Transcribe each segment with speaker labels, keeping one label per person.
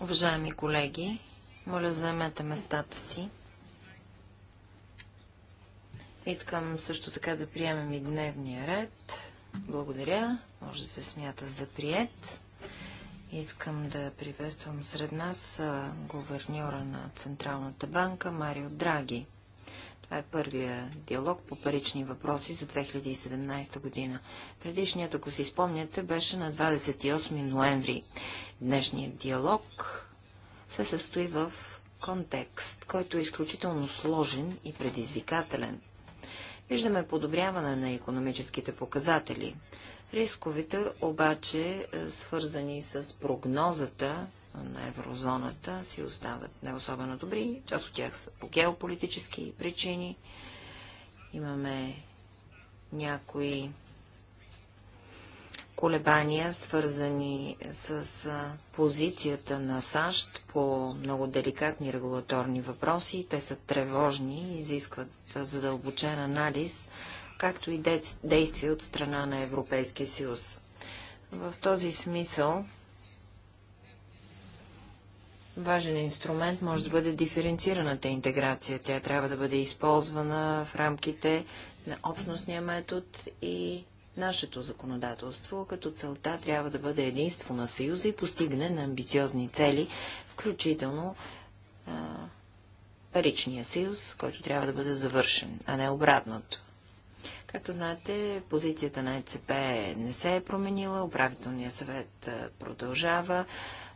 Speaker 1: Уважаеми колеги, моля заемете местата си. Искам също така да приемем и дневния ред. Благодаря. Може да се смята за прият. Искам да приветствам сред нас гуверньора на Централната банка Марио Драги. Това е първия диалог по парични въпроси за 2017 година. Предишният, ако си спомняте, беше на 28 ноември. Днешният диалог се състои в контекст, който е изключително сложен и предизвикателен. Виждаме подобряване на економическите показатели. Рисковите обаче, е, свързани с прогнозата на еврозоната си остават не особено добри. Част от тях са по геополитически причини. Имаме някои колебания, свързани с позицията на САЩ по много деликатни регулаторни въпроси. Те са тревожни и изискват задълбочен анализ, както и действия от страна на Европейския съюз. В този смисъл Важен инструмент може да бъде диференцираната интеграция. Тя трябва да бъде използвана в рамките на общностния метод и нашето законодателство, като целта трябва да бъде единство на Съюза и постигне на амбициозни цели, включително паричния съюз, който трябва да бъде завършен, а не обратното. Както знаете, позицията на ЕЦП не се е променила, управителният съвет продължава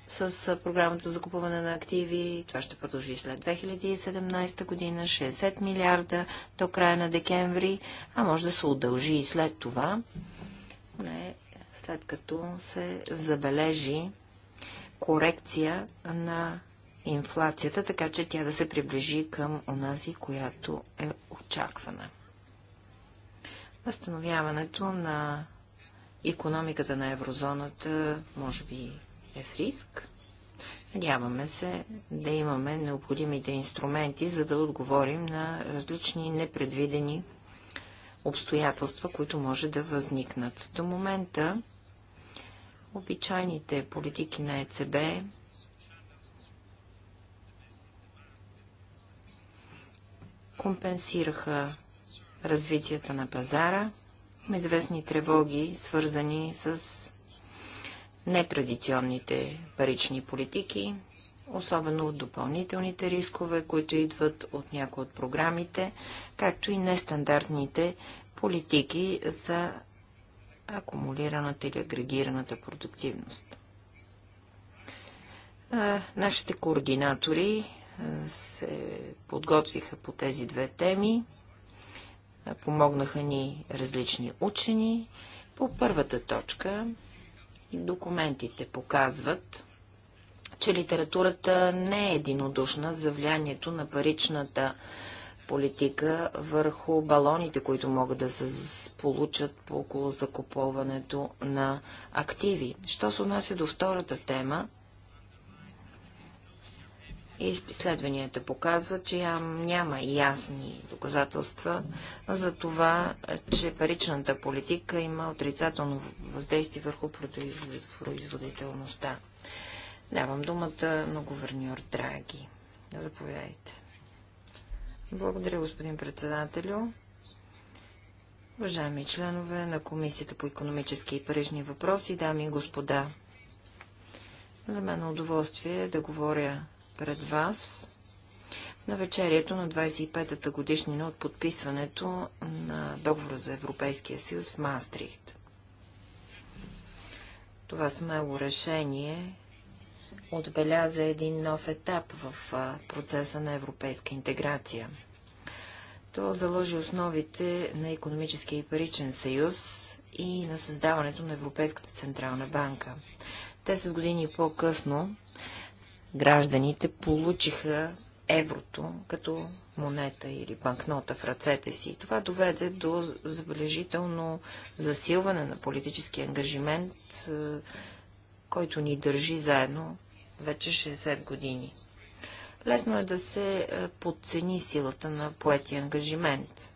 Speaker 1: с програмата за купуване на активи. Това ще продължи след 2017 година, 60 милиарда до края на декември, а може да се удължи и след това, не, след като се забележи корекция на инфлацията, така че тя да се приближи към онази, която е очаквана. Възстановяването на економиката на еврозоната, може би е в риск. Надяваме се да имаме необходимите инструменти, за да отговорим на различни непредвидени обстоятелства, които може да възникнат. До момента обичайните политики на ЕЦБ компенсираха развитията на пазара, известни тревоги, свързани с нетрадиционните парични политики, особено от допълнителните рискове, които идват от някои от програмите, както и нестандартните политики за акумулираната или агрегираната продуктивност. нашите координатори се подготвиха по тези две теми. помогнаха ни различни учени. По първата точка Документите показват, че литературата не е единодушна за влиянието на паричната политика върху балоните, които могат да се получат по около закупуването на активи. Що се отнася до втората тема, Изследванията показват, че няма ясни доказателства за това, че паричната политика има отрицателно въздействие върху производителността. Давам думата на говерньор Драги. Заповядайте. Благодаря, господин председателю. Уважаеми членове на Комисията по економически и парижни въпроси, дами и господа, за мен е удоволствие да говоря пред вас на вечерието на 25-та годишнина от подписването на договора за Европейския съюз в Мастрихт. Това смело решение отбеляза един нов етап в процеса на европейска интеграция. То заложи основите на економическия и паричен съюз и на създаването на Европейската централна банка. Те с години по-късно гражданите получиха еврото като монета или банкнота в ръцете си. Това доведе до забележително засилване на политически ангажимент, е, който ни държи заедно вече 60 години. Лесно е да се е, подцени силата на поети ангажимент,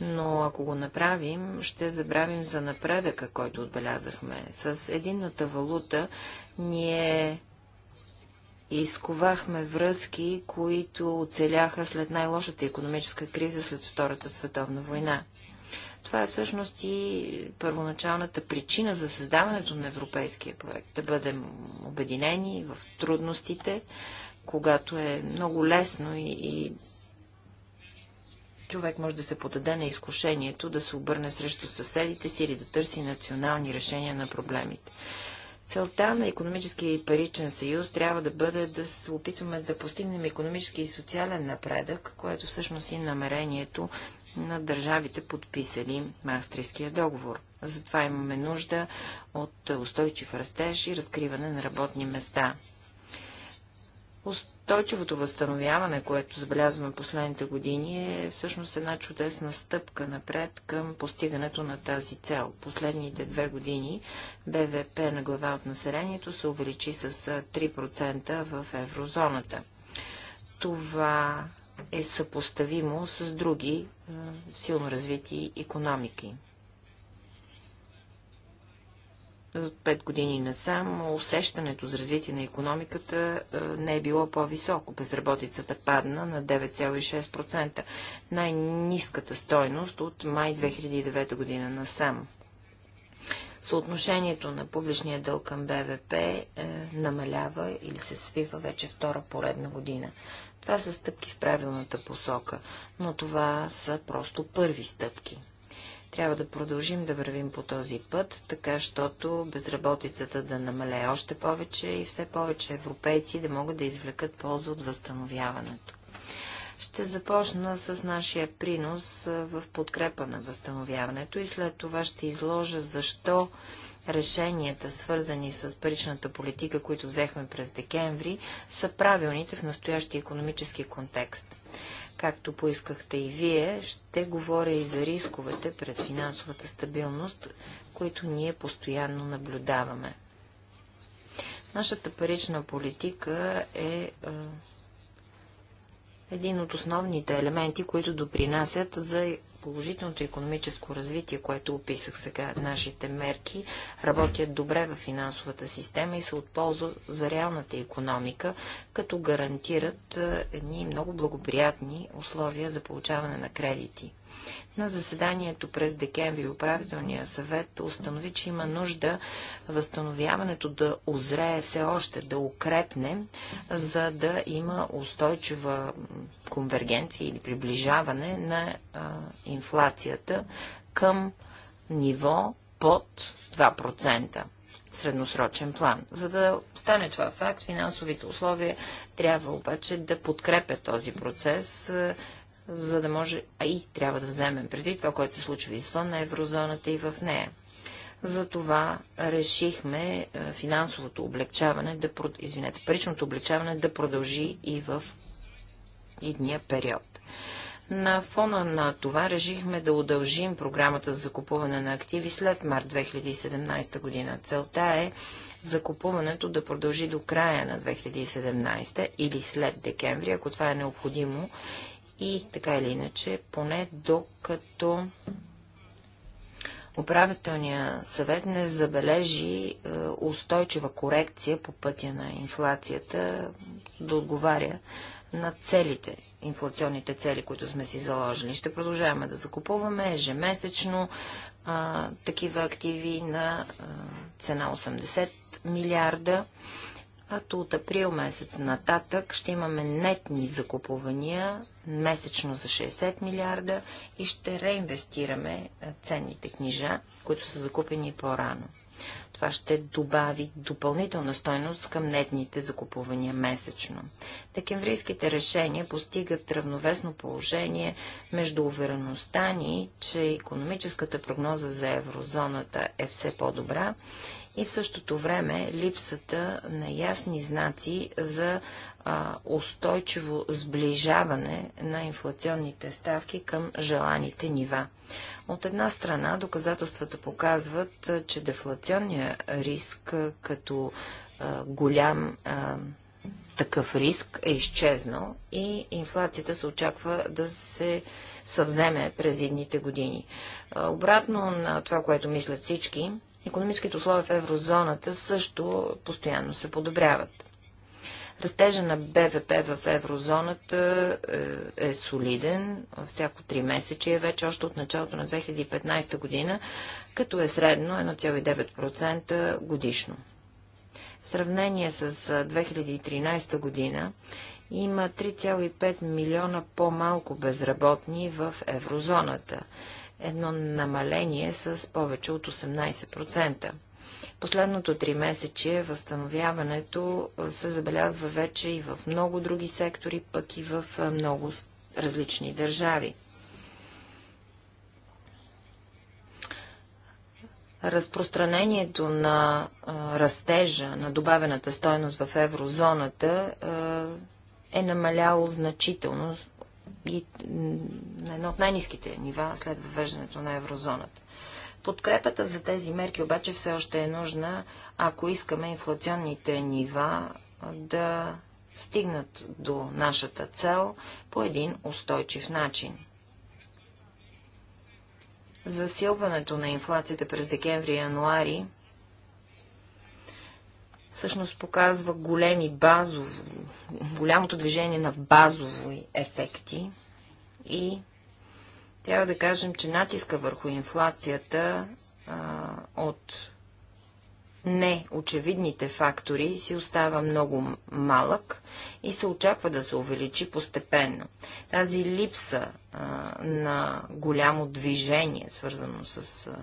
Speaker 1: но ако го направим, ще забравим за напредъка, който отбелязахме. С единната валута ние и изковахме връзки, които оцеляха след най-лошата економическа криза след Втората световна война. Това е всъщност и първоначалната причина за създаването на европейския проект. Да бъдем обединени в трудностите, когато е много лесно и, и човек може да се подаде на изкушението да се обърне срещу съседите си или да търси национални решения на проблемите. Целта на економически и паричен съюз трябва да бъде да се опитваме да постигнем економически и социален напредък, което всъщност и е намерението на държавите подписали Мастриския договор. Затова имаме нужда от устойчив растеж и разкриване на работни места устойчивото възстановяване, което забелязваме последните години, е всъщност една чудесна стъпка напред към постигането на тази цел. Последните две години БВП на глава от населението се увеличи с 3% в еврозоната. Това е съпоставимо с други силно развити економики. от години насам усещането за развитие на економиката не е било по-високо. Безработицата падна на 9,6%, най-низката стойност от май 2009 година насам. Съотношението на публичния дълг към БВП е, намалява или се свива вече втора поредна година. Това са стъпки в правилната посока, но това са просто първи стъпки. Трябва да продължим да вървим по този път, така щото безработицата да намалее още повече и все повече европейци да могат да извлекат полза от възстановяването. Ще започна с нашия принос в подкрепа на възстановяването и след това ще изложа защо решенията, свързани с паричната политика, които взехме през декември, са правилните в настоящия економически контекст. Както поискахте и вие, ще говоря и за рисковете пред финансовата стабилност, които ние постоянно наблюдаваме. Нашата парична политика е един от основните елементи, които допринасят за положителното економическо развитие, което описах сега, нашите мерки работят добре в финансовата система и са от полза за реалната економика, като гарантират едни много благоприятни условия за получаване на кредити. На заседанието през декември управителния съвет установи, че има нужда възстановяването да озрее все още, да укрепне, за да има устойчива конвергенция или приближаване на а, инфлацията към ниво под 2% в средносрочен план. За да стане това факт, финансовите условия трябва обаче да подкрепят този процес, а, за да може, а и трябва да вземем преди това, което се случва извън на еврозоната и в нея. Затова решихме финансовото облегчаване, да, извинете, паричното облегчаване да продължи и в едния период. На фона на това решихме да удължим програмата за закупуване на активи след март 2017 година. Целта е закупуването да продължи до края на 2017 или след декември, ако това е необходимо, и така или иначе, поне докато управителния съвет не забележи е, устойчива корекция по пътя на инфлацията, да отговаря на целите, инфлационните цели, които сме си заложили. Ще продължаваме да закупуваме ежемесечно а, такива активи на а, цена 80 милиарда, то от април месец нататък ще имаме нетни закупувания месечно за 60 милиарда и ще реинвестираме ценните книжа, които са закупени по-рано. Това ще добави допълнителна стойност към нетните закупувания месечно. Декемврийските решения постигат равновесно положение между увереността ни, че економическата прогноза за еврозоната е все по-добра и в същото време липсата на ясни знаци за а, устойчиво сближаване на инфлационните ставки към желаните нива. От една страна, доказателствата показват, че дефлационният риск като а, голям а, такъв риск е изчезнал и инфлацията се очаква да се съвземе през едните години. Обратно на това, което мислят всички, Економическите условия в еврозоната също постоянно се подобряват. Растежа на БВП в еврозоната е, е солиден, всяко три месечи е вече още от началото на 2015 година, като е средно 1,9% годишно. В сравнение с 2013 година има 3,5 милиона по-малко безработни в еврозоната едно намаление с повече от 18%. Последното три месече възстановяването се забелязва вече и в много други сектори, пък и в много различни държави. разпространението на растежа на добавената стойност в еврозоната е намаляло значително и на едно от най-низките нива след въвеждането на еврозоната. Подкрепата за тези мерки обаче все още е нужна, ако искаме инфлационните нива да стигнат до нашата цел по един устойчив начин. Засилването на инфлацията през декември и януари всъщност показва големи базово, голямото движение на базови ефекти и трябва да кажем, че натиска върху инфлацията а, от неочевидните фактори си остава много малък и се очаква да се увеличи постепенно. Тази липса а, на голямо движение, свързано с а,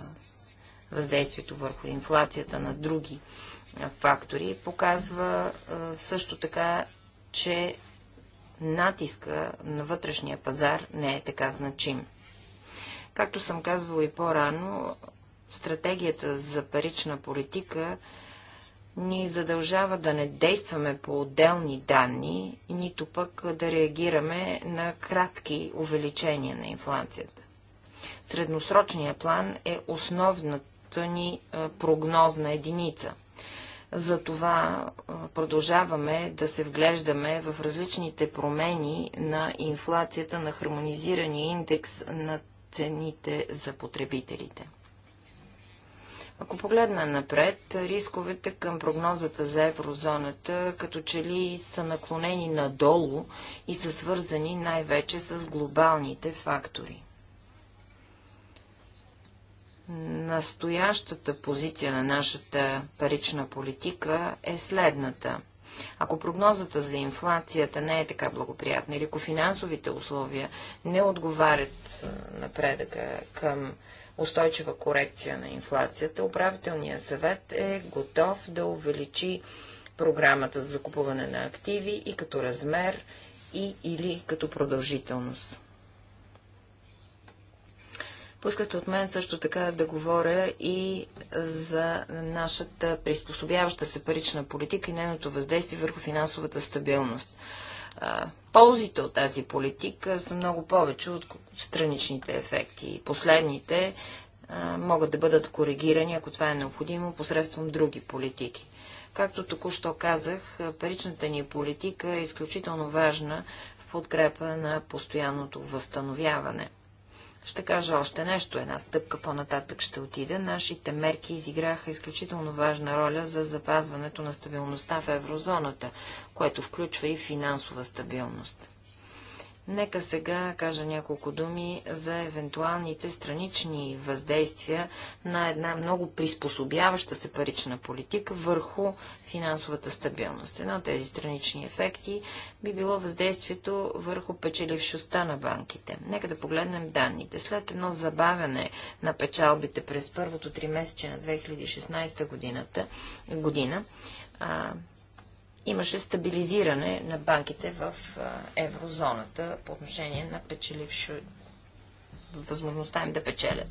Speaker 1: въздействието върху инфлацията на други а, фактори, показва също така, че натиска на вътрешния пазар не е така значим. Както съм казвал и по-рано, стратегията за парична политика ни задължава да не действаме по отделни данни, нито пък да реагираме на кратки увеличения на инфлацията. Средносрочният план е основната ни прогнозна единица – затова продължаваме да се вглеждаме в различните промени на инфлацията на хармонизирания индекс на цените за потребителите. Ако погледна напред, рисковете към прогнозата за еврозоната като че ли са наклонени надолу и са свързани най-вече с глобалните фактори. Настоящата позиция на нашата парична политика е следната. Ако прогнозата за инфлацията не е така благоприятна или ако финансовите условия не отговарят напредъка към устойчива корекция на инфлацията, управителният съвет е готов да увеличи програмата за закупуване на активи и като размер и или като продължителност. Поискате от мен също така да говоря и за нашата приспособяваща се парична политика и нейното въздействие върху финансовата стабилност. Ползите от тази политика са много повече от страничните ефекти. Последните могат да бъдат коригирани, ако това е необходимо, посредством други политики. Както току-що казах, паричната ни политика е изключително важна в подкрепа на постоянното възстановяване – ще кажа още нещо, една стъпка по-нататък ще отида. Нашите мерки изиграха изключително важна роля за запазването на стабилността в еврозоната, което включва и финансова стабилност. Нека сега кажа няколко думи за евентуалните странични въздействия на една много приспособяваща се парична политика върху финансовата стабилност. Едно от тези странични ефекти би било въздействието върху печелившостта на банките. Нека да погледнем данните. След едно забавяне на печалбите през първото три месече на 2016 година, имаше стабилизиране на банките в еврозоната по отношение на печелившо възможността им да печелят.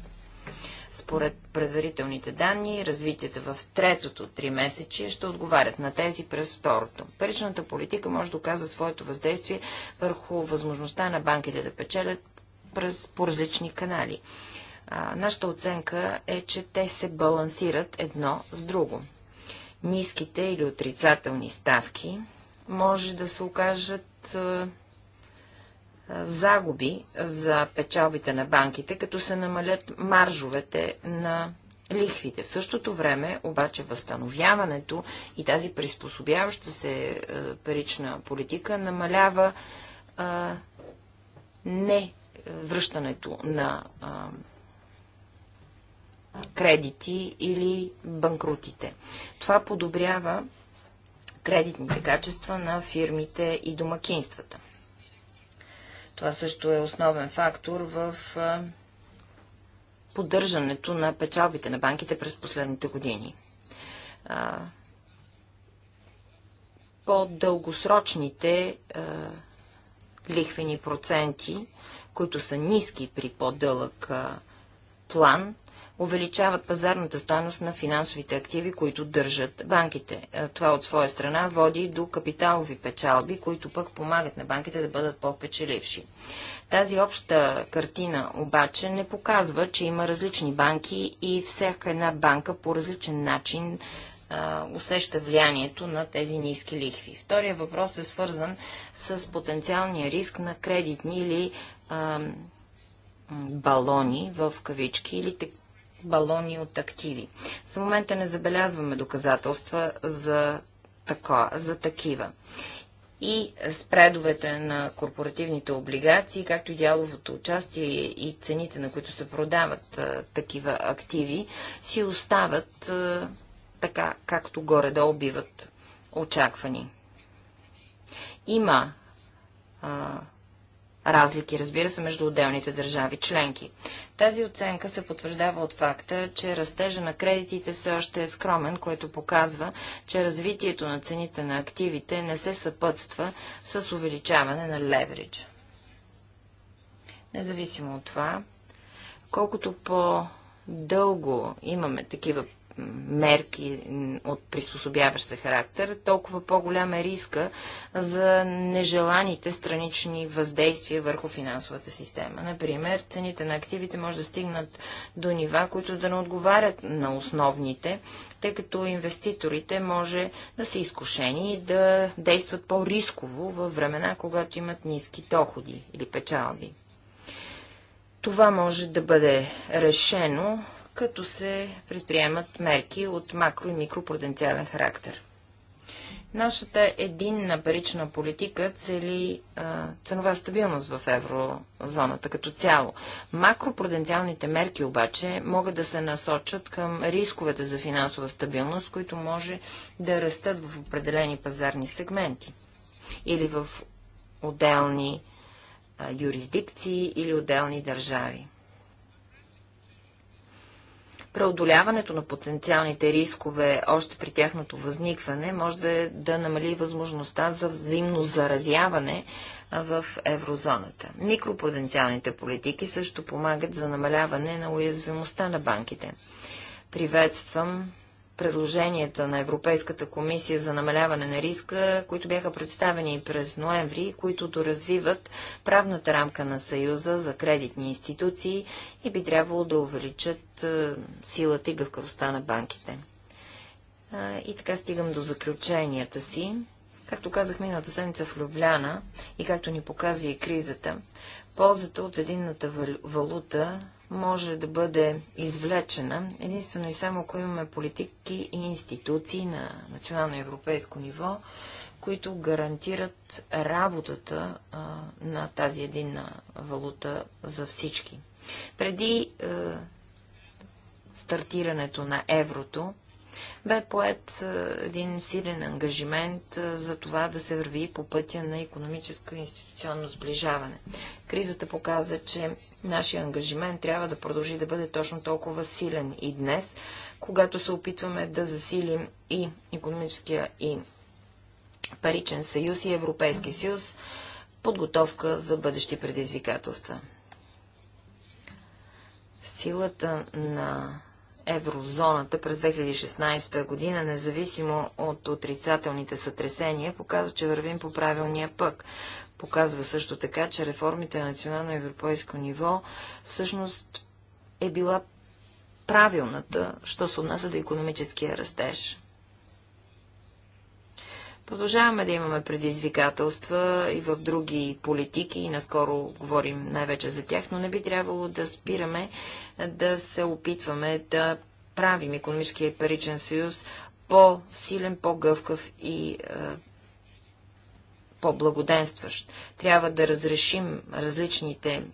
Speaker 1: Според предварителните данни, развитията в третото три месече ще отговарят на тези през второто. Паричната политика може да оказа своето въздействие върху възможността на банките да печелят през, по различни канали. А, нашата оценка е, че те се балансират едно с друго ниските или отрицателни ставки може да се окажат загуби за печалбите на банките, като се намалят маржовете на лихвите. В същото време, обаче, възстановяването и тази приспособяваща се парична политика намалява не връщането на а, кредити или банкрутите. Това подобрява кредитните качества на фирмите и домакинствата. Това също е основен фактор в поддържането на печалбите на банките през последните години. По-дългосрочните лихвени проценти, които са ниски при по-дълъг план, увеличават пазарната стойност на финансовите активи, които държат банките. Е, това от своя страна води до капиталови печалби, които пък помагат на банките да бъдат по-печеливши. Тази обща картина обаче не показва, че има различни банки и всяка една банка по различен начин е, усеща влиянието на тези ниски лихви. Втория въпрос е свързан с потенциалния риск на кредитни или а, балони в кавички или балони от активи. За момента не забелязваме доказателства за, тако, за такива. И спредовете на корпоративните облигации, както и дяловото участие и цените, на които се продават а, такива активи, си остават а, така, както горе-долу биват очаквани. Има а,
Speaker 2: разлики, разбира се, между
Speaker 1: отделните държави членки. Тази оценка се потвърждава от факта, че растежа на кредитите все още е скромен, което показва, че развитието на цените на активите не се съпътства с увеличаване на леверидж. Независимо от това, колкото по-дълго имаме такива мерки от приспособяващ се характер, толкова по-голям е риска за нежеланите странични въздействия върху финансовата система. Например, цените на активите може да стигнат до нива, които да не отговарят на основните, тъй като инвеститорите може да са изкушени и да действат по-рисково във времена, когато имат ниски доходи или печалби. Това може да бъде решено като се предприемат мерки от макро- и микропруденциален характер. Нашата единна парична политика цели а, ценова стабилност в еврозоната като цяло. Макропруденциалните мерки обаче могат да се насочат към рисковете за финансова стабилност, които може да растат в определени пазарни сегменти или в отделни а, юрисдикции или отделни държави преодоляването на потенциалните рискове още при тяхното възникване може да, е- да намали възможността за взаимно заразяване в еврозоната. Микропруденциалните политики също помагат за намаляване на уязвимостта на банките. Приветствам предложенията на Европейската комисия за намаляване на риска, които бяха представени през ноември, които доразвиват правната рамка на Съюза за кредитни институции и би трябвало да увеличат е, силата и гъвкавостта на банките. И така стигам до заключенията си. Както казах миналата седмица в Любляна и както ни показа и кризата, ползата от единната валута може да бъде извлечена единствено и само ако имаме политики и институции на национално европейско ниво, които гарантират работата а, на тази единна валута за всички. Преди е, стартирането на еврото, бе поет е, един силен ангажимент е, за това да се върви по пътя на економическо и институционно сближаване. Кризата показа, че нашия ангажимент трябва да продължи да бъде точно толкова силен и днес, когато се опитваме да засилим и економическия и паричен съюз и Европейски съюз, подготовка за бъдещи предизвикателства. Силата на еврозоната през 2016 година, независимо от отрицателните сътресения, показва, че вървим по правилния пък. Показва също така, че реформите на национално-европейско ниво всъщност е била правилната, що се отнася до економическия растеж. Продължаваме да имаме предизвикателства и в други политики, и наскоро говорим най-вече за тях, но не би трябвало да спираме да се опитваме да правим економическия паричен съюз по-силен, по-гъвкав и е, по-благоденстващ. Трябва да разрешим различните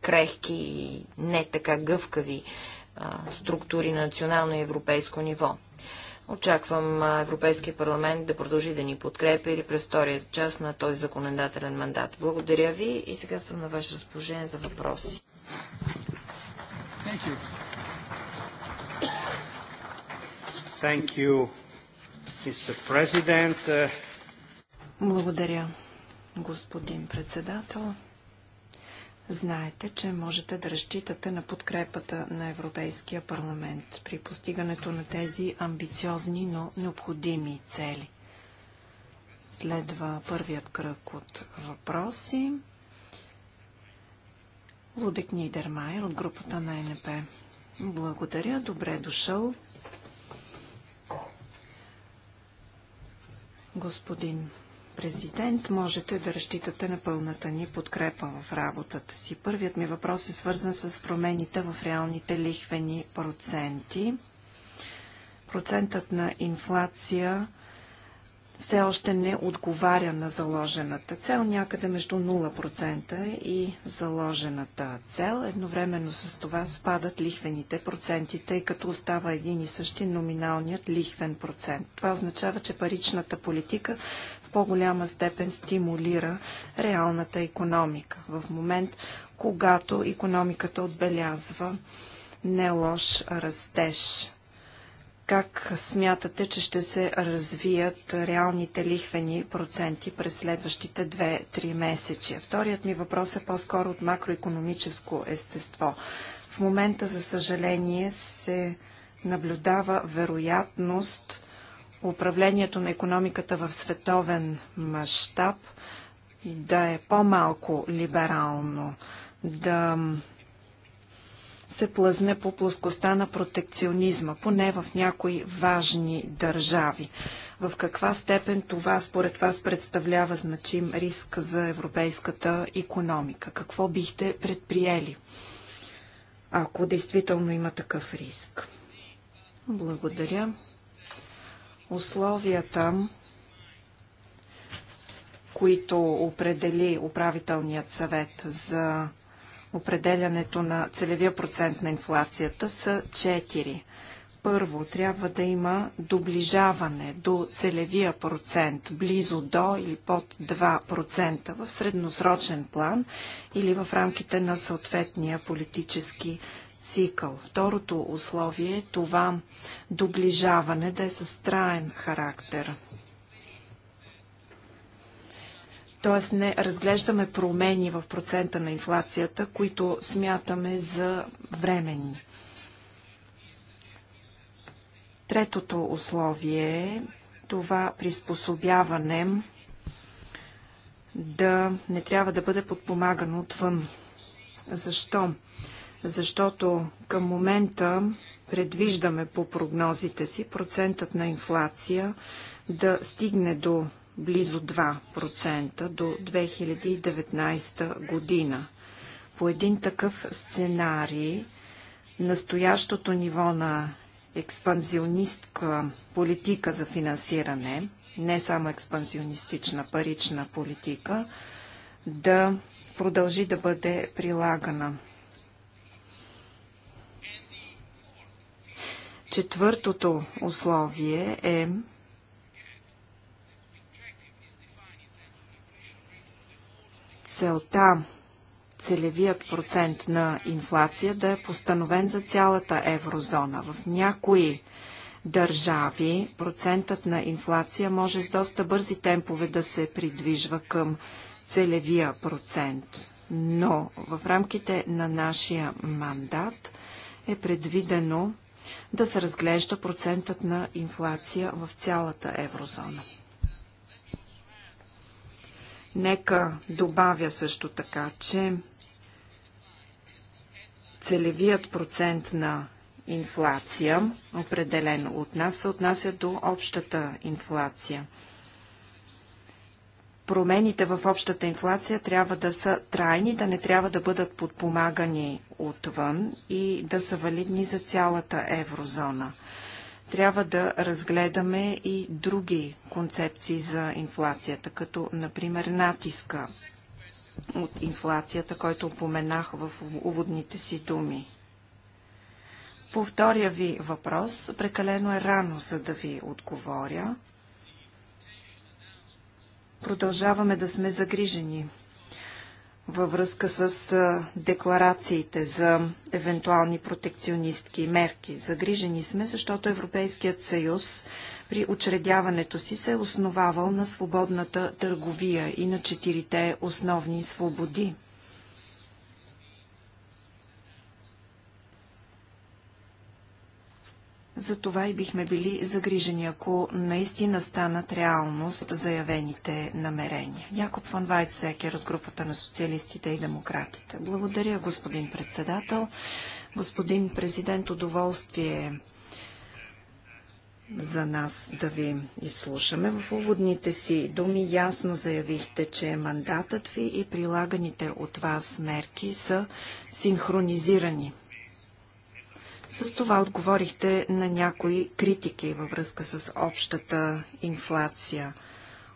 Speaker 1: крехки и не така гъвкави структури на национално и европейско ниво. Очаквам Европейския парламент да продължи да ни подкрепи или през втория част на този законодателен мандат. Благодаря ви и сега съм на ваше разположение за въпроси. Thank you. Thank you, Mr. President.
Speaker 2: Благодаря, господин председател. Знаете, че можете да разчитате на подкрепата на Европейския парламент при постигането на тези амбициозни, но необходими цели. Следва първият кръг от въпроси. Лудек Нидермайер от групата на НП. Благодаря, добре дошъл. Господин президент, можете да разчитате на пълната ни подкрепа в работата си. Първият ми въпрос е свързан с промените в реалните лихвени проценти. Процентът на инфлация все още не отговаря на заложената цел, някъде между 0% и заложената цел. Едновременно с това спадат лихвените проценти, тъй като остава един и същи номиналният лихвен процент. Това означава, че паричната политика в по-голяма степен стимулира реалната економика. В момент, когато економиката отбелязва не лош растеж. Как смятате, че ще се развият реалните лихвени проценти през следващите 2-3 месечи? Вторият ми въпрос е по-скоро от макроекономическо естество. В момента, за съжаление, се наблюдава вероятност управлението на економиката в световен мащаб да е по-малко либерално, да се плъзне по плоскостта на протекционизма, поне в някои важни държави. В каква степен това според вас представлява значим риск за европейската економика? Какво бихте предприели, ако действително има такъв риск? Благодаря. Условията, които определи управителният съвет за определянето на целевия процент на инфлацията са четири. Първо, трябва да има доближаване до целевия процент, близо до или под 2% в средносрочен план или в рамките на съответния политически цикъл. Второто условие е това доближаване да е със траен характер. Тоест не разглеждаме промени в процента на инфлацията, които смятаме за временни. Третото условие е това приспособяване да не трябва да бъде подпомагано отвън. Защо? защото към момента предвиждаме по прогнозите си процентът на инфлация да стигне до близо 2% до 2019 година. По един такъв сценарий настоящото ниво на експанзионистка политика за финансиране, не само експанзионистична парична политика, да продължи да бъде прилагана. Четвъртото условие е целта целевият процент на инфлация да е постановен за цялата еврозона. В някои държави процентът на инфлация може с доста бързи темпове да се придвижва към целевия процент. Но в рамките на нашия мандат е предвидено да се разглежда процентът на инфлация в цялата еврозона. Нека добавя също така, че целевият процент на инфлация, определен от нас, се отнася до общата инфлация – промените в общата инфлация трябва да са трайни, да не трябва да бъдат подпомагани отвън и да са валидни за цялата еврозона. Трябва да разгледаме и други концепции за инфлацията, като например натиска от инфлацията, който упоменах в уводните си думи. По втория ви въпрос, прекалено е рано, за да ви отговоря. Продължаваме да сме загрижени във връзка с декларациите за евентуални протекционистки мерки. Загрижени сме, защото Европейският съюз при учредяването си се е основавал на свободната търговия и на четирите основни свободи. За това и бихме били загрижени, ако наистина станат реалност заявените намерения. Якоб фон Вайтсекер от групата на социалистите и демократите. Благодаря, господин председател. Господин президент, удоволствие е за нас да ви изслушаме. В уводните си думи ясно заявихте, че мандатът ви и прилаганите от вас мерки са синхронизирани с това отговорихте на някои критики във връзка с общата инфлация.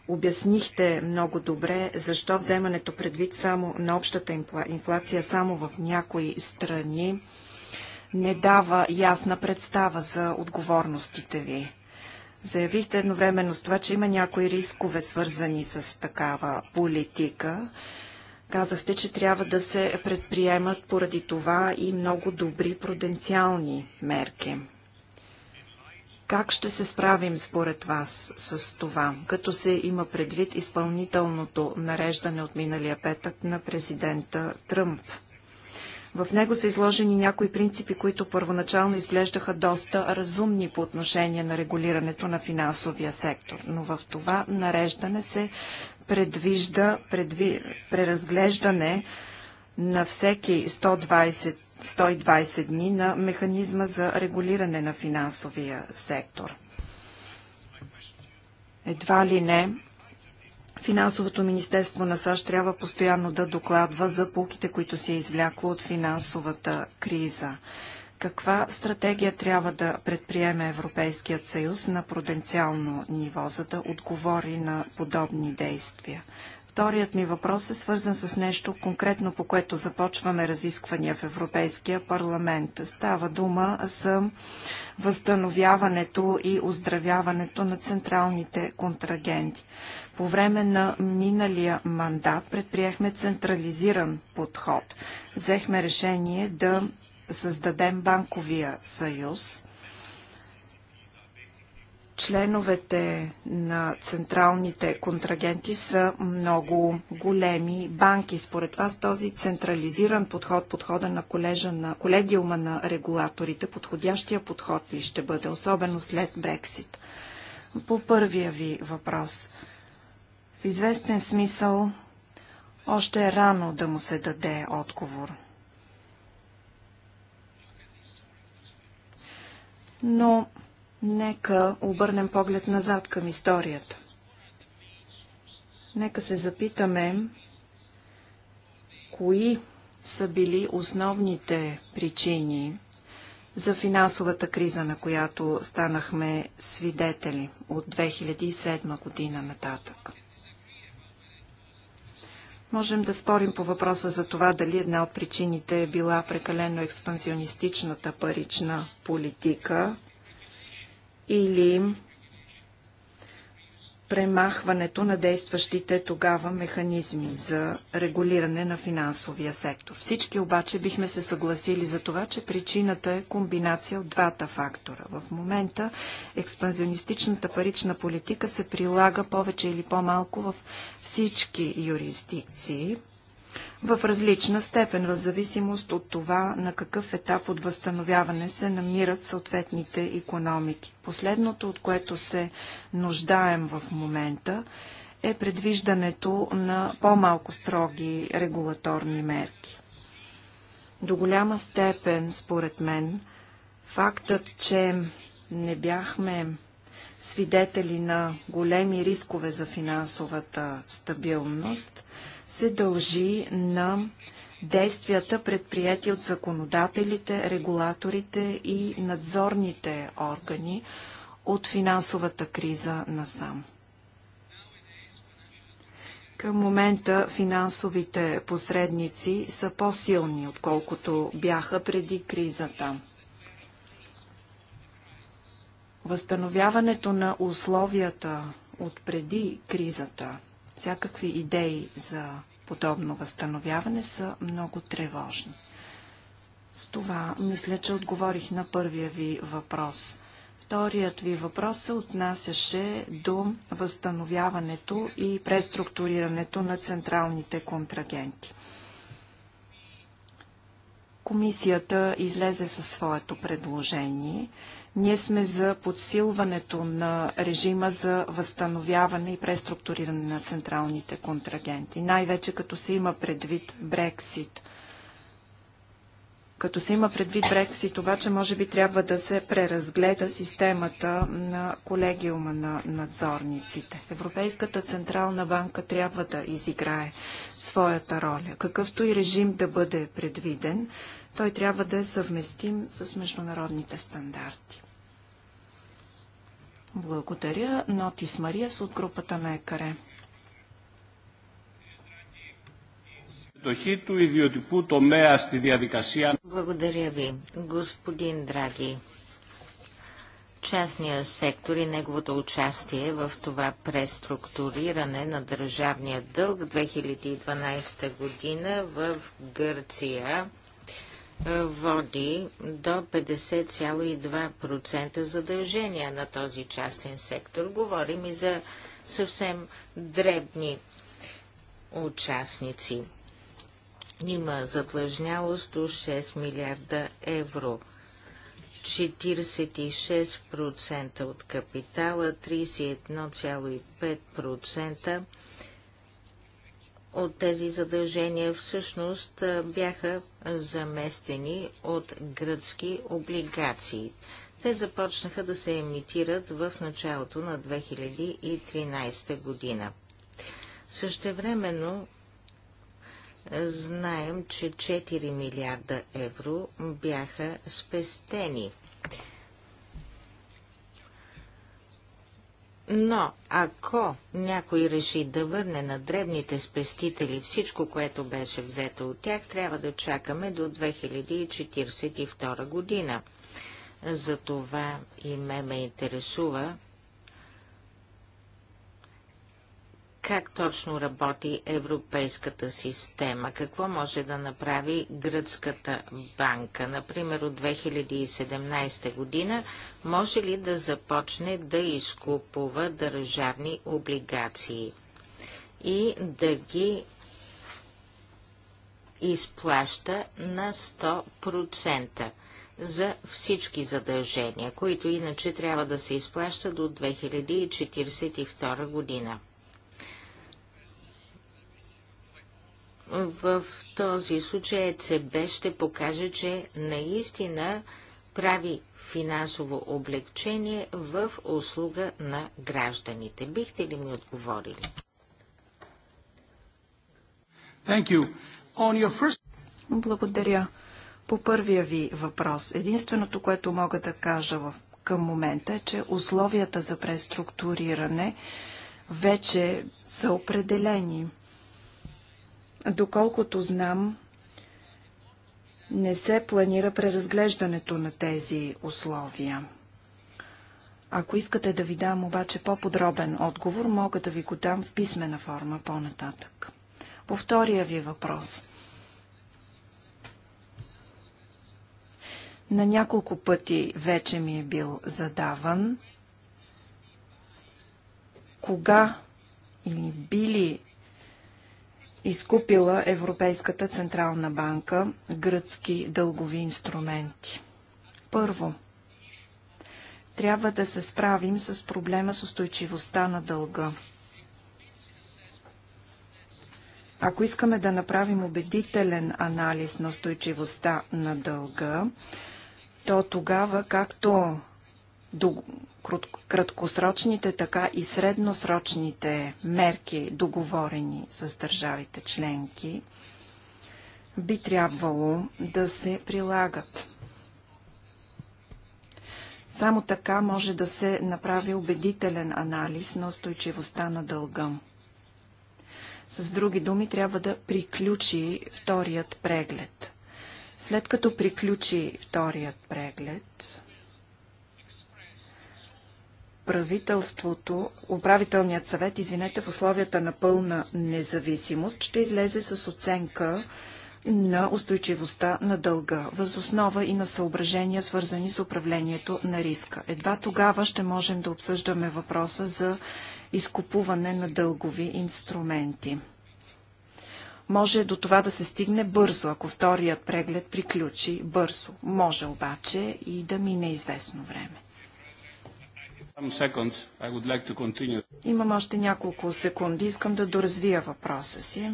Speaker 2: Обяснихте много добре защо вземането предвид само на общата инфлация само в някои страни не дава ясна представа за отговорностите ви. Заявихте едновременно с това, че има някои рискове, свързани с такава политика. Казахте, че трябва да се предприемат поради това и много добри пруденциални мерки. Как ще се справим според вас с това, като се има предвид изпълнителното нареждане от миналия петък на президента Тръмп? В него са изложени някои принципи, които първоначално изглеждаха доста разумни по отношение на регулирането на финансовия сектор, но в това нареждане се предвижда предви, преразглеждане на всеки 120, 120 дни на механизма за регулиране на финансовия сектор. Едва ли не, Финансовото министерство на САЩ трябва постоянно да докладва за пулките, които се е извлякло от финансовата криза. Каква стратегия трябва да предприеме Европейският съюз на пруденциално ниво, за да отговори на подобни действия? Вторият ми въпрос е свързан с нещо конкретно, по което започваме разисквания в Европейския парламент. Става дума за възстановяването и оздравяването на централните контрагенти. По време на миналия мандат предприехме централизиран подход. Взехме решение да създадем банковия съюз. Членовете на централните контрагенти са много големи банки. Според вас този централизиран подход, подхода на, колежа, на колегиума на регулаторите, подходящия подход ли ще бъде, особено след Брексит? По първия ви въпрос. В известен смисъл още е рано да му се даде отговор. но нека обърнем поглед назад към историята. Нека се запитаме, кои са били основните причини за финансовата криза, на която станахме свидетели от 2007 година нататък. Можем да спорим по въпроса за това дали една от причините е била прекалено експансионистичната парична политика или премахването на действащите тогава механизми за регулиране на финансовия сектор. Всички обаче бихме се съгласили за това, че причината е комбинация от двата фактора. В момента експанзионистичната парична политика се прилага повече или по-малко в всички юрисдикции, в различна степен, в зависимост от това на какъв етап от възстановяване се намират съответните економики. Последното, от което се нуждаем в момента, е предвиждането на по-малко строги регулаторни мерки. До голяма степен, според мен, фактът, че не бяхме свидетели на големи рискове за финансовата стабилност – се дължи на действията, предприяти от законодателите, регулаторите и надзорните органи от финансовата криза насам. Към момента финансовите посредници са по-силни, отколкото бяха преди кризата. Възстановяването на условията от преди кризата – Всякакви идеи за подобно възстановяване са много тревожни. С това мисля, че отговорих на първия ви въпрос. Вторият ви въпрос се отнасяше до възстановяването и преструктурирането на централните контрагенти. Комисията излезе със своето предложение. Ние сме за подсилването на режима за възстановяване и преструктуриране на централните контрагенти, най-вече като се има предвид Брексит. Като се има предвид Брексит, обаче, може би трябва да се преразгледа системата на колегиума на надзорниците. Европейската Централна банка трябва да изиграе своята роля. Какъвто и режим да бъде предвиден, той трябва да е съвместим с международните стандарти. Благодаря. Нотис Мариас от групата на ЕКАРЕ.
Speaker 3: Благодаря ви, господин Драги. Частния сектор и неговото участие в това преструктуриране на държавния дълг 2012 година в Гърция – води до 50,2% задължения на този частен сектор. Говорим и за съвсем дребни участници. Има задлъжнялост до 6 милиарда евро. 46% от капитала, 31,5% от тези задължения всъщност бяха заместени от гръцки облигации. Те започнаха да се емитират в началото на 2013 година. Същевременно знаем, че 4 милиарда евро бяха спестени Но ако някой реши да върне на дребните спестители всичко, което беше взето от тях, трябва да чакаме до 2042 година. Затова и ме ме интересува как точно работи европейската система, какво може да направи гръцката банка, например от 2017 година, може ли да започне да изкупува държавни облигации и да ги изплаща на 100% за всички задължения, които иначе трябва да се изплащат до 2042 година. В този случай ЕЦБ ще покаже, че наистина прави финансово облегчение в услуга на гражданите. Бихте ли ми отговорили?
Speaker 2: First... Благодаря. По първия ви въпрос, единственото, което мога да кажа в към момента е, че условията за преструктуриране вече са определени. Доколкото знам, не се планира преразглеждането на тези условия. Ако искате да ви дам обаче по-подробен отговор, мога да ви го дам в писмена форма по-нататък. По втория ви въпрос. На няколко пъти вече ми е бил задаван. Кога или били изкупила Европейската Централна банка гръцки дългови инструменти. Първо, трябва да се справим с проблема с устойчивостта на дълга. Ако искаме да направим убедителен анализ на устойчивостта на дълга, то тогава, както краткосрочните, така и средносрочните мерки, договорени с държавите членки, би трябвало да се прилагат. Само така може да се направи убедителен анализ на устойчивостта на дълга. С други думи, трябва да приключи вторият преглед. След като приключи вторият преглед, правителството, управителният съвет, извинете, в условията на пълна независимост, ще излезе с оценка на устойчивостта на дълга, възоснова и на съображения, свързани с управлението на риска. Едва тогава ще можем да обсъждаме въпроса за изкупуване на дългови инструменти. Може до това да се стигне бързо, ако вторият преглед приключи бързо. Може обаче и да мине известно време. Имам още няколко секунди. Искам да доразвия въпроса си.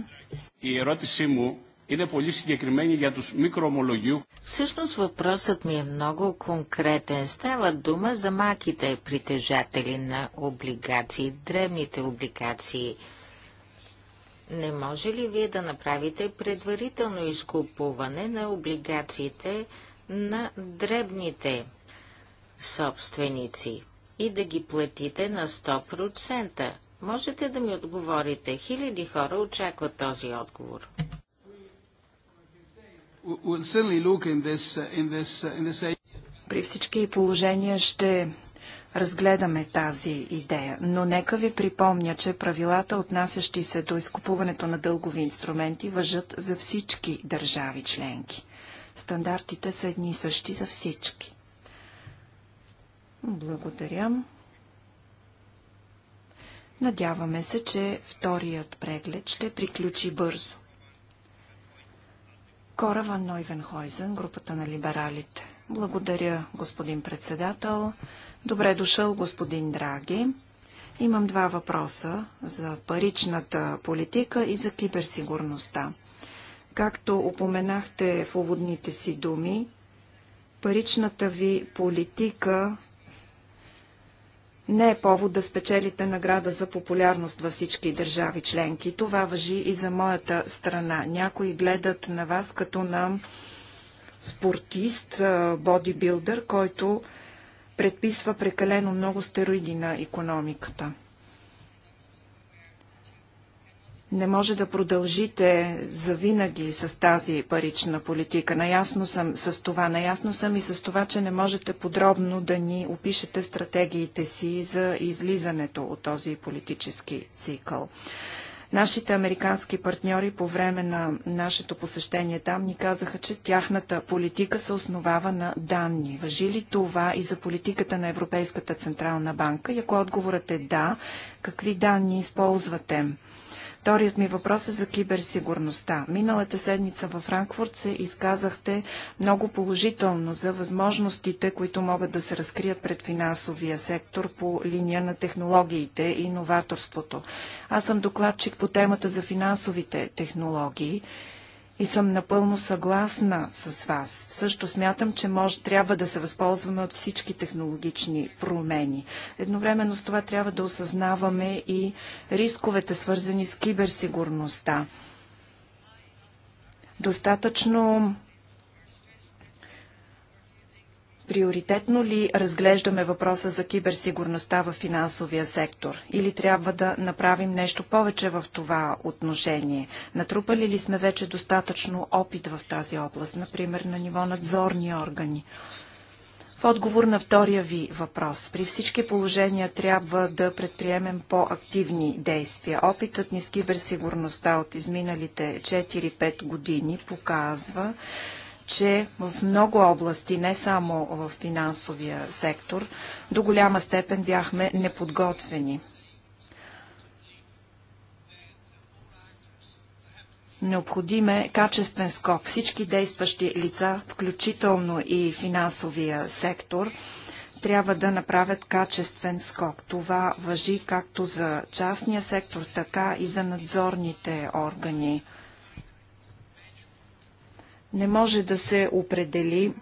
Speaker 2: И ερώτησή μου είναι πολύ συγκεκριμένη για τους μικροομολογίου. Всъщност въпросът ми е много конкретен.
Speaker 3: Става дума за малките притежатели на облигации, древните облигации. Не може ли вие да направите предварително изкупуване на облигациите на дребните собственици? и да ги платите на 100%? Можете да ми отговорите. Хиляди хора очакват този отговор.
Speaker 2: Uh, uh, При всички положения ще разгледаме тази идея, но нека ви припомня, че правилата, отнасящи се до изкупуването на дългови инструменти, въжат за всички държави членки. Стандартите са едни и същи за всички. Благодаря. Надяваме се, че вторият преглед ще приключи бързо. Кора Ван Нойвенхойзен, групата на либералите. Благодаря, господин председател. Добре дошъл, господин Драги. Имам два въпроса за паричната политика и за киберсигурността. Както упоменахте в уводните си думи, паричната ви политика не е повод да спечелите награда за популярност във всички държави членки. Това въжи и за моята страна. Някои гледат на вас като на спортист, бодибилдър, който предписва прекалено много стероиди на економиката. Не може да продължите завинаги с тази парична политика. Наясно съм с това. Наясно съм и с това, че не можете подробно да ни опишете стратегиите си за излизането от този политически цикъл. Нашите американски партньори по време на нашето посещение там ни казаха, че тяхната политика се основава на данни. Въжи ли това и за политиката на Европейската Централна банка? И ако отговорът е да, какви данни използвате? Вторият ми въпрос е за киберсигурността. Миналата седмица във Франкфурт се изказахте много положително за възможностите, които могат да се разкрият пред финансовия сектор по линия на технологиите и новаторството. Аз съм докладчик по темата за финансовите технологии и съм напълно съгласна с вас. Също смятам, че може, трябва да се възползваме от всички технологични промени. Едновременно с това трябва да осъзнаваме и рисковете, свързани с киберсигурността. Достатъчно Приоритетно ли разглеждаме въпроса за киберсигурността в финансовия сектор? Или трябва да направим нещо повече в това отношение? Натрупали ли сме вече достатъчно опит в тази област, например на ниво надзорни органи? В отговор на втория ви въпрос, при всички положения трябва да предприемем по-активни действия. Опитът ни с киберсигурността от изминалите 4-5 години показва, че в много области, не само в финансовия сектор, до голяма степен бяхме неподготвени. Необходим е качествен скок. Всички действащи лица, включително и финансовия сектор, трябва да направят качествен скок. Това въжи както за частния сектор, така и за надзорните органи. Не може да се определи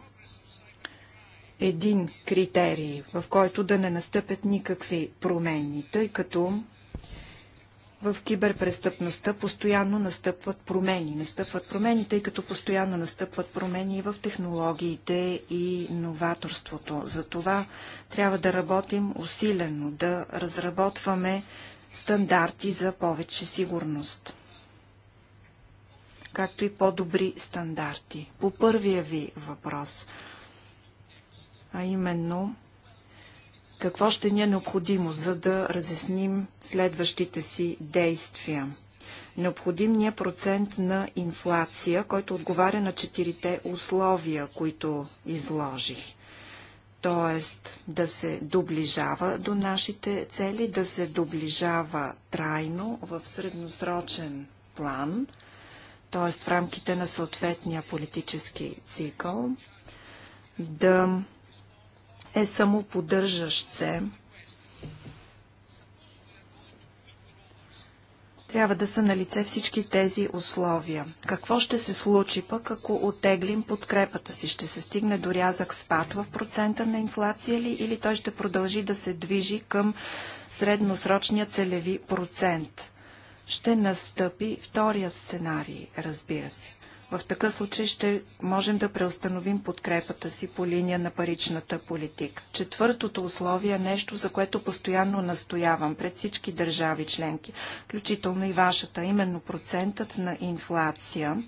Speaker 2: един критерий, в който да не настъпят никакви промени, тъй като в киберпрестъпността постоянно настъпват промени. Настъпват промени, тъй като постоянно настъпват промени и в технологиите и новаторството. Затова трябва да работим усилено, да разработваме стандарти за повече сигурност както и по-добри стандарти. По първия ви въпрос, а именно какво ще ни е необходимо, за да разясним следващите си действия. Необходим ни е процент на инфлация, който отговаря на четирите условия, които изложих Тоест, да се доближава до нашите цели, да се доближава трайно в средносрочен план – т.е. в рамките на съответния политически цикъл, да е самоподдържащ се. Трябва да са на лице всички тези условия. Какво ще се случи пък, ако отеглим подкрепата си? Ще се стигне до рязък спад в процента на инфлация ли, или той ще продължи да се движи към средносрочния целеви процент? ще настъпи втория сценарий, разбира се. В такъв случай ще можем да преустановим подкрепата си по линия на паричната политика. Четвъртото условие е нещо, за което постоянно настоявам пред всички държави членки, включително и вашата, именно процентът на инфлация.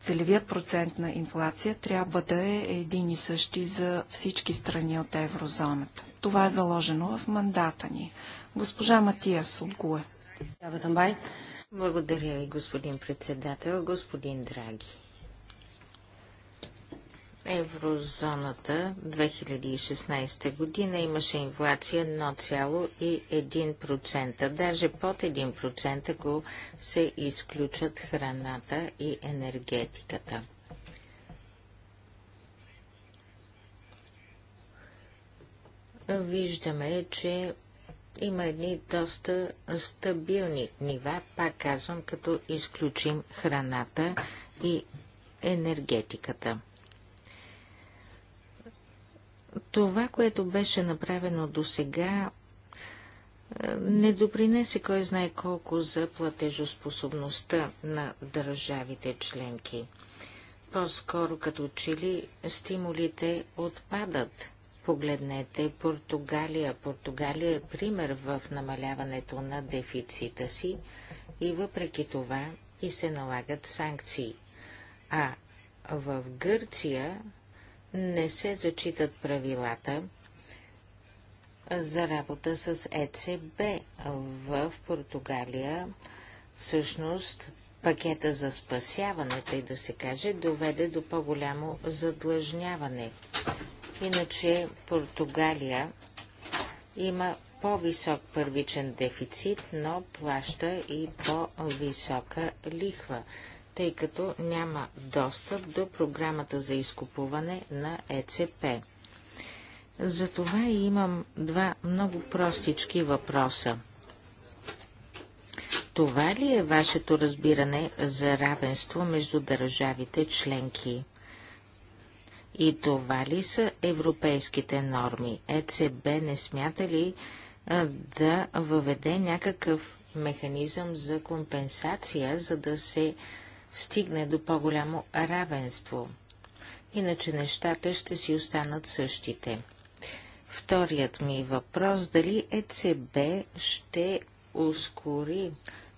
Speaker 2: Целевият процент на инфлация трябва да е един и същи за всички страни от еврозоната. Това е заложено в мандата ни. Госпожа Матиас от ГУЕ.
Speaker 3: Благодаря ви, господин председател, господин Драги. Еврозоната 2016 година имаше инфлация 1,1%, даже под 1%, ако се изключат храната и енергетиката. Виждаме, че има едни доста стабилни нива, пак казвам, като изключим храната и енергетиката. Това, което беше направено до сега, е, не допринесе кой знае колко за платежоспособността на държавите членки. По-скоро като чили стимулите отпадат Погледнете Португалия. Португалия е пример в намаляването на дефицита си и въпреки това и се налагат санкции. А в Гърция не се зачитат правилата за работа с ЕЦБ. В Португалия всъщност пакета за спасяване, и да се каже, доведе до по-голямо задлъжняване. Иначе Португалия има по-висок първичен дефицит, но плаща и по-висока лихва, тъй като няма достъп до програмата за изкупуване на ЕЦП. Затова имам два много простички въпроса. Това ли е вашето разбиране за равенство между държавите членки? И това ли са европейските норми? ЕЦБ не смята ли да въведе някакъв механизъм за компенсация, за да се стигне до по-голямо равенство? Иначе нещата ще си останат същите. Вторият ми въпрос – дали ЕЦБ ще ускори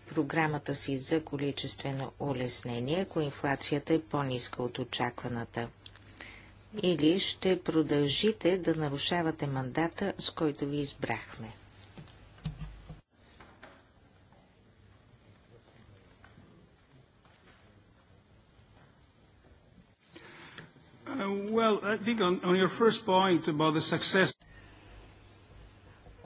Speaker 3: програмата си за количествено улеснение, ако инфлацията е по-ниска от очакваната? или ще продължите да нарушавате мандата, с който ви избрахме? Uh, well, I think on, on your first point about the success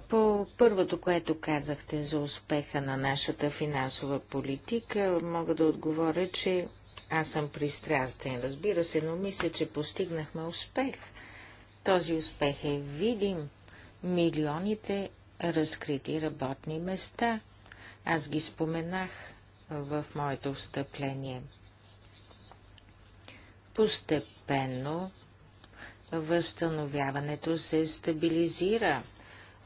Speaker 3: по първото, което казахте за успеха на нашата финансова политика, мога да отговоря, че аз съм пристрастен, разбира се, но мисля, че постигнахме успех. Този успех е видим. Милионите разкрити работни места. Аз ги споменах в моето встъпление. Постепенно възстановяването се стабилизира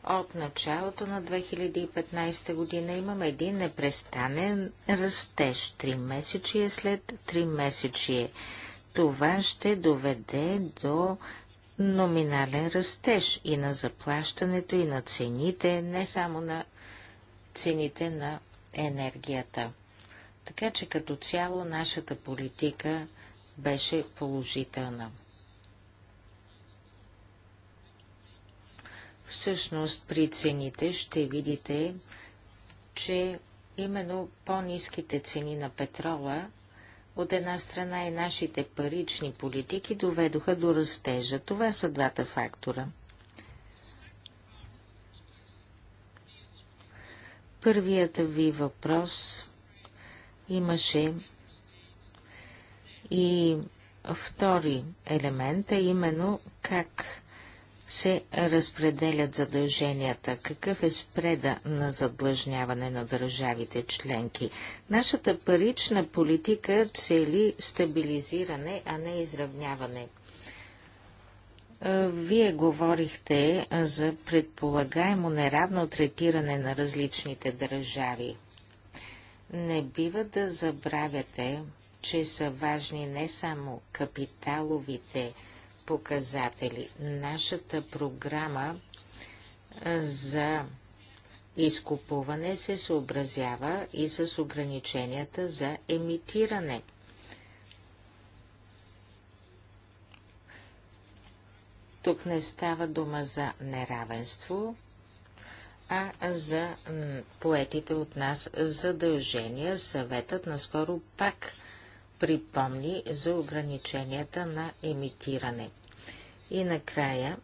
Speaker 3: от началото на 2015 година имаме един непрестанен растеж, три месечие след три месечие. Това ще доведе до номинален растеж и на заплащането, и на цените, не само на цените на енергията. Така че като цяло нашата политика беше положителна. Всъщност при цените ще видите, че именно по-низките цени на петрола от една страна и нашите парични политики доведоха до растежа. Това са двата фактора. Първият ви въпрос имаше и втори елемент, а именно как се разпределят задълженията? Какъв е спреда на задлъжняване на държавите членки? Нашата парична политика цели стабилизиране, а не изравняване. Вие говорихте за предполагаемо неравно третиране на различните държави. Не бива да забравяте, че са важни не само капиталовите показатели. Нашата програма за изкупуване се съобразява и с ограниченията за емитиране. Тук не става дума за неравенство, а за поетите от нас задължения. Съветът наскоро пак припомни за ограниченията на емитиране. И накрая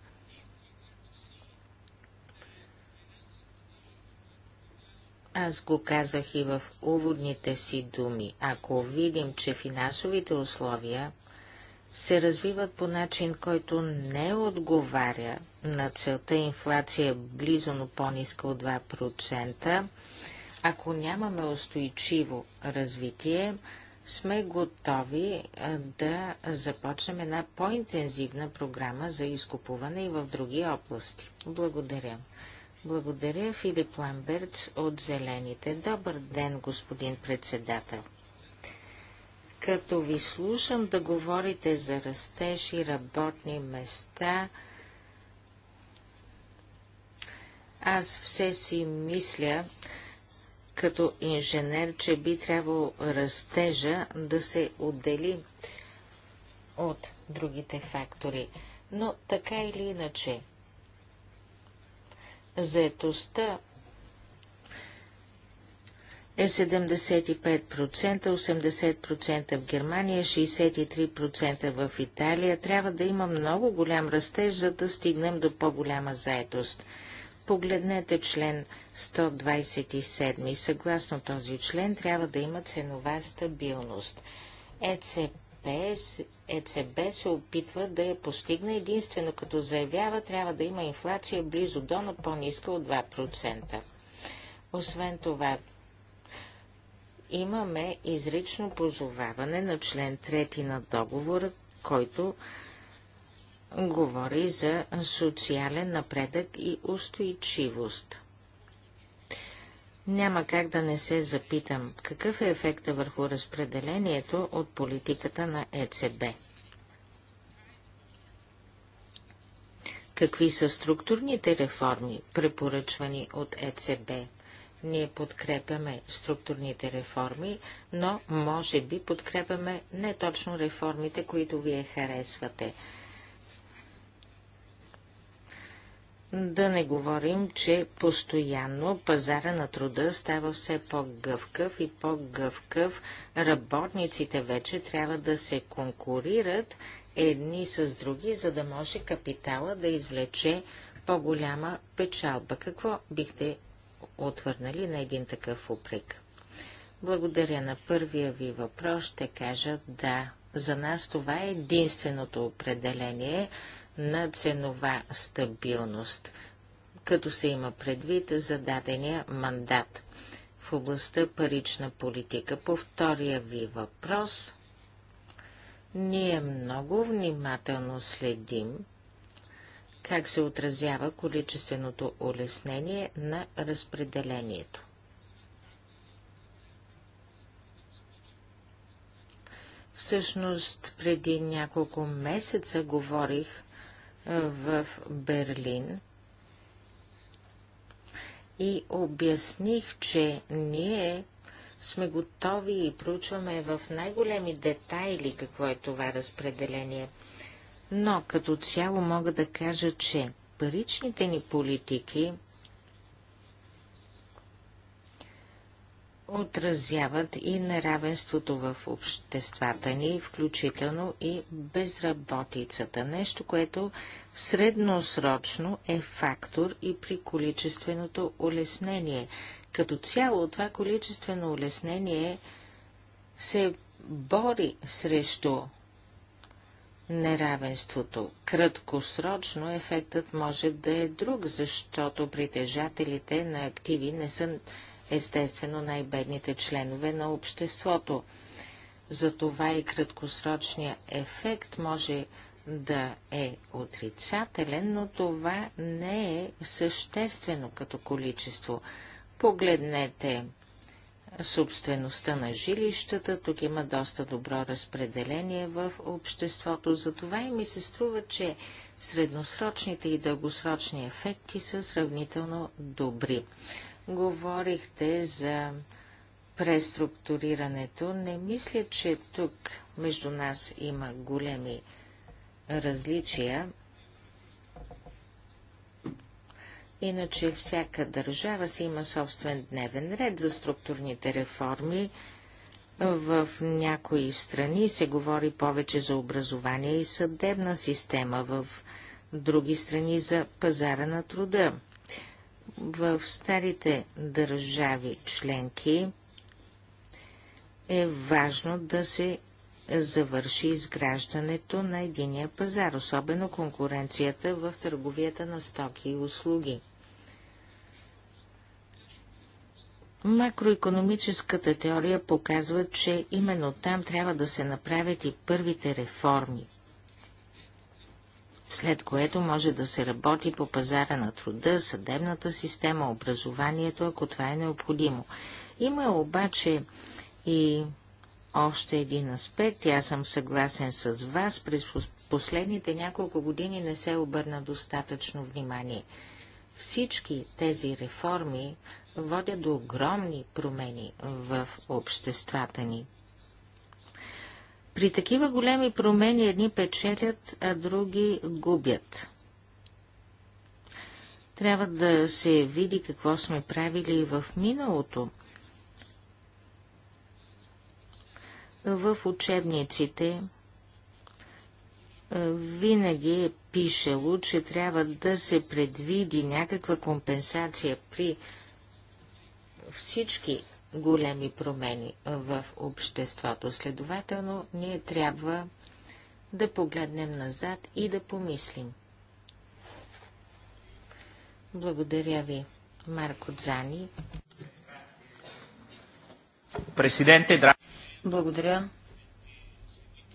Speaker 3: Аз го казах и в уводните си думи. Ако видим, че финансовите условия се развиват по начин, който не отговаря на целта инфлация е близо, но по-ниска от 2%, ако нямаме устойчиво развитие, сме готови да започнем една по-интензивна програма за изкупуване и в други области. Благодаря. Благодаря, Филип Ламберц от Зелените. Добър ден, господин председател. Като ви слушам да говорите за растеж и работни места, аз все си мисля, като инженер, че би трябвало растежа да се отдели от другите фактори. Но така или иначе, заетостта е 75%, 80% в Германия, 63% в Италия. Трябва да има много голям растеж, за да стигнем до по-голяма заетост. Погледнете член 127. Съгласно този член трябва да има ценова стабилност. ЕЦП, ЕЦБ се опитва да я постигне единствено като заявява трябва да има инфлация близо до, но по-ниска от 2%. Освен това, имаме изрично позоваване на член 3 на договора, който говори за социален напредък и устойчивост. Няма как да не се запитам, какъв е ефекта върху разпределението от политиката на ЕЦБ. Какви са структурните реформи, препоръчвани от ЕЦБ? Ние подкрепяме структурните реформи, но може би подкрепяме не точно реформите, които вие харесвате. Да не говорим, че постоянно пазара на труда става все по-гъвкав и по-гъвкав. Работниците вече трябва да се конкурират едни с други, за да може капитала да извлече по-голяма печалба. Какво бихте отвърнали на един такъв упрек? Благодаря на първия ви въпрос, ще кажа да. За нас това е единственото определение на ценова стабилност, като се има предвид зададения мандат в областта парична политика. По втория ви въпрос, ние много внимателно следим как се отразява количественото улеснение на разпределението. Всъщност, преди няколко месеца говорих в Берлин и обясних, че ние сме готови и проучваме в най-големи детайли какво е това разпределение. Но като цяло мога да кажа, че паричните ни политики – отразяват и неравенството в обществата ни, включително и безработицата. Нещо, което средносрочно е фактор и при количественото улеснение. Като цяло това количествено улеснение се бори срещу неравенството. Краткосрочно ефектът може да е друг, защото притежателите на активи не са естествено най-бедните членове на обществото. Затова и краткосрочният ефект може да е отрицателен, но това не е съществено като количество. Погледнете собствеността на жилищата, тук има доста добро разпределение в обществото, затова и ми се струва, че средносрочните и дългосрочни ефекти са сравнително добри. Говорихте за преструктурирането. Не мисля, че тук между нас има големи различия. Иначе всяка държава си има собствен дневен ред за структурните реформи. В някои страни се говори повече за образование и съдебна система, в други страни за пазара на труда. В старите държави членки е важно да се завърши изграждането на единия пазар, особено конкуренцията в търговията на стоки и услуги. Макроекономическата теория показва, че именно там трябва да се направят и първите реформи след което може да се работи по пазара на труда, съдебната система, образованието, ако това е необходимо. Има обаче и още един аспект. Аз съм съгласен с вас. През последните няколко години не се обърна достатъчно внимание. Всички тези реформи водят до огромни промени в обществата ни. При такива големи промени едни печелят, а други губят. Трябва да се види какво сме правили в миналото. В учебниците винаги е пишело, че трябва да се предвиди някаква компенсация при всички големи промени в обществото. Следователно, ние трябва да погледнем назад и да помислим. Благодаря ви, Марко Дзани. Президенте, дра... Благодаря.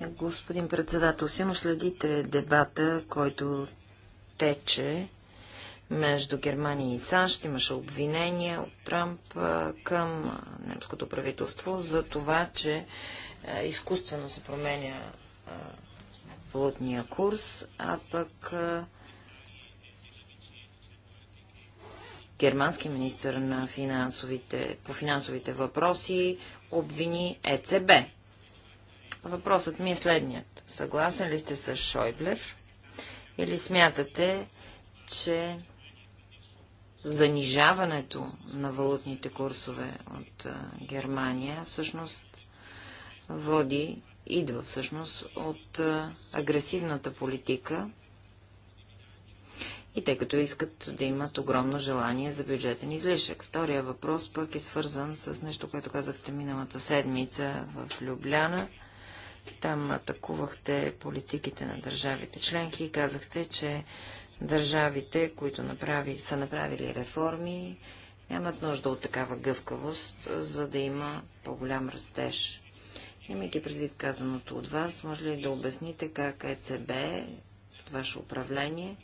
Speaker 1: Господин председател, силно следите дебата, който тече между Германия и САЩ. Имаше обвинения от Трамп към немското правителство за това, че изкуствено се променя валутния курс, а пък германски министр на финансовите, по финансовите въпроси обвини ЕЦБ. Въпросът ми е следният. Съгласен ли сте с Шойблер или смятате, че занижаването на валутните курсове от Германия всъщност води, идва всъщност от агресивната политика и тъй като искат да имат огромно желание за бюджетен излишък. Втория въпрос пък е свързан с нещо, което казахте миналата седмица в Любляна. Там атакувахте политиките на държавите членки и казахте, че Държавите, които направи, са направили реформи, нямат нужда от такава гъвкавост, за да има по-голям растеж. Имайки предвид казаното от вас, може ли да обясните как ЕЦБ, ваше управление,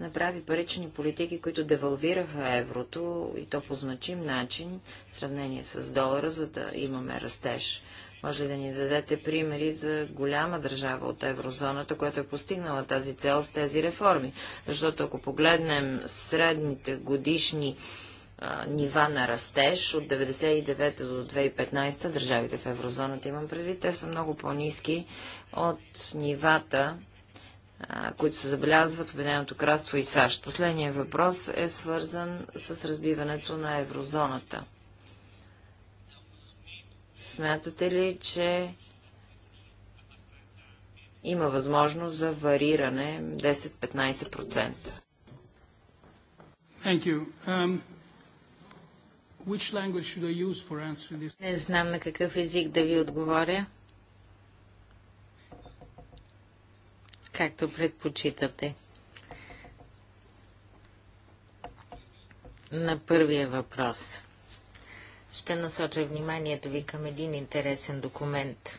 Speaker 1: направи парични политики, които девалвираха еврото и то по значим начин в сравнение с долара, за да имаме растеж. Може ли да ни дадете примери за голяма държава от еврозоната, която е постигнала тази цел с тези реформи? Защото ако погледнем средните годишни а, нива на растеж от 1999 до 2015, държавите в еврозоната имам предвид, те са много по-низки от нивата, а, които се забелязват в Обединеното кралство и САЩ. Последният въпрос е свързан с разбиването на еврозоната. Смятате ли, че има възможност за вариране 10-15%?
Speaker 2: Um,
Speaker 3: Не знам на какъв език да ви отговоря. Както предпочитате. На първия въпрос ще насоча вниманието ви към един интересен документ.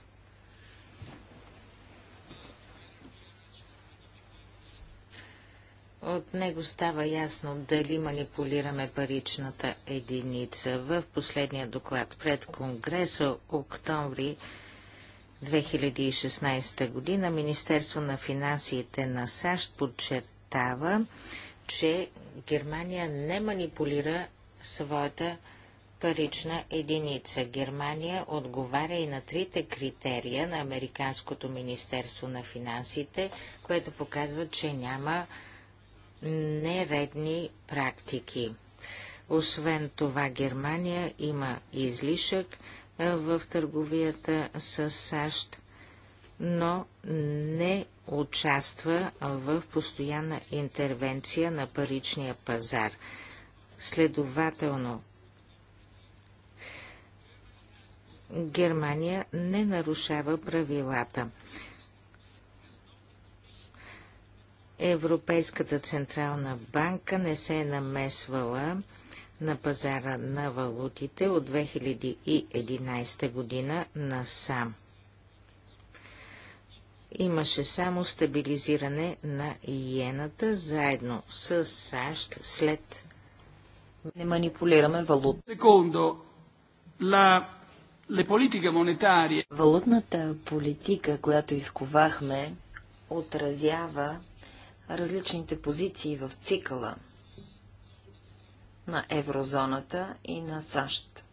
Speaker 3: От него става ясно дали манипулираме паричната единица. В последния доклад пред Конгреса октомври 2016 година Министерство на финансите на САЩ подчертава, че Германия не манипулира своята парична единица. Германия отговаря и на трите критерия на Американското министерство на финансите, което показва, че няма нередни практики. Освен това, Германия има излишък в търговията с САЩ, но не участва в постоянна интервенция на паричния пазар. Следователно, Германия не нарушава правилата. Европейската централна банка не се е намесвала на пазара на валутите от 2011 година на САМ. Имаше само стабилизиране на иената заедно с САЩ след не манипулираме валута. Секундо,
Speaker 1: Валутната политика, която изковахме, отразява различните позиции в цикъла на еврозоната и на САЩ.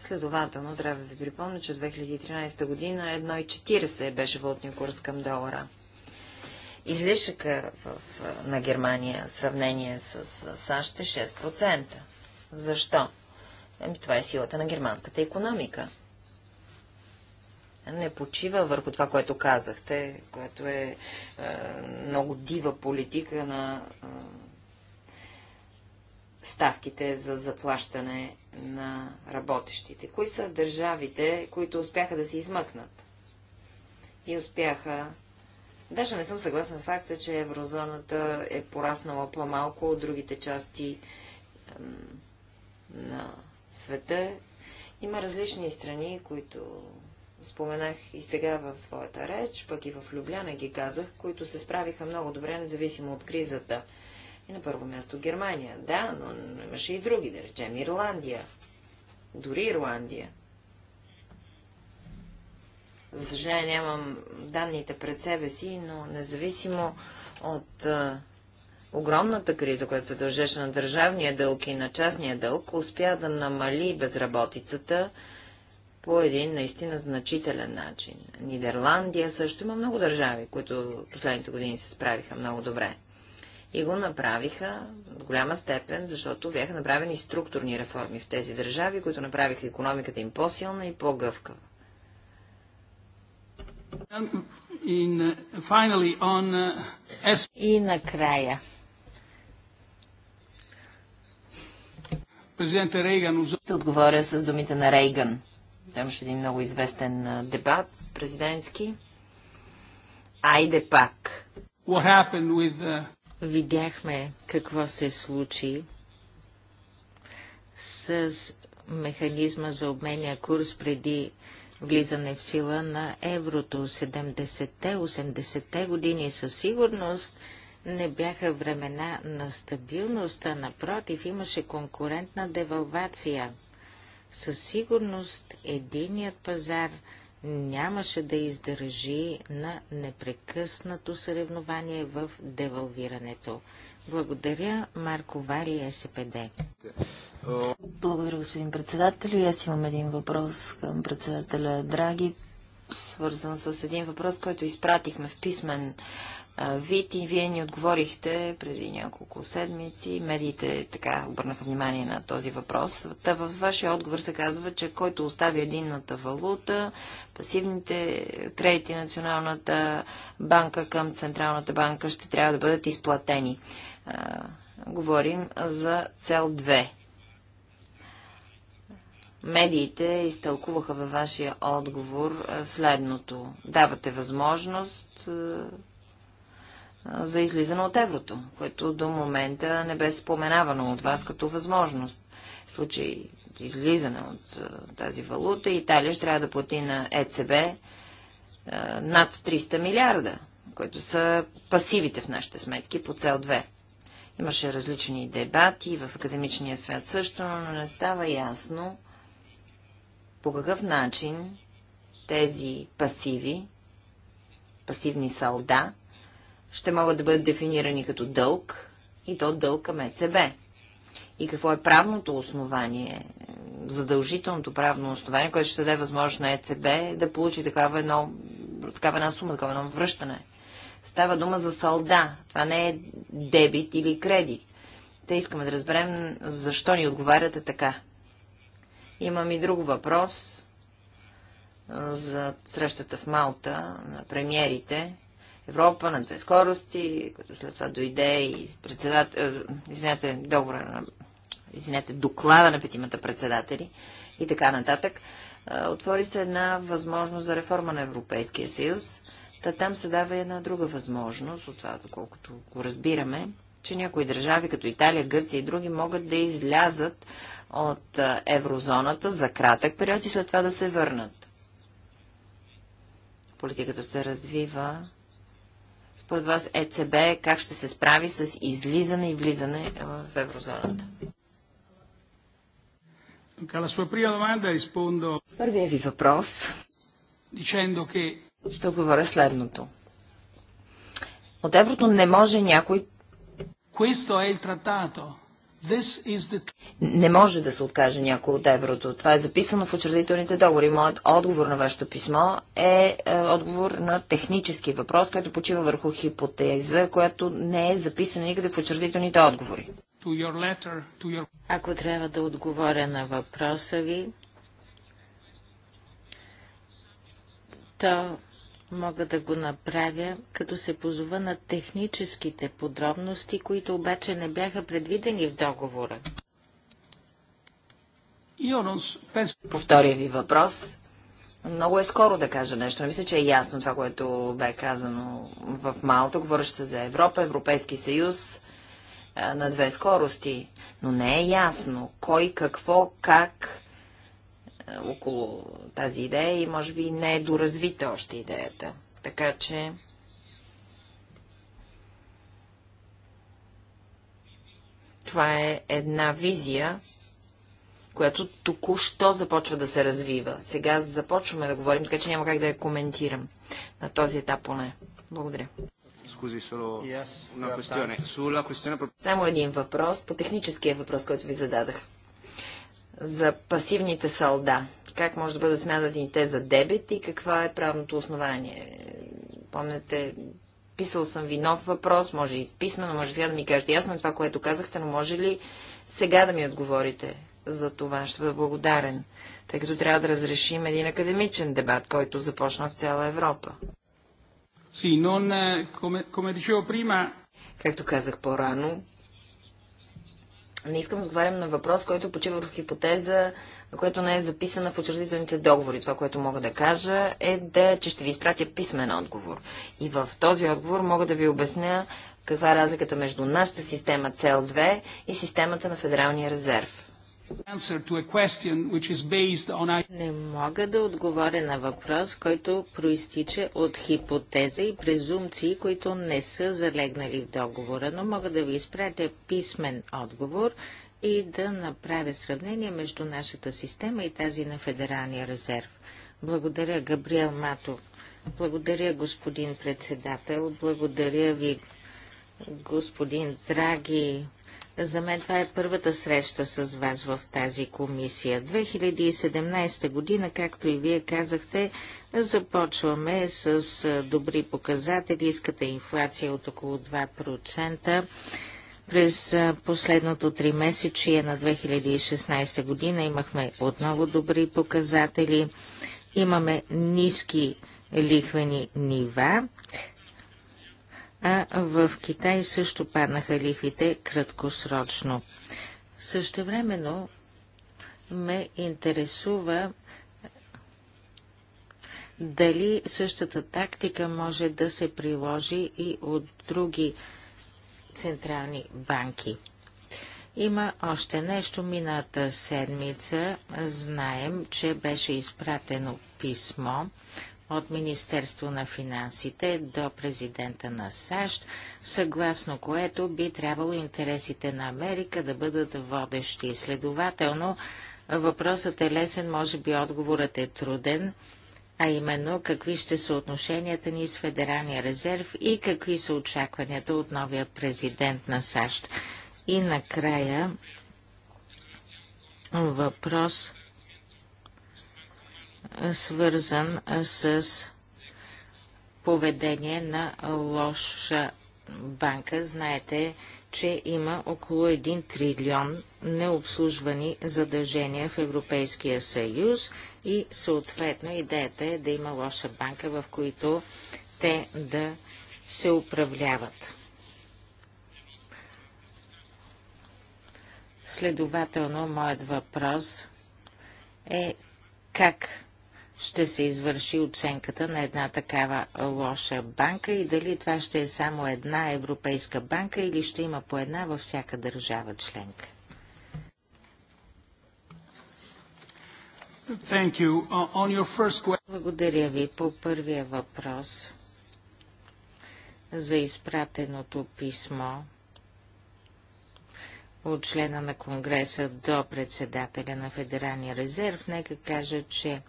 Speaker 1: Следователно, трябва да ви припомня, че 2013 година 1,40 беше валутния курс към долара. Излишъка в, на Германия в сравнение с САЩ е 6%. Защо? Ами това е силата на германската економика. Не почива върху това, което казахте, което е, е много дива политика на е, ставките за заплащане на работещите. Кои са държавите, които успяха да се измъкнат? И успяха Даже не съм съгласна с факта, че еврозоната е пораснала по-малко от другите части на света. Има различни страни, които споменах и сега в своята реч, пък и в Любляна ги казах, които се справиха много добре, независимо от кризата. И на първо място Германия. Да, но имаше и други, да речем Ирландия. Дори Ирландия. За съжаление нямам данните пред себе си, но независимо от а, огромната криза, която се дължеше на държавния дълг и на частния дълг, успя да намали безработицата по един наистина значителен начин. Нидерландия също има много държави, които последните години се справиха много добре. И го направиха в голяма степен, защото бяха направени структурни реформи в тези държави, които направиха економиката им по-силна и
Speaker 3: по-гъвкава. Um, uh, uh, и накрая
Speaker 1: Президента Рейган... Ще отговоря с думите на Рейган. Там ще един много известен дебат президентски. Айде
Speaker 3: пак. The... Видяхме какво се случи с механизма за обменя курс преди влизане в сила на еврото. 70-те, 80-те години със сигурност не бяха времена на стабилност, а напротив имаше конкурентна девалвация. Със сигурност единият пазар нямаше да издържи на непрекъснато съревнование в девалвирането. Благодаря, Марко Вали, СПД. Благодаря, господин председател. И аз имам един въпрос
Speaker 1: към председателя Драги, свързан с един въпрос, който изпратихме в писмен вид и вие ни отговорихте преди няколко седмици. Медиите така обърнаха внимание на този въпрос. Та във вашия отговор се казва, че който остави единната валута, пасивните кредити Националната банка към Централната банка ще трябва да бъдат изплатени. А, говорим за цел 2. Медиите изтълкуваха във вашия отговор следното. Давате възможност за излизане от еврото, което до момента не бе споменавано от вас като възможност. В случай излизане от тази валута, Италия ще трябва да плати на ЕЦБ над 300 милиарда, които са пасивите в нашите сметки по цел 2. Имаше различни дебати в академичния свят също, но не става ясно по какъв начин тези пасиви, пасивни салда, ще могат да бъдат дефинирани като дълг и то дълг към ЕЦБ. И какво е правното основание, задължителното правно основание, което ще даде възможност на ЕЦБ да получи такава, едно, такава една сума, такава едно връщане. Става дума за салда. Това не е дебит или кредит. Те искаме да разберем защо ни отговаряте така. Имам и друг въпрос за срещата в Малта на премиерите. Европа на две скорости, като след това дойде и председател, е, извинете, договора на, извинете, доклада на петимата председатели и така нататък, е, отвори се една възможност за реформа на Европейския съюз. Та там се дава една друга възможност, от това доколкото го разбираме, че някои държави, като Италия, Гърция и други, могат да излязат от е, еврозоната за кратък период и след това да се върнат. Политиката се развива според вас ЕЦБ как ще се справи с излизане и влизане в еврозоната? Първият ви въпрос. Ще отговоря следното. От еврото не може някой. Questo è il trattato. Не може да се откаже някой от еврото. Това е записано в учредителните договори. Моят отговор на вашето писмо е, е отговор на технически въпрос, който почива върху хипотеза, която не е записана никъде в учредителните отговори.
Speaker 3: Letter, your... Ако трябва да отговоря на въпроса ви, то Мога да го направя, като се позова на техническите подробности, които обаче не бяха предвидени в договора.
Speaker 1: Повторя ви въпрос. Много е скоро да кажа нещо. Не мисля, че е ясно това, което бе казано в Малта. Говореше се за Европа, Европейски съюз на две скорости. Но не е ясно кой, какво, как около тази идея и може би не е доразвита още идеята. Така че това е една визия, която току-що започва да се развива. Сега започваме да говорим, така че няма как да я коментирам на този етап поне. Благодаря. Само един въпрос по техническия въпрос, който ви зададах за пасивните салда. Как може да бъдат смятани те за дебет и каква е правното основание? Помните, писал съм ви нов въпрос, може и писмено, може сега да ми кажете ясно това, което казахте, но може ли сега да ми отговорите за това? Ще бъда благодарен, тъй като трябва да разрешим един академичен дебат, който започна в цяла Европа. Eh, Както казах по-рано, не искам да отговарям на въпрос, който почива върху хипотеза, която не е записана в учредителните договори. Това, което мога да кажа е, да, че ще ви изпратя писмен отговор. И в този отговор мога да ви обясня каква е разликата между нашата система цел 2 и системата на
Speaker 3: Федералния резерв. Не мога да отговоря на въпрос, който проистича от хипотеза и презумции, които не са залегнали в договора, но мога да ви изпратя писмен отговор и да направя сравнение между нашата система и тази на Федералния резерв. Благодаря, Габриел Матов. Благодаря, господин председател. Благодаря ви, господин Драги. За мен това е първата среща с вас в тази комисия. 2017 година, както и вие казахте, започваме с добри показатели. Искате инфлация от около 2%. През последното три месечие на 2016 година имахме отново добри показатели. Имаме ниски лихвени нива а в Китай също паднаха лихвите краткосрочно. Същевременно ме интересува дали същата тактика може да се приложи и от други централни банки. Има още нещо. Мината седмица знаем, че беше изпратено писмо от Министерство на финансите до президента на САЩ, съгласно което би трябвало интересите на Америка да бъдат водещи. Следователно, въпросът е лесен, може би отговорът е труден, а именно какви ще са отношенията ни с Федералния резерв и какви са очакванията от новия президент на САЩ. И накрая въпрос свързан с поведение на лоша банка. Знаете, че има около 1 трилион необслужвани задължения в Европейския съюз и съответно идеята е да има лоша банка, в които те да се управляват. Следователно, моят въпрос е как ще се извърши оценката на една такава лоша банка и дали това ще е само една европейска банка или ще има по една във всяка държава членка.
Speaker 2: Uh,
Speaker 3: first... Благодаря ви по първия въпрос за изпратеното писмо от члена на Конгреса до председателя на Федералния резерв. Нека кажа, че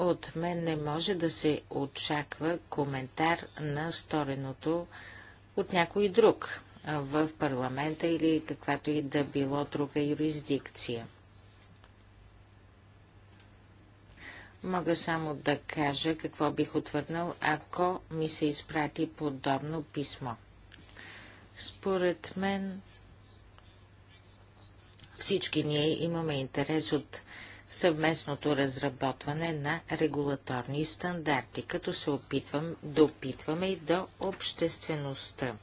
Speaker 3: от мен не може да се очаква коментар на стореното от някой друг в парламента или каквато и да било друга юрисдикция. Мога само да кажа какво бих отвърнал, ако ми се изпрати подобно писмо. Според мен всички ние имаме интерес от съвместното разработване на регулаторни стандарти, като се опитвам, допитваме и до обществеността.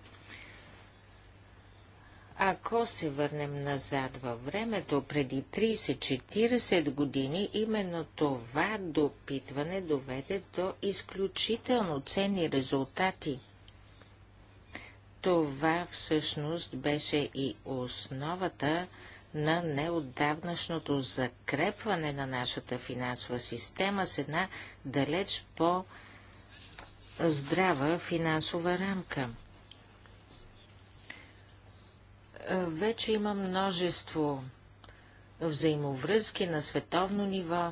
Speaker 3: Ако се върнем назад във времето, преди 30-40 години, именно това допитване доведе до изключително ценни резултати. Това всъщност беше и основата на неотдавнашното закрепване на нашата финансова система с една далеч по-здрава финансова рамка. Вече има множество взаимовръзки на световно ниво.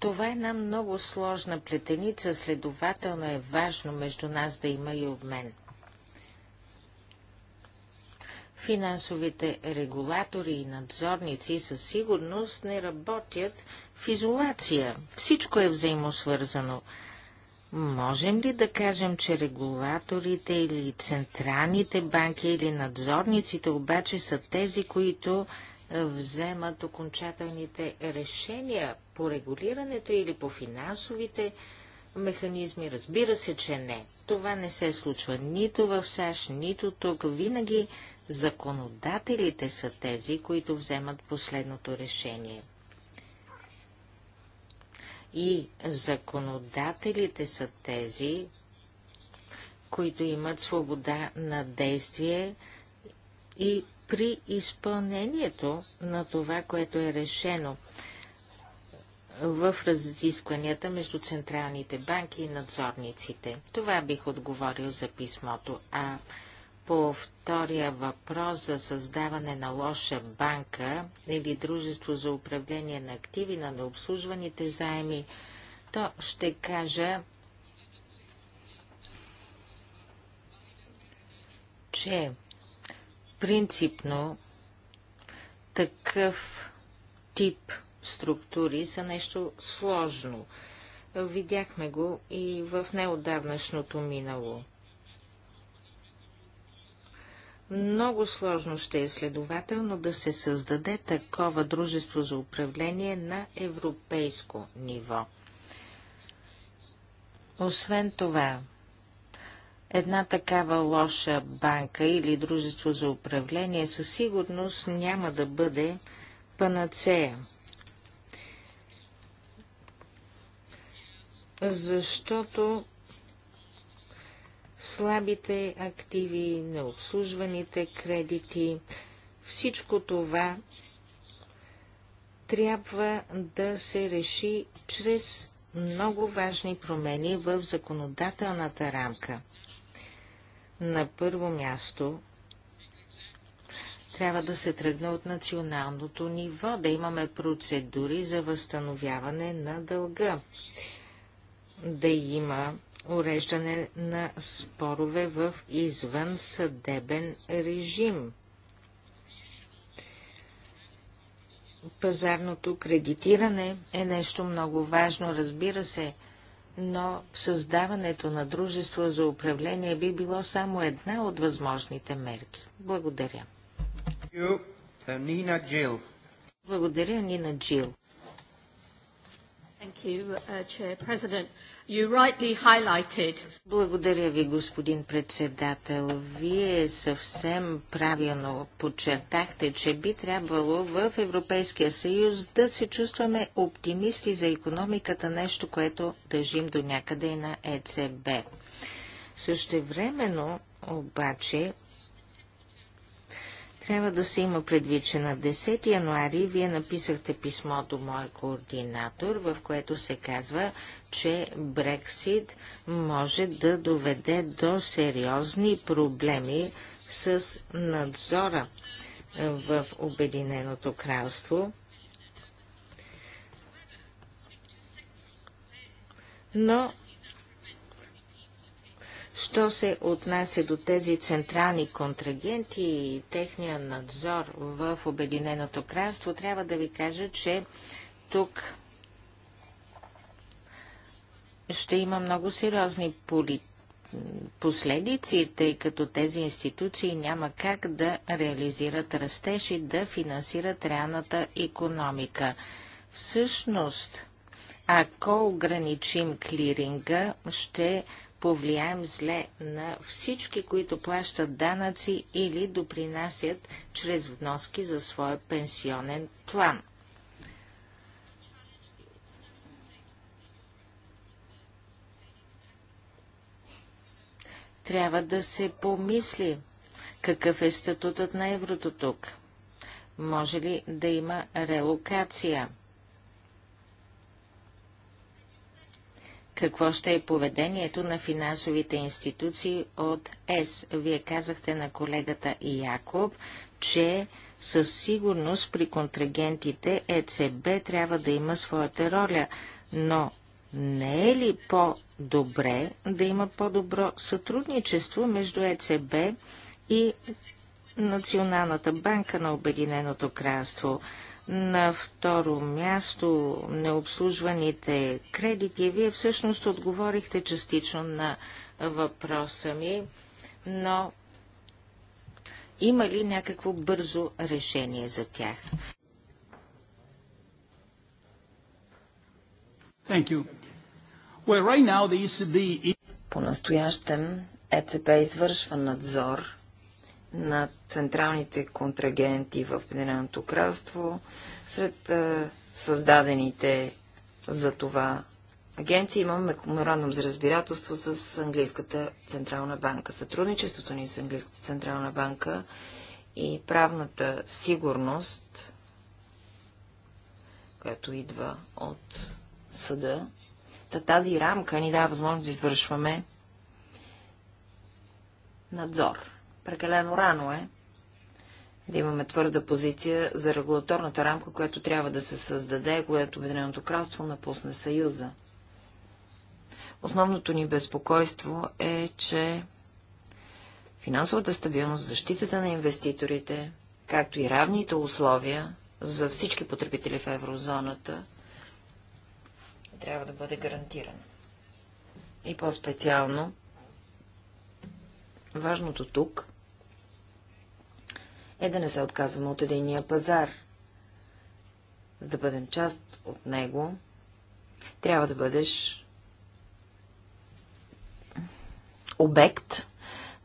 Speaker 3: Това е една много сложна плетеница, следователно е важно между нас да има и обмен. Финансовите регулатори и надзорници със сигурност не работят в изолация. Всичко е взаимосвързано. Можем ли да кажем, че регулаторите или централните банки или надзорниците обаче са тези, които е, вземат окончателните решения по регулирането или по финансовите механизми? Разбира се, че не. Това не се случва нито в САЩ, нито тук. Винаги законодателите са тези, които вземат последното решение. И законодателите са тези, които имат свобода на действие и при изпълнението на това, което е решено в разискванията между централните банки и надзорниците. Това бих отговорил за писмото. А по втория въпрос за създаване на лоша банка или дружество за управление на активи на необслужваните заеми, то ще кажа, че принципно такъв тип структури са нещо сложно. Видяхме го и в неодавнашното минало. Много сложно ще е следователно да се създаде такова дружество за управление на европейско ниво. Освен това, една такава лоша банка или дружество за управление със сигурност няма да бъде панацея. Защото слабите активи, необслужваните кредити. Всичко това трябва да се реши чрез много важни промени в законодателната рамка. На първо място трябва да се тръгне от националното ниво, да имаме процедури за възстановяване на дълга, да има уреждане на спорове в извън съдебен режим. Пазарното кредитиране е нещо много важно, разбира се, но създаването на дружество за управление би било само една от възможните мерки. Благодаря. Нина Джил. Благодаря, Нина Джил. Thank you, uh, Chair President. You rightly highlighted. Благодаря ви, господин председател. Вие съвсем правилно подчертахте, че би трябвало в Европейския съюз да се чувстваме оптимисти за економиката, нещо, което държим до някъде и на ЕЦБ. времено, обаче трябва да се има предвид, че на 10 януари вие написахте писмо до мой координатор, в което се казва, че Брексит може да доведе до сериозни проблеми с надзора в Обединеното кралство. Но Що се отнася до тези централни контрагенти и техния надзор в Обединеното кралство, трябва да ви кажа, че тук ще има много сериозни политики последици, тъй като тези институции няма как да реализират растеж и да финансират реалната економика. Всъщност, ако ограничим клиринга, ще повлияем зле на всички, които плащат данъци или допринасят чрез вноски за своя пенсионен план. Трябва да се помисли какъв е статутът на еврото тук. Може ли да има релокация? какво ще е поведението на финансовите институции от ЕС. Вие казахте на колегата Якоб, че със сигурност при контрагентите ЕЦБ трябва да има своята роля, но не е ли по-добре да има по-добро сътрудничество между ЕЦБ и Националната банка на Обединеното кралство? На второ място, необслужваните кредити. Вие всъщност отговорихте частично на въпроса ми, но има ли някакво бързо решение за тях?
Speaker 2: Thank you. Well, right now the ECB...
Speaker 1: По-настоящем ЕЦБ извършва надзор на централните контрагенти в Обединеното кралство, сред създадените за това агенции, имаме меморандум за разбирателство с Английската Централна банка. Сътрудничеството ни с Английската Централна банка и правната сигурност, която идва от съда, та тази рамка ни дава възможност да извършваме надзор. Прекалено рано е да имаме твърда позиция за регулаторната рамка, която трябва да се създаде, когато Обединеното кралство напусне Съюза. Основното ни безпокойство е, че финансовата стабилност, защитата на инвеститорите, както и равните условия за всички потребители в еврозоната, трябва да бъде гарантирана. И по-специално, важното тук е да не се отказваме от единния пазар. За да бъдем част от него, трябва да бъдеш обект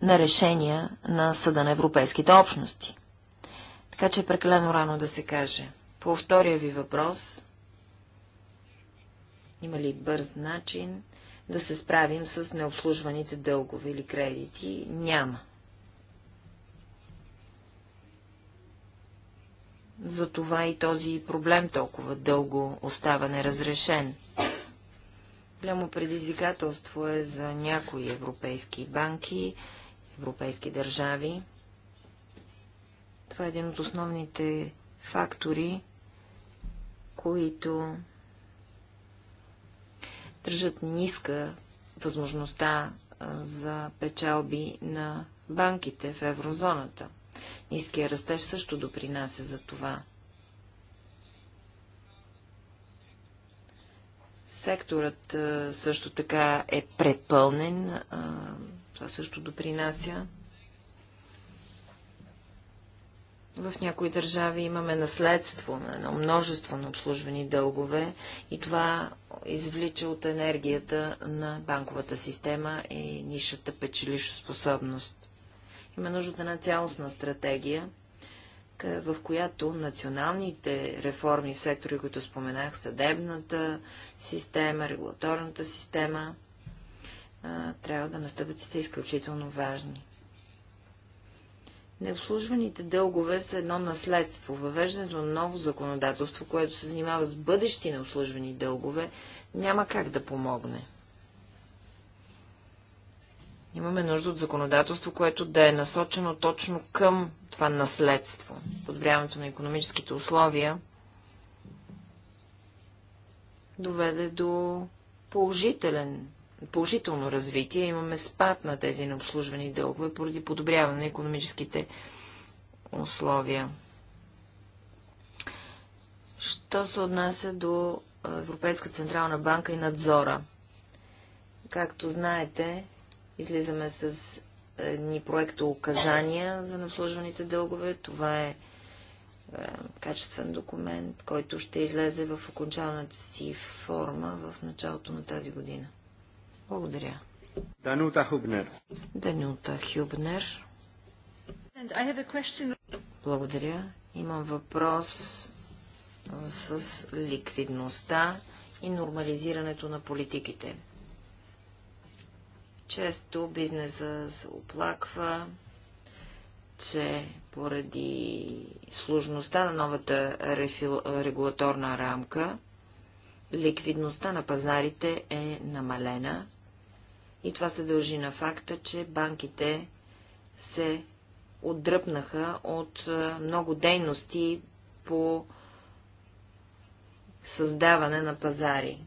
Speaker 1: на решения на Съда на Европейските общности. Така че е прекалено рано да се каже. По втория ви въпрос, има ли бърз начин да се справим с необслужваните дългове или кредити? Няма. Затова и този проблем толкова дълго остава неразрешен. Голямо предизвикателство е за някои европейски банки, европейски държави. Това е един от основните фактори, които държат ниска възможността за печалби на банките в еврозоната – Ниският растеж също допринася за това. Секторът също така е препълнен. Това също допринася. В някои държави имаме наследство на едно множество на обслужвани дългове и това извлича от енергията на банковата система и нишата печеливша способност. Имаме нужда от една цялостна стратегия, в която националните реформи в сектори, които споменах, съдебната система, регулаторната система, трябва да настъпят и са изключително важни. Необслужваните дългове са едно наследство. Въвеждането на ново законодателство, което се занимава с бъдещи необслужвани дългове, няма как да помогне. Имаме нужда от законодателство, което да е насочено точно към това наследство, подобряването на економическите условия доведе до положителен, положително развитие. Имаме спад на тези необслужвани дългове поради подобряване на економическите условия. Що се отнася до Европейска Централна банка и надзора? Както знаете, Излизаме с едни проекто указания за наслужваните дългове. Това е, е, качествен документ, който ще излезе в окончалната си форма в началото на тази година. Благодаря.
Speaker 3: Данута Хубнер.
Speaker 1: Данута Хюбнер. Благодаря. Имам въпрос с ликвидността и нормализирането на политиките. Често бизнеса се оплаква, че поради сложността на новата рефил... регулаторна рамка, ликвидността на пазарите е намалена и това се дължи на факта, че банките се отдръпнаха от много дейности по създаване на пазари.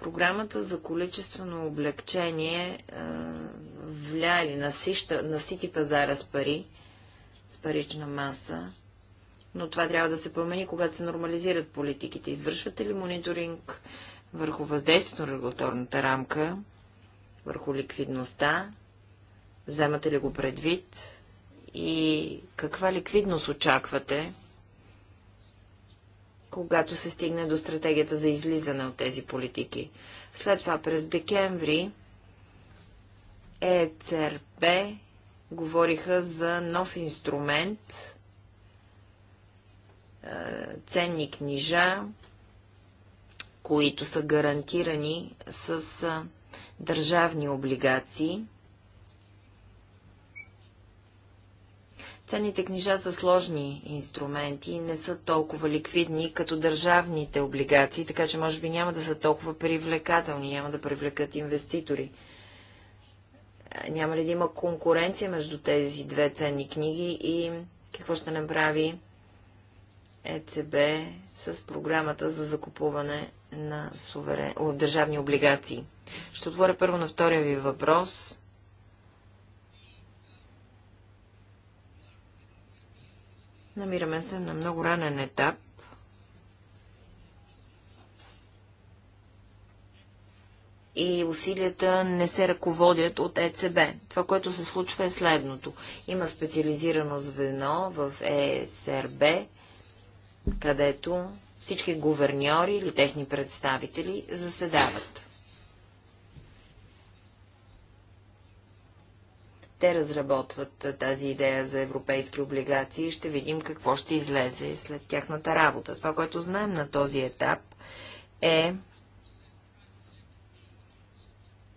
Speaker 1: Програмата за количествено облегчение е, влияе ли, насища, насити пазара с пари, с парична маса, но това трябва да се промени, когато се нормализират политиките. Извършвате ли мониторинг върху въздействието на регулаторната рамка, върху ликвидността, вземате ли го предвид и каква ликвидност очаквате когато се стигне до стратегията за излизане от тези политики. След това през декември ЕЦРП говориха за нов инструмент, е, ценни книжа, които са гарантирани с е, държавни облигации – Ценните книжа са сложни инструменти, не са толкова ликвидни като държавните облигации, така че може би няма да са толкова привлекателни, няма да привлекат инвеститори. Няма ли да има конкуренция между тези две ценни книги и какво ще направи ЕЦБ с програмата за закупуване на суверен... държавни облигации? Ще отворя първо на втория ви въпрос Намираме се на много ранен етап. И усилията не се ръководят от ЕЦБ. Това, което се случва е следното. Има специализирано звено в ЕСРБ, където всички гуверньори или техни представители заседават. Те разработват тази идея за европейски облигации и ще видим какво ще излезе след тяхната работа. Това, което знаем на този етап е...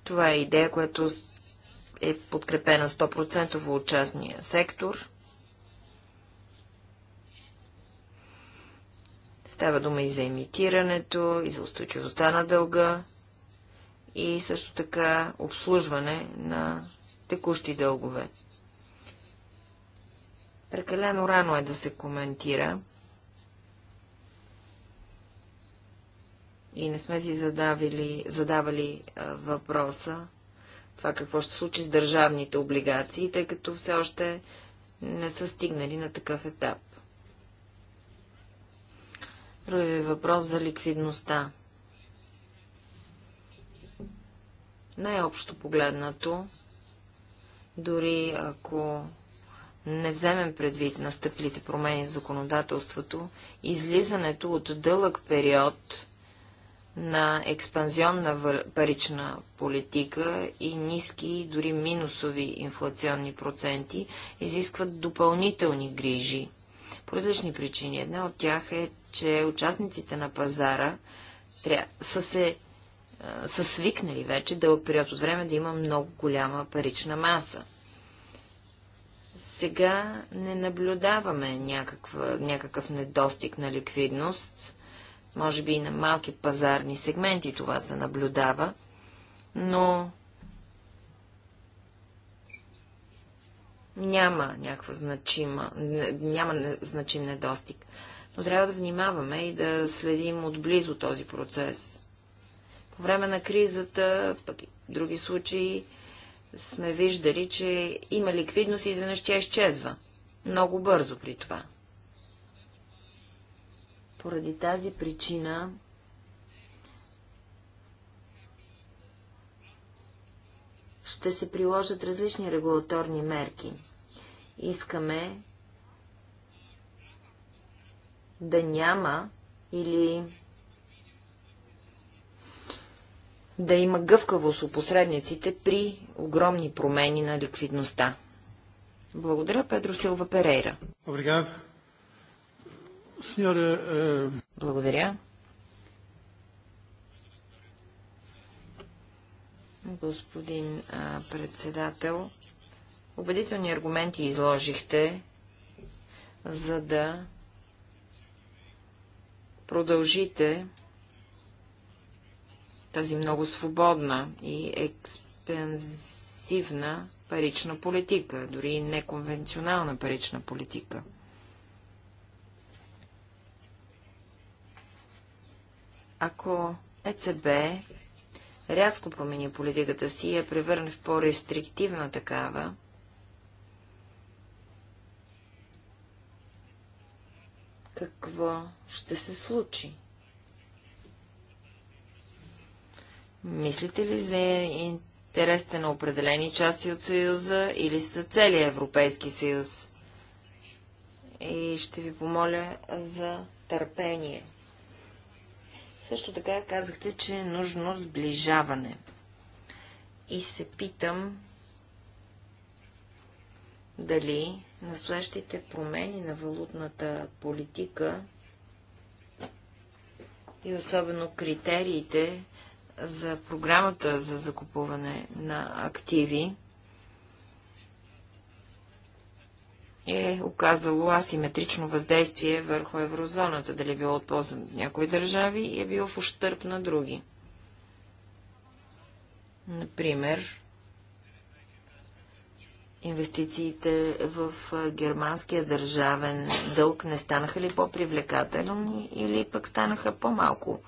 Speaker 1: Това е идея, която е подкрепена 100% в частния сектор. Става дума и за имитирането, и за устойчивостта на дълга, и също така обслужване на текущи дългове. Прекалено рано е да се коментира. И не сме си задавили, задавали а, въпроса това какво ще случи с държавните облигации, тъй като все още не са стигнали на такъв етап. Други е въпрос за ликвидността. Най-общо погледнато, дори ако не вземем предвид настъплите промени в законодателството, излизането от дълъг период на експанзионна парична политика и ниски, дори минусови инфлационни проценти изискват допълнителни грижи. По различни причини. Една от тях е, че участниците на пазара тря... са се са свикнали вече дълъг период от време да има много голяма парична маса. Сега не наблюдаваме някаква, някакъв недостиг на ликвидност. Може би и на малки пазарни сегменти това се наблюдава, но няма някаква значима, няма значим недостиг. Но трябва да внимаваме и да следим отблизо този процес по време на кризата, пък и други случаи, сме виждали, че има ликвидност и изведнъж тя изчезва. Много бързо при това. Поради тази причина ще се приложат различни регулаторни мерки. Искаме да няма или да има гъвкавост у посредниците при огромни промени на ликвидността. Благодаря, Педро Силва Перейра.
Speaker 3: Е, Благодаря.
Speaker 1: Господин а, председател, убедителни аргументи изложихте, за да продължите тази много свободна и експензивна парична политика, дори неконвенционална парична политика. Ако ЕЦБ рязко промени политиката си и я превърне в по-рестриктивна такава, какво ще се случи? Мислите ли за интересите на определени части от Съюза или са целият Европейски съюз? И ще ви помоля за търпение. Също така казахте, че е нужно сближаване. И се питам дали настоящите промени на валутната политика и особено критериите за програмата за закупуване на активи е оказало асиметрично въздействие върху еврозоната, дали било от полза на някои държави и е било в ущърп на други. Например, инвестициите в германския държавен дълг не станаха ли по-привлекателни или пък станаха по-малко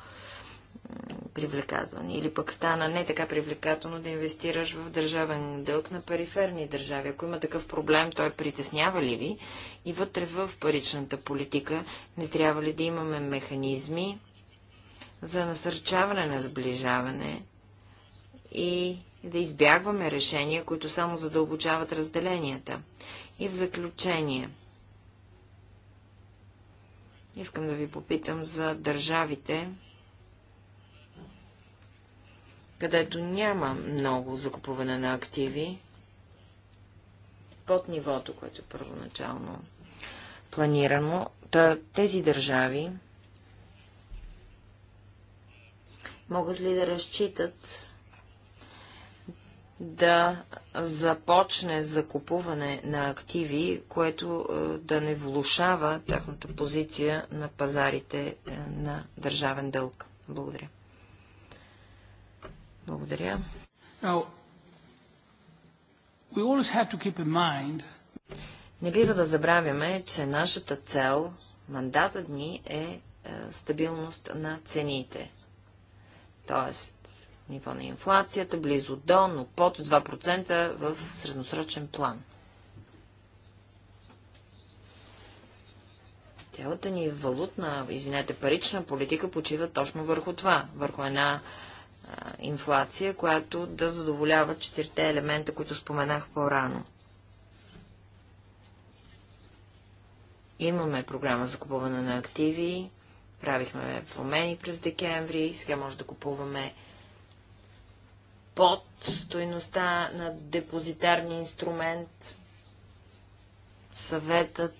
Speaker 1: привлекателни. Или пък стана не така привлекателно да инвестираш в държавен дълг на периферни държави. Ако има такъв проблем, той притеснява ли ви? И вътре в паричната политика не трябва ли да имаме механизми за насърчаване на сближаване и да избягваме решения, които само задълбочават разделенията. И в заключение, искам да ви попитам за държавите, където няма много закупуване на активи, под нивото, което е първоначално планирано, тези държави
Speaker 3: могат ли да разчитат
Speaker 1: да започне закупуване на активи, което е, да не влушава тяхната позиция на пазарите е, на държавен дълг. Благодаря. Благодаря. Now, we always have to keep in mind... Не бива да забравяме, че нашата цел, мандатът ни е, е стабилност на цените. Тоест, ниво на инфлацията близо до, но под 2% в средносрочен план. Цялата ни валутна, извинете, парична политика почива точно върху това, върху една инфлация, която да задоволява четирите елемента, които споменах по-рано. Имаме програма за купуване на активи, правихме промени през декември, сега може да купуваме под стоеността на депозитарния инструмент. Съветът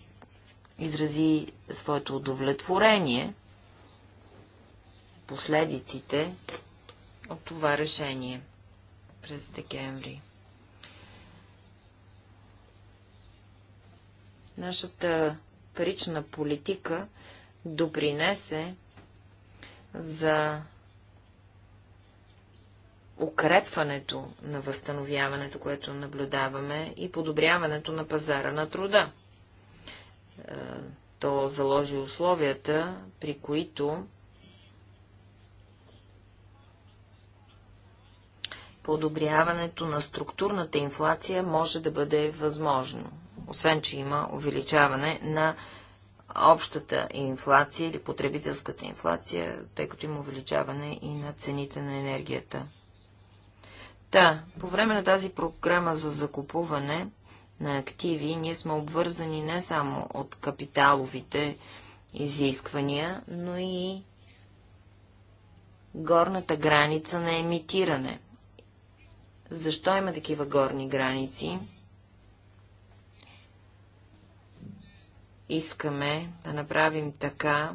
Speaker 1: изрази своето удовлетворение. Последиците от това решение през декември. Нашата парична политика допринесе за укрепването на възстановяването, което наблюдаваме и подобряването на пазара на труда. Е, то заложи условията, при които подобряването на структурната инфлация може да бъде възможно, освен че има увеличаване на общата инфлация или потребителската инфлация, тъй като има увеличаване и на цените на енергията. Та, да, по време на тази програма за закупуване на активи, ние сме обвързани не само от капиталовите изисквания, но и горната граница на емитиране. Защо има такива горни граници? Искаме да направим така,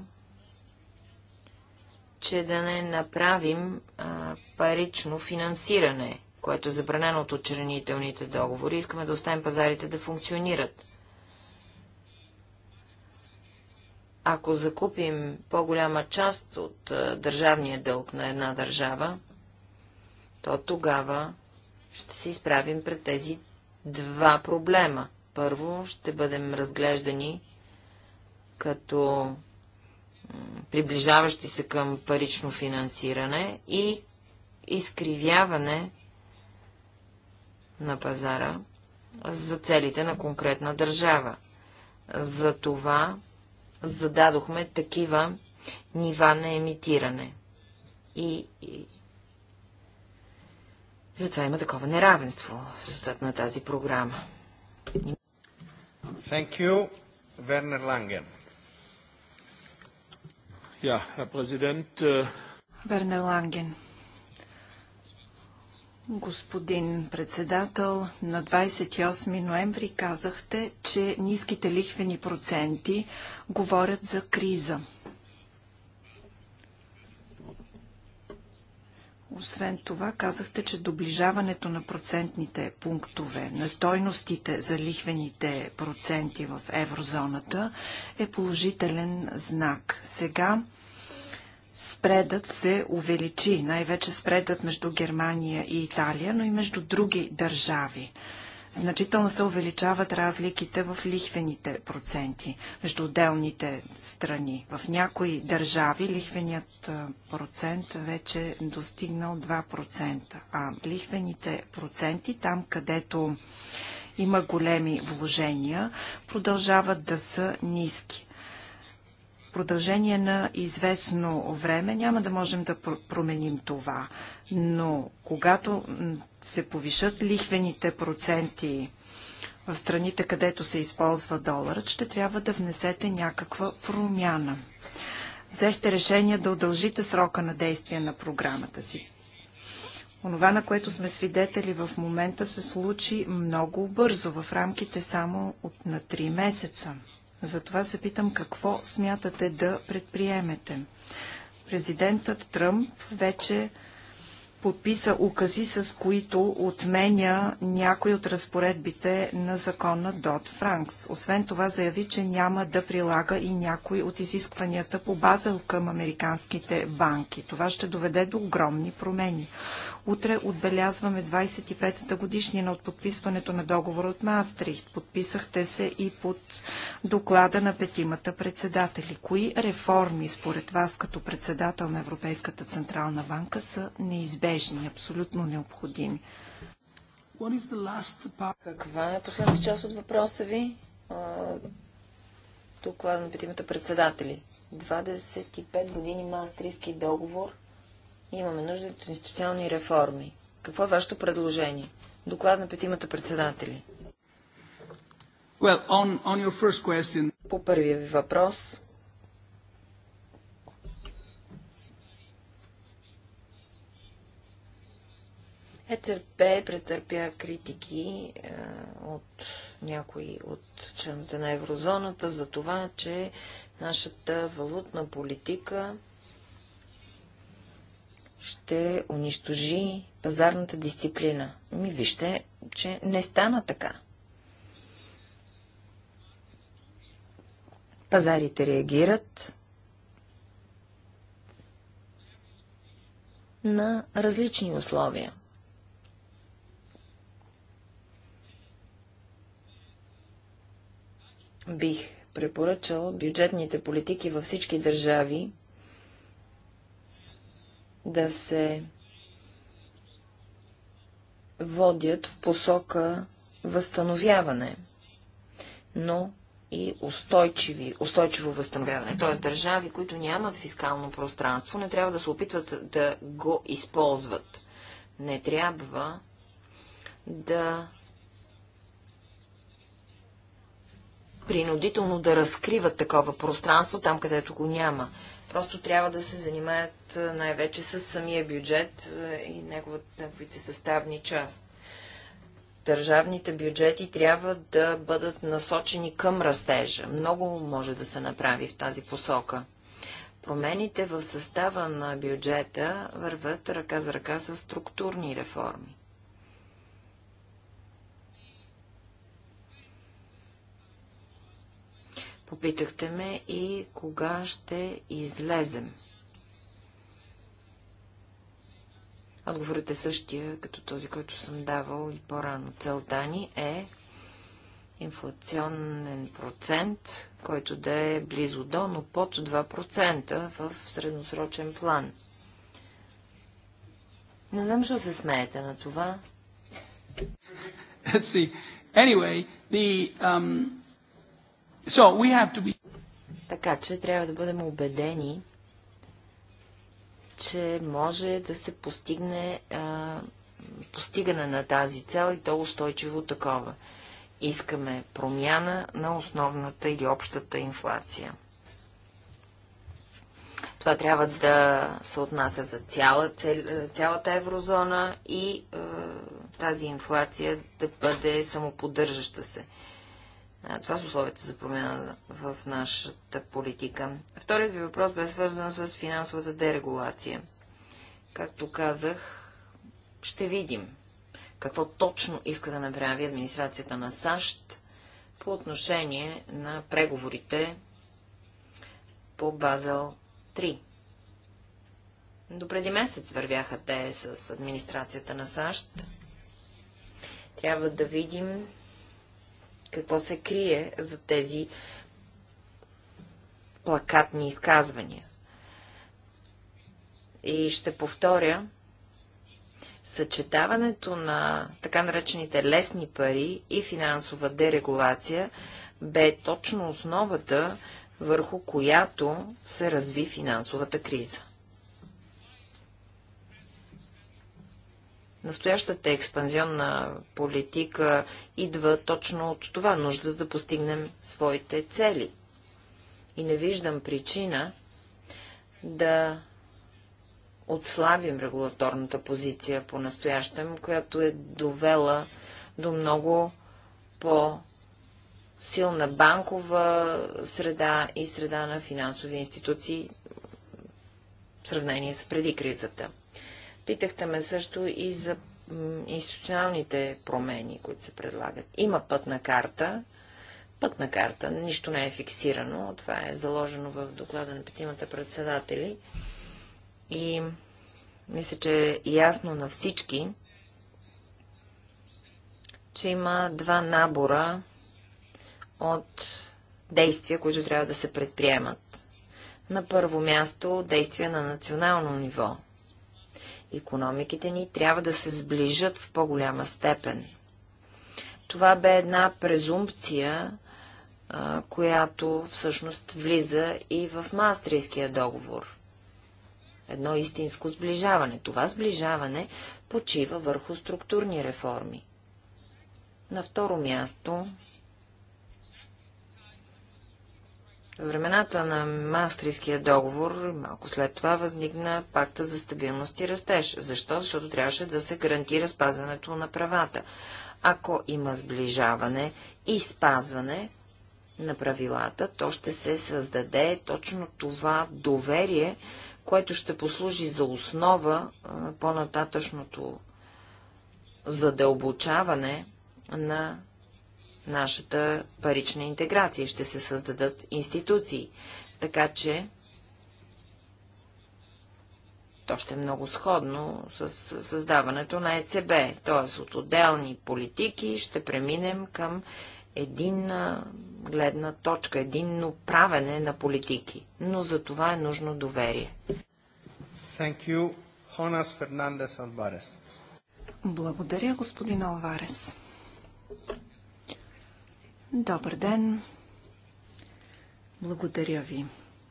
Speaker 1: че да не направим а, парично финансиране, което е забранено от очернителните договори. Искаме да оставим пазарите да функционират. Ако закупим по-голяма част от а, държавния дълг на една държава, то тогава ще се изправим пред тези два проблема. Първо, ще бъдем разглеждани като приближаващи се към парично финансиране и изкривяване на пазара за целите на конкретна държава. За това зададохме такива нива на емитиране и затова има такова неравенство в на тази програма. Thank
Speaker 2: you, Werner Langen. Ja, Herr Präsident. Вернер äh, Ланген. Господин председател, на 28 ноември казахте, че ниските лихвени проценти говорят за криза. Освен това, казахте, че доближаването на процентните пунктове, на стойностите за лихвените проценти в еврозоната е положителен знак. Сега спредът се увеличи, най-вече спредът между Германия и Италия, но и между други държави. Значително се увеличават разликите в лихвените проценти между отделните страни. В някои държави лихвеният процент вече е достигнал 2%, а лихвените проценти там, където има големи вложения, продължават да са ниски продължение на известно време няма да можем да променим това. Но когато се повишат лихвените проценти в страните, където се използва доларът, ще трябва да внесете някаква промяна. Взехте решение да удължите срока на действие на програмата си. Онова, на което сме свидетели в момента, се случи много бързо, в рамките само от на 3 месеца. Затова се питам какво смятате да предприемете. Президентът Тръмп вече подписа укази, с които отменя някои от разпоредбите на закона Дот Франкс. Освен това заяви, че няма да прилага и някои от изискванията по Базел към американските банки. Това ще доведе до огромни промени. Утре отбелязваме 25-та годишнина от подписването на договора от Маастрихт. Подписахте се и под доклада на петимата председатели. Кои реформи според вас като председател на Европейската Централна банка са неизбежни, абсолютно необходими?
Speaker 1: Каква е последната част от въпроса ви? Доклада на петимата председатели. 25 години Маастрихтски договор Имаме нужда от институционални реформи. Какво е вашето предложение? Доклад на петимата председатели.
Speaker 2: Well, on, on your first question... По първия ви въпрос,
Speaker 1: ЕЦРП претърпя критики е, от някои от членовете на еврозоната за това, че нашата валутна политика ще унищожи пазарната дисциплина. Ми вижте, че не стана така. Пазарите реагират на различни условия. Бих препоръчал бюджетните политики във всички държави да се водят в посока възстановяване, но и устойчиви, устойчиво възстановяване. Т.е. държави, които нямат фискално пространство, не трябва да се опитват да го използват. Не трябва да принудително да разкриват такова пространство там, където го няма. Просто трябва да се занимаят най-вече с самия бюджет и неговите съставни части държавните бюджети трябва да бъдат насочени към растежа. Много може да се направи в тази посока. Промените в състава на бюджета върват ръка за ръка с структурни реформи. Попитахте ме и кога ще излезем. Отговорът е същия, като този, който съм давал и по-рано. Целта ни е инфлационен процент, който да е близо до, но под 2% в средносрочен план. Не знам, що се смеете на това. see. Anyway, the, um,
Speaker 2: So be...
Speaker 1: Така че трябва да бъдем убедени, че може да се постигне а, постигане на тази цел и то устойчиво такова. Искаме промяна на основната или общата инфлация. Това трябва да се отнася за цяла, цялата еврозона и е, тази инфлация да бъде самоподдържаща се. Това са условията за промяна в нашата политика. Вторият ви въпрос бе свързан с финансовата дерегулация. Както казах, ще видим какво точно иска да направи администрацията на САЩ по отношение на преговорите по Базел 3. До преди месец вървяха те с администрацията на САЩ. Трябва да видим какво се крие за тези плакатни изказвания. И ще повторя, съчетаването на така наречените лесни пари и финансова дерегулация бе точно основата, върху която се разви финансовата криза. Настоящата експанзионна политика идва точно от това нужда да постигнем своите цели. И не виждам причина да отслабим регулаторната позиция по настоящем, която е довела до много по-силна банкова среда и среда на финансови институции в сравнение с преди кризата. Питахте ме също и за институционалните промени, които се предлагат. Има пътна карта. Пътна карта. Нищо не е фиксирано. Това е заложено в доклада на петимата председатели. И мисля, че е ясно на всички, че има два набора от действия, които трябва да се предприемат. На първо място действия на национално ниво – Икономиките ни трябва да се сближат в по-голяма степен. Това бе една презумпция, която всъщност влиза и в Маастрийския договор. Едно истинско сближаване. Това сближаване почива върху структурни реформи. На второ място времената на Мастрийския договор, малко след това, възникна пакта за стабилност и растеж. Защо? Защото трябваше да се гарантира спазването на правата. Ако има сближаване и спазване на правилата, то ще се създаде точно това доверие, което ще послужи за основа на по-нататъчното задълбочаване на нашата парична интеграция. Ще се създадат институции. Така че то ще е много сходно с създаването на ЕЦБ. Т.е. от отделни политики ще преминем към единна гледна точка, единно правене на политики. Но за това е нужно доверие.
Speaker 3: Thank you. Хонас Fernandez Alvarez.
Speaker 2: Благодаря, господин Алварес. Добър ден! Благодаря ви,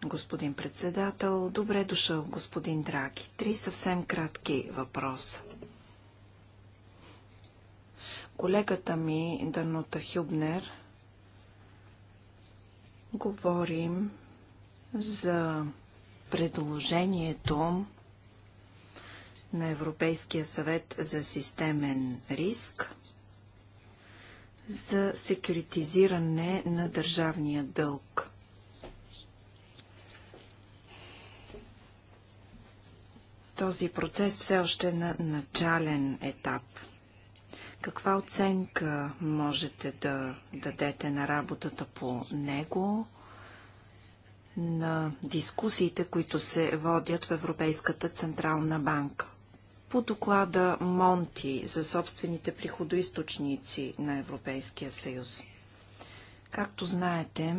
Speaker 2: господин председател. Добре дошъл, господин Драги. Три съвсем кратки въпроса. Колегата ми, Данута Хюбнер, говорим за предложението на Европейския съвет за системен риск за секюритизиране на държавния дълг. Този процес все още е на начален етап. Каква оценка можете да дадете на работата по него, на дискусиите, които се водят в Европейската Централна банка? по доклада Монти за собствените приходоисточници на Европейския съюз. Както знаете,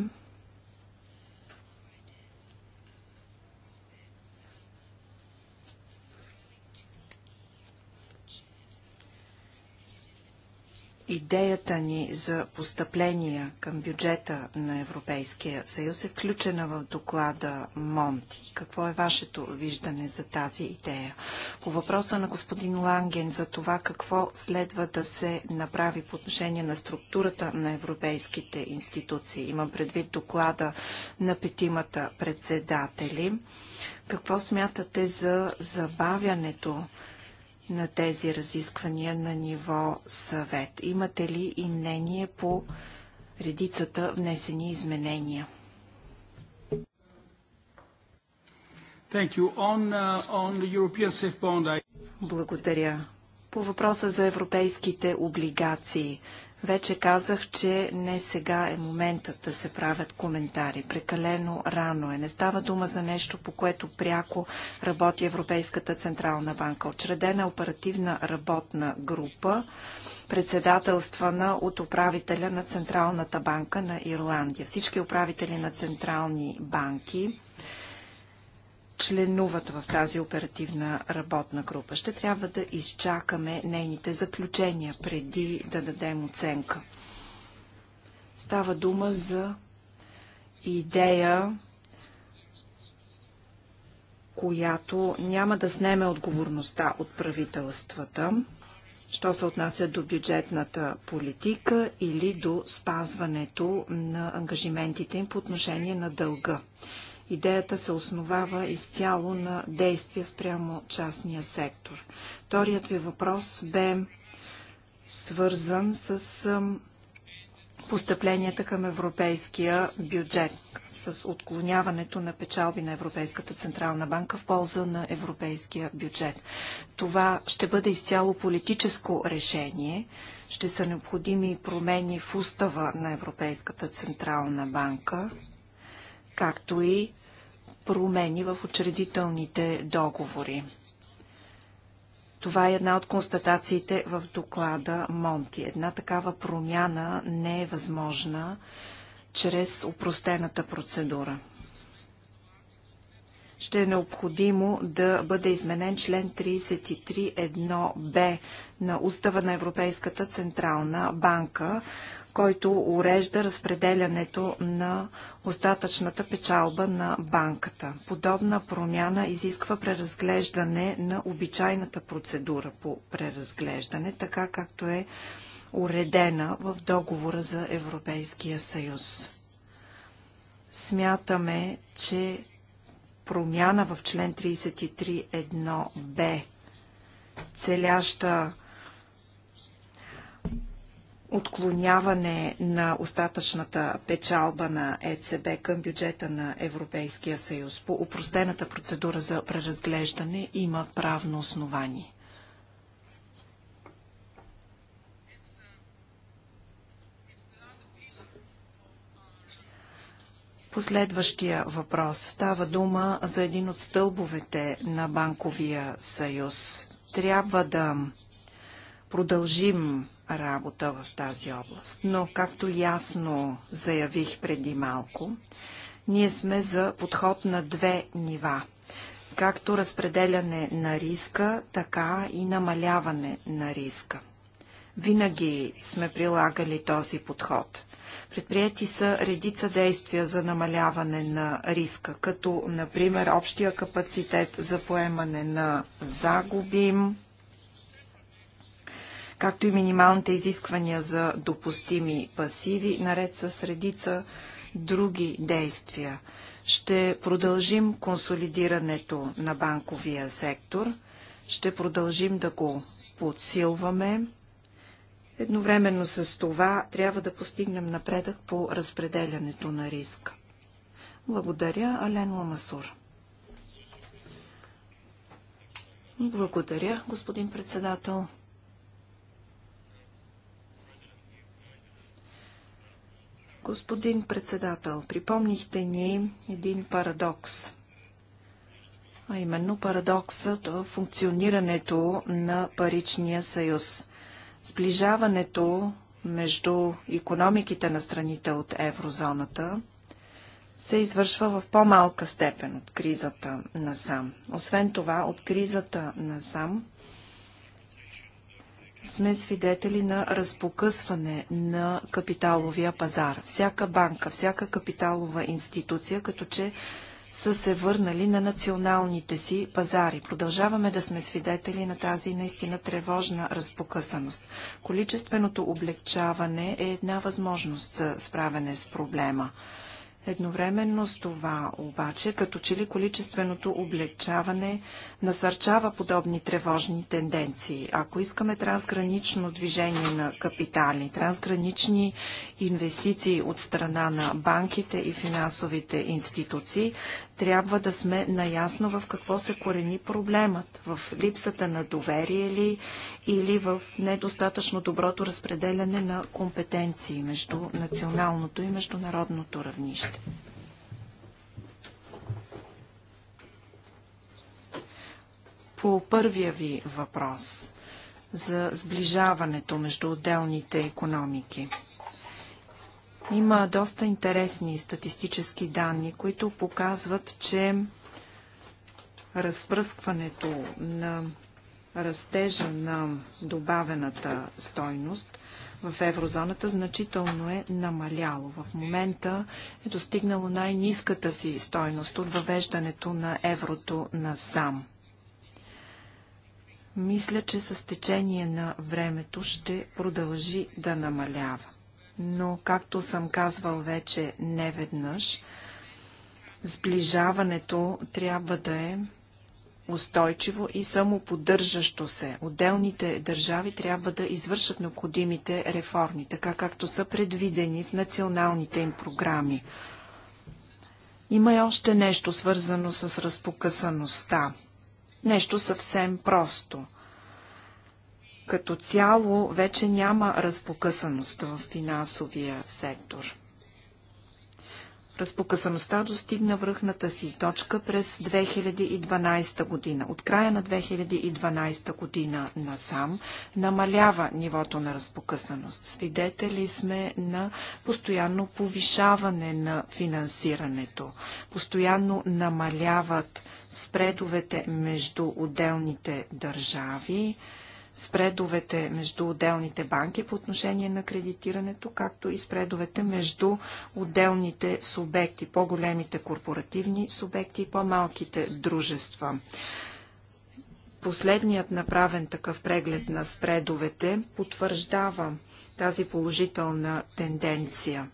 Speaker 2: идеята ни за постъпления към бюджета на Европейския съюз е включена в доклада Монти. Какво е вашето виждане за тази идея? По въпроса на господин Ланген за това какво следва да се направи по отношение на структурата на европейските институции, имам предвид доклада на петимата председатели. Какво смятате за забавянето на тези разисквания на ниво съвет? Имате ли и мнение по редицата внесени изменения? On, uh, on bond, I... Благодаря. По въпроса за европейските облигации. Вече казах, че не сега е моментът да се правят коментари. Прекалено рано е. Не става дума за нещо, по което пряко работи Европейската Централна банка. Очредена е оперативна работна група, председателствана от управителя на Централната банка на Ирландия. Всички управители на централни банки членуват в тази оперативна работна група. Ще трябва да изчакаме нейните заключения преди да дадем оценка. Става дума за идея, която няма да снеме отговорността от правителствата, що се отнася до бюджетната политика или до спазването на ангажиментите им по отношение на дълга идеята се основава изцяло на действия спрямо частния сектор. Вторият ви въпрос бе свързан с постъпленията към европейския бюджет, с отклоняването на печалби на Европейската Централна банка в полза на европейския бюджет. Това ще бъде изцяло политическо решение. Ще са необходими промени в устава на Европейската Централна банка, както и промени в учредителните договори. Това е една от констатациите в доклада Монти. Една такава промяна не е възможна чрез упростената процедура. Ще е необходимо да бъде изменен член 33.1б на Устава на Европейската Централна банка, който урежда разпределянето на остатъчната печалба на банката. Подобна промяна изисква преразглеждане на обичайната процедура по преразглеждане, така както е уредена в договора за Европейския съюз. Смятаме, че промяна в член 33.1б, целяща отклоняване на остатъчната печалба на ЕЦБ към бюджета на Европейския съюз по упростената процедура за преразглеждане има правно основание. Последващия въпрос. Става дума за един от стълбовете на Банковия съюз. Трябва да продължим работа в тази област. Но, както ясно заявих преди малко, ние сме за подход на две нива. Както разпределяне на риска, така и намаляване на риска. Винаги сме прилагали този подход. Предприяти са редица действия за намаляване на риска, като, например, общия капацитет за поемане на загуби, както и минималните изисквания за допустими пасиви, наред с редица други действия. Ще продължим консолидирането на банковия сектор, ще продължим да го подсилваме. Едновременно с това трябва да постигнем напредък по разпределянето на риска. Благодаря, Ален Ламасур. Благодаря, господин председател. Господин председател, припомнихте ни един парадокс а именно парадоксът в функционирането на паричния съюз. Сближаването между економиките на страните от еврозоната се извършва в по-малка степен от кризата на САМ. Освен това, от кризата на САМ сме свидетели на разпокъсване на капиталовия пазар. Всяка банка, всяка капиталова институция, като че са се върнали на националните си пазари. Продължаваме да сме свидетели на тази наистина тревожна разпокъсаност. Количественото облегчаване е една възможност за справяне с проблема. Едновременно с това обаче, като че ли количественото облегчаване насърчава подобни тревожни тенденции. Ако искаме трансгранично движение на капитали, трансгранични инвестиции от страна на банките и финансовите институции, трябва да сме наясно в какво се корени проблемът. В липсата на доверие ли или в недостатъчно доброто разпределяне на компетенции между националното и международното равнище. По първия ви въпрос за сближаването между отделните економики. Има доста интересни статистически данни, които показват, че разпръскването на растежа на добавената стойност в еврозоната значително е намаляло. В момента е достигнало най-низката си стойност от въвеждането на еврото насам. Мисля, че с течение на времето ще продължи да намалява. Но, както съм казвал вече неведнъж, сближаването трябва да е устойчиво и самоподдържащо се. Отделните държави трябва да извършат необходимите реформи, така както са предвидени в националните им програми. Има и още нещо свързано с разпокъсаността. Нещо съвсем просто. Като цяло вече няма разпокъсаност в финансовия сектор. Разпокъсаността достигна връхната си точка през 2012 година. От края на 2012 година насам намалява нивото на разпокъсаност. Свидетели сме на постоянно повишаване на финансирането. Постоянно намаляват спредовете между отделните държави спредовете между отделните банки по отношение на кредитирането, както и спредовете между отделните субекти, по-големите корпоративни субекти и по-малките дружества. Последният направен такъв преглед на спредовете потвърждава тази положителна тенденция.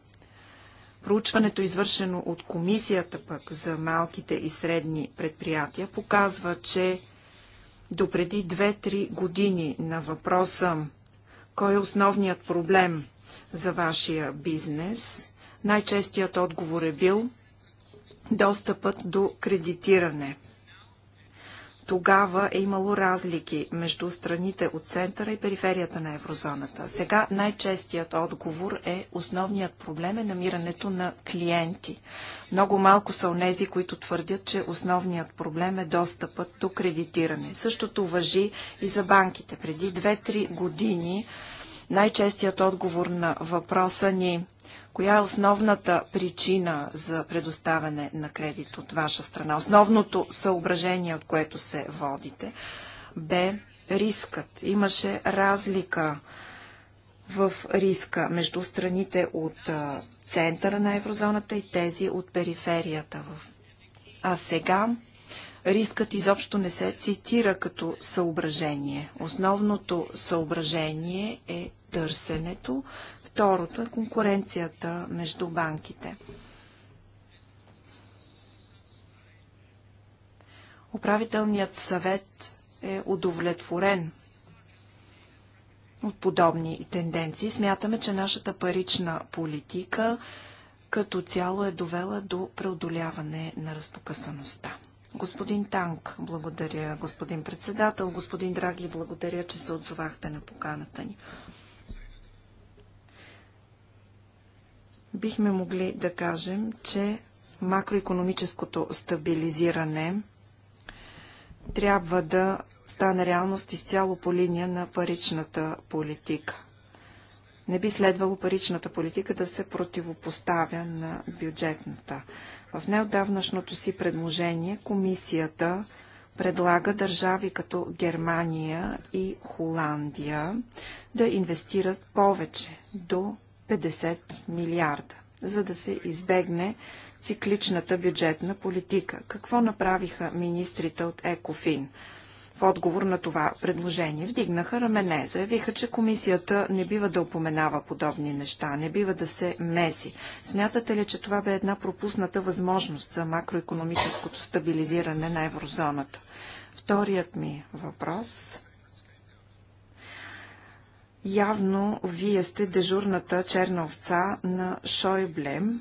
Speaker 2: Проучването, извършено от комисията пък за малките и средни предприятия, показва, че допреди 2-3 години на въпроса кой е основният проблем за вашия бизнес, най-честият отговор е бил достъпът до кредитиране. Тогава е имало разлики между страните от центъра и периферията на еврозоната. Сега най-честият отговор е основният проблем е намирането на клиенти. Много малко са онези, които твърдят, че основният проблем е достъпът до кредитиране. Същото въжи и за банките. Преди 2-3 години най-честият отговор на въпроса ни Коя е основната причина за предоставяне на кредит от ваша страна? Основното съображение, от което се водите, бе рискът. Имаше разлика в риска между страните от центъра на еврозоната и тези от периферията. А сега рискът изобщо не се цитира като съображение. Основното съображение е търсенето, Второто е конкуренцията между банките. Управителният съвет е удовлетворен от подобни тенденции. Смятаме, че нашата парична политика като цяло е довела до преодоляване на разпокъсаността. Господин Танк, благодаря, господин председател. Господин Драги, благодаря, че се отзовахте на поканата ни. бихме могли да кажем, че макроекономическото стабилизиране трябва да стане реалност изцяло по линия на паричната политика. Не би следвало паричната политика да се противопоставя на бюджетната. В неодавнашното си предложение комисията предлага държави като Германия и Холандия да инвестират повече до 50 милиарда, за да се избегне цикличната бюджетна политика. Какво направиха министрите от ЕКОФИН? В отговор на това предложение вдигнаха рамене, заявиха, че комисията не бива да упоменава подобни неща, не бива да се меси. Смятате ли, че това бе една пропусната възможност за макроекономическото стабилизиране на еврозоната? Вторият ми въпрос Явно вие сте дежурната черна овца на Шойблем.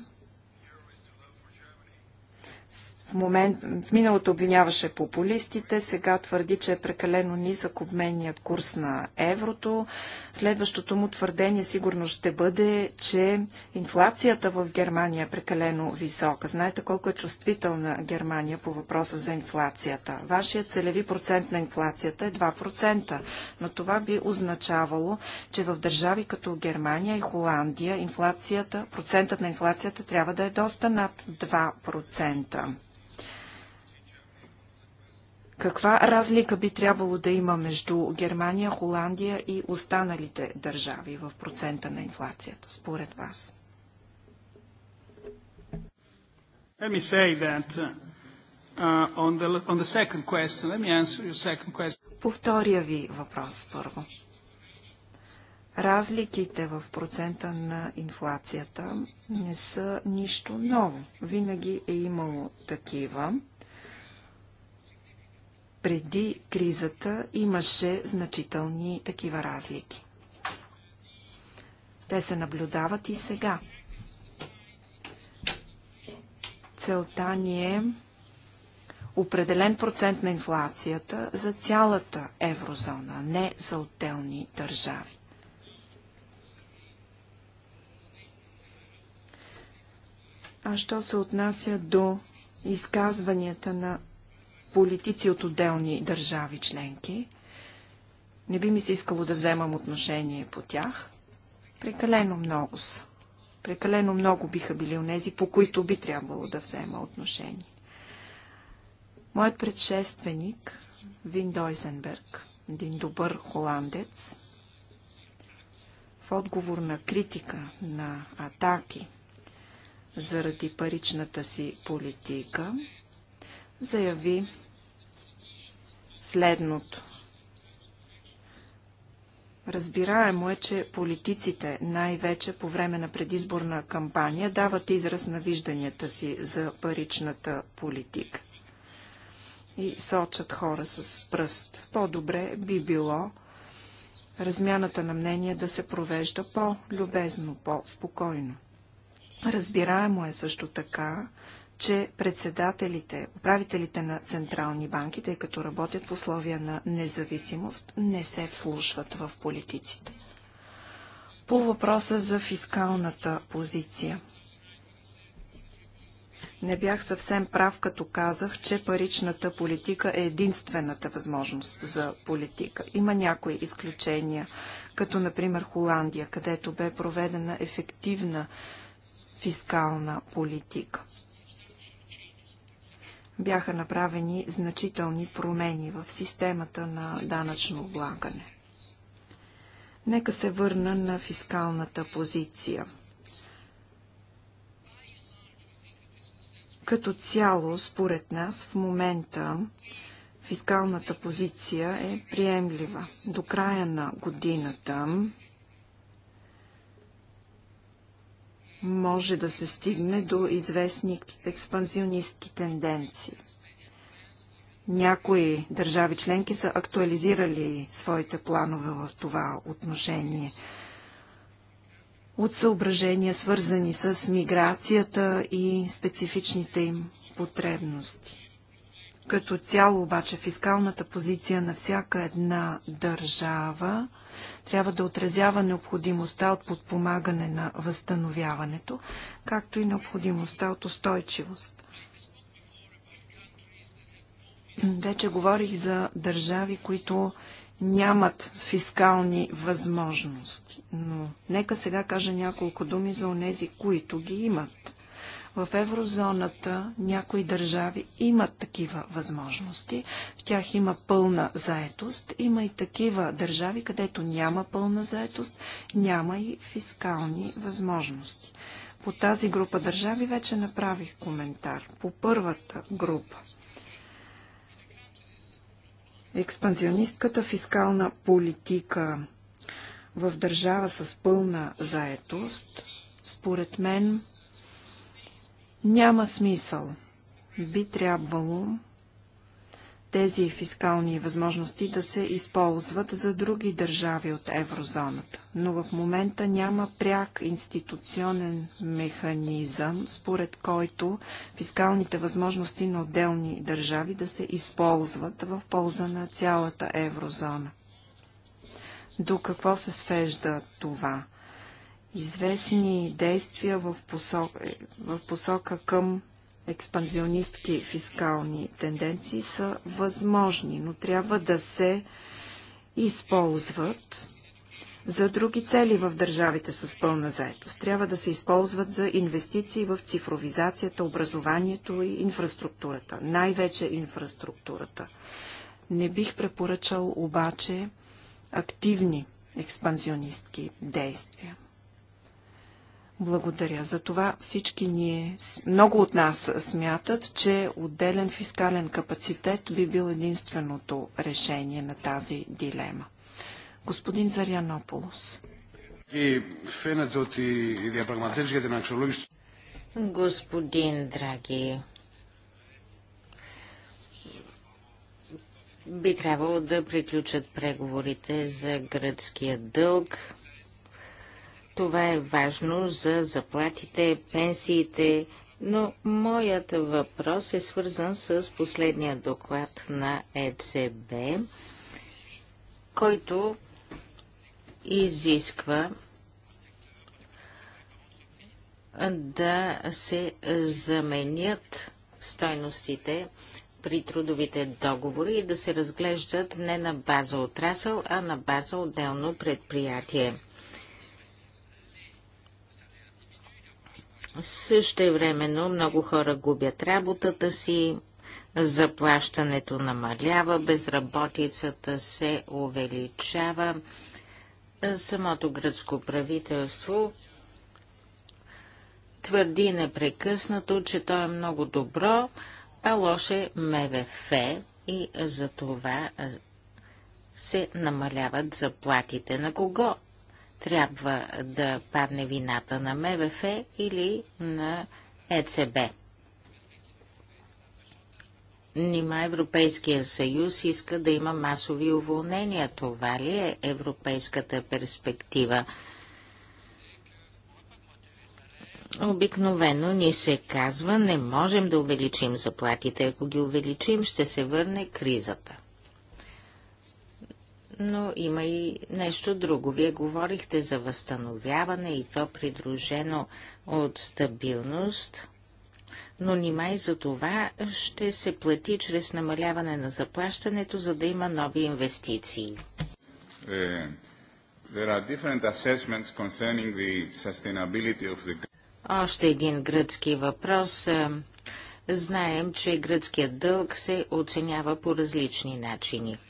Speaker 2: В, момент, в миналото обвиняваше популистите, сега твърди, че е прекалено нисък обменният курс на еврото. Следващото му твърдение сигурно ще бъде, че инфлацията в Германия е прекалено висока. Знаете колко е чувствителна Германия по въпроса за инфлацията. Вашият целеви процент на инфлацията е 2%, но това би означавало, че в държави като Германия и Холандия инфлацията, процентът на инфлацията трябва да е доста над 2%. Каква разлика би трябвало да има между Германия, Холандия и останалите държави в процента на инфлацията, според вас? Let me say that uh, on, the, on the second question, let me answer your second question. По втория ви въпрос първо. Разликите в процента на инфлацията не са нищо ново. Винаги е имало такива преди кризата имаше значителни такива разлики. Те се наблюдават и сега. Целта ни е определен процент на инфлацията за цялата еврозона, не за отделни държави. А що се отнася до изказванията на политици от отделни държави членки. Не би ми се искало да вземам отношение по тях. Прекалено много са. Прекалено много биха били онези, по които би трябвало да взема отношение. Моят предшественик, Вин Дойзенберг, един добър холандец, в отговор на критика, на атаки заради паричната си политика, заяви, следното. Разбираемо е, че политиците, най-вече по време на предизборна кампания, дават израз на вижданията си за паричната политика и сочат хора с пръст. По-добре би било размяната на мнение да се провежда по-любезно, по-спокойно. Разбираемо е също така, че председателите, управителите на централни банки, тъй като работят в условия на независимост, не се вслушват в политиците. По въпроса за фискалната позиция. Не бях съвсем прав, като казах, че паричната политика е единствената възможност за политика. Има някои изключения, като например Холандия, където бе проведена ефективна фискална политика бяха направени значителни промени в системата на данъчно облагане. Нека се върна на фискалната позиция. Като цяло, според нас, в момента фискалната позиция е приемлива. До края на годината може да се стигне до известни експанзионистки тенденции. Някои държави членки са актуализирали своите планове в това отношение от съображения, свързани с миграцията и специфичните им потребности. Като цяло обаче фискалната позиция на всяка една държава трябва да отразява необходимостта от подпомагане на възстановяването, както и необходимостта от устойчивост. Вече говорих за държави, които нямат фискални възможности, но нека сега кажа няколко думи за онези, които ги имат. В еврозоната някои държави имат такива възможности. В тях има пълна заетост. Има и такива държави, където няма пълна заетост, няма и фискални възможности. По тази група държави вече направих коментар. По първата група експанзионистката фискална политика в държава с пълна заетост, според мен няма смисъл. Би трябвало тези фискални възможности да се използват за други държави от еврозоната. Но в момента няма пряк институционен механизъм, според който фискалните възможности на отделни държави да се използват в полза на цялата еврозона. До какво се свежда това? известни действия в посока, в посока към експанзионистки фискални тенденции са възможни, но трябва да се използват за други цели в държавите с пълна заедост. Трябва да се използват за инвестиции в цифровизацията, образованието и инфраструктурата, най-вече инфраструктурата. Не бих препоръчал обаче активни експанзионистки действия. Благодаря. За това всички ние, много от нас смятат, че отделен фискален капацитет би бил единственото решение на тази дилема. Господин Зарянополос. Е Господин
Speaker 3: Драги, би трябвало да приключат преговорите за гръцкия дълг. Това е важно за заплатите, пенсиите, но моят въпрос е свързан с последния доклад на ЕЦБ, който изисква да се заменят стойностите при трудовите договори и да се разглеждат не на база отрасъл, а на база отделно предприятие. Също е времено много хора губят работата си, заплащането намалява, безработицата се увеличава. Самото гръцко правителство твърди непрекъснато, че то е много добро, а лоше е МВФ и за това се намаляват заплатите. На кого трябва да падне вината на МВФ или на ЕЦБ. Нима Европейския съюз иска да има масови уволнения. Това ли е европейската перспектива? Обикновено ни се казва, не можем да увеличим заплатите. Ако ги увеличим, ще се върне кризата но има и нещо друго. Вие говорихте за възстановяване и то придружено от стабилност, но нима и за това ще се плати чрез намаляване на заплащането, за да има нови инвестиции.
Speaker 2: Е, the...
Speaker 3: Още един гръцки въпрос. Е, знаем, че гръцкият дълг се оценява по различни начини –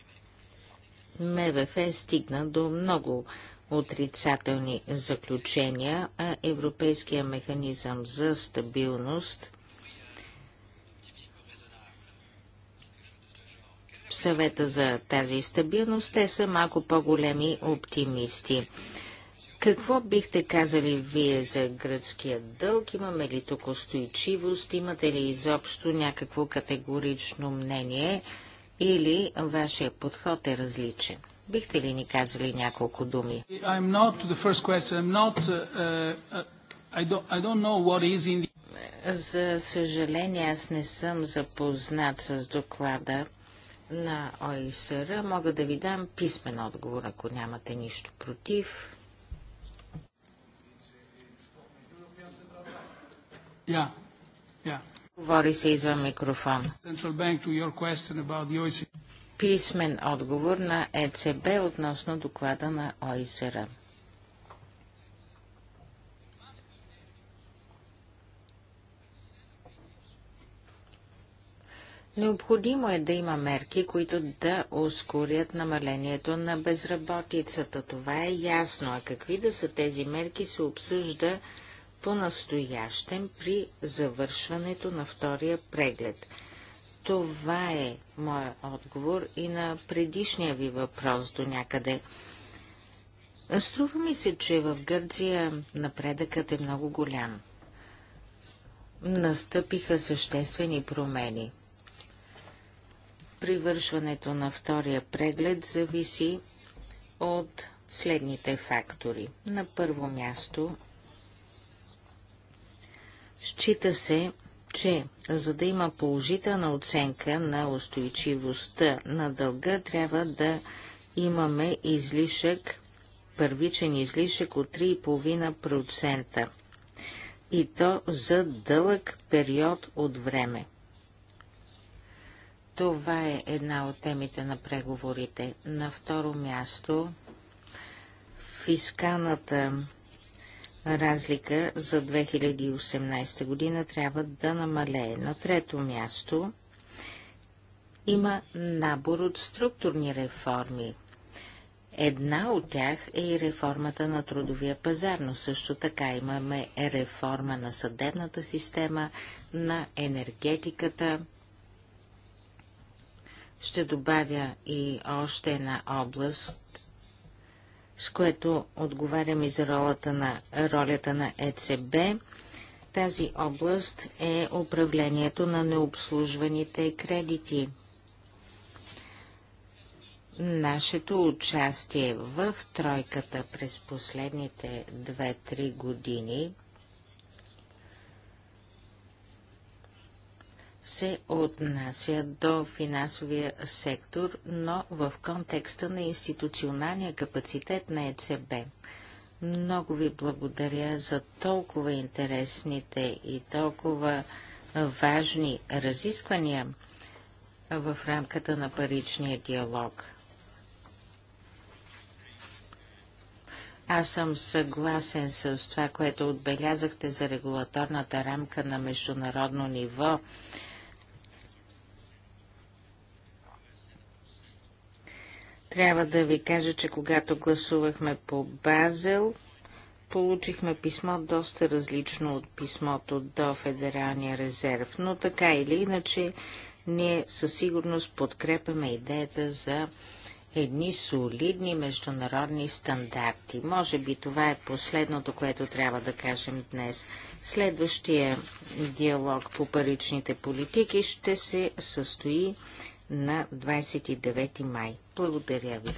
Speaker 3: МВФ е стигна до много отрицателни заключения, а Европейския механизъм за стабилност съвета за тази стабилност, те са малко по-големи оптимисти. Какво бихте казали вие за гръцкия дълг? Имаме ли тук устойчивост? Имате ли изобщо някакво категорично мнение? или вашия подход е различен? Бихте ли ни казали няколко думи? Uh, uh, За съжаление, аз не съм запознат с доклада на ОИСР. Мога да ви дам писмен отговор, ако нямате нищо против. Yeah. Говори се извън микрофон. E Писмен отговор на ЕЦБ относно доклада на ОИСР. Необходимо е да има мерки, които да ускорят намалението на безработицата. Това е ясно. А какви да са тези мерки се обсъжда по-настоящем при завършването на втория преглед. Това е моят отговор и на предишния ви въпрос до някъде. Струва ми се, че в Гърция напредъкът е много голям. Настъпиха съществени промени. Привършването на втория преглед зависи от следните фактори. На първо място Счита се, че за да има положителна оценка на устойчивостта на дълга, трябва да имаме излишък, първичен излишък от 3,5% и то за дълъг период от време. Това е една от темите на преговорите. На второ място, фискалната разлика за 2018 година трябва да намалее. На трето място има набор от структурни реформи. Една от тях е и реформата на трудовия пазар, но също така имаме реформа на съдебната система, на енергетиката. Ще добавя и още една област, с което отговарям и за ролята на, ролята на ЕЦБ. Тази област е управлението на необслужваните кредити. Нашето участие в тройката през последните 2-3 години – се отнася до финансовия сектор, но в контекста на институционалния капацитет на ЕЦБ. Много ви благодаря за толкова интересните и толкова важни разисквания в рамката на паричния диалог. Аз съм съгласен с това, което отбелязахте за регулаторната рамка на международно ниво Трябва да ви кажа, че когато гласувахме по Базел, получихме писмо доста различно от писмото до Федералния резерв. Но така или иначе, ние със сигурност подкрепяме идеята за едни солидни международни стандарти. Може би това е последното, което трябва да кажем днес. Следващия диалог по паричните политики ще се състои на 29 май. Благодаря ви.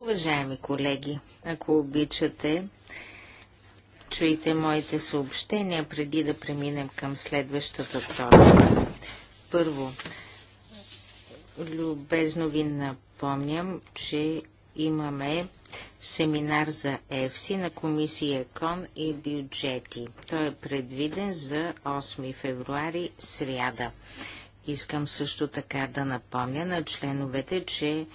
Speaker 3: Уважаеми колеги, ако обичате, чуйте моите съобщения преди да преминем към следващата точка. Първо, любезно ви напомням, че имаме семинар за ЕФСИ на комисия ЕКОН и бюджети. Той е предвиден за 8 февруари, сряда. Искам също така да напомня на членовете, че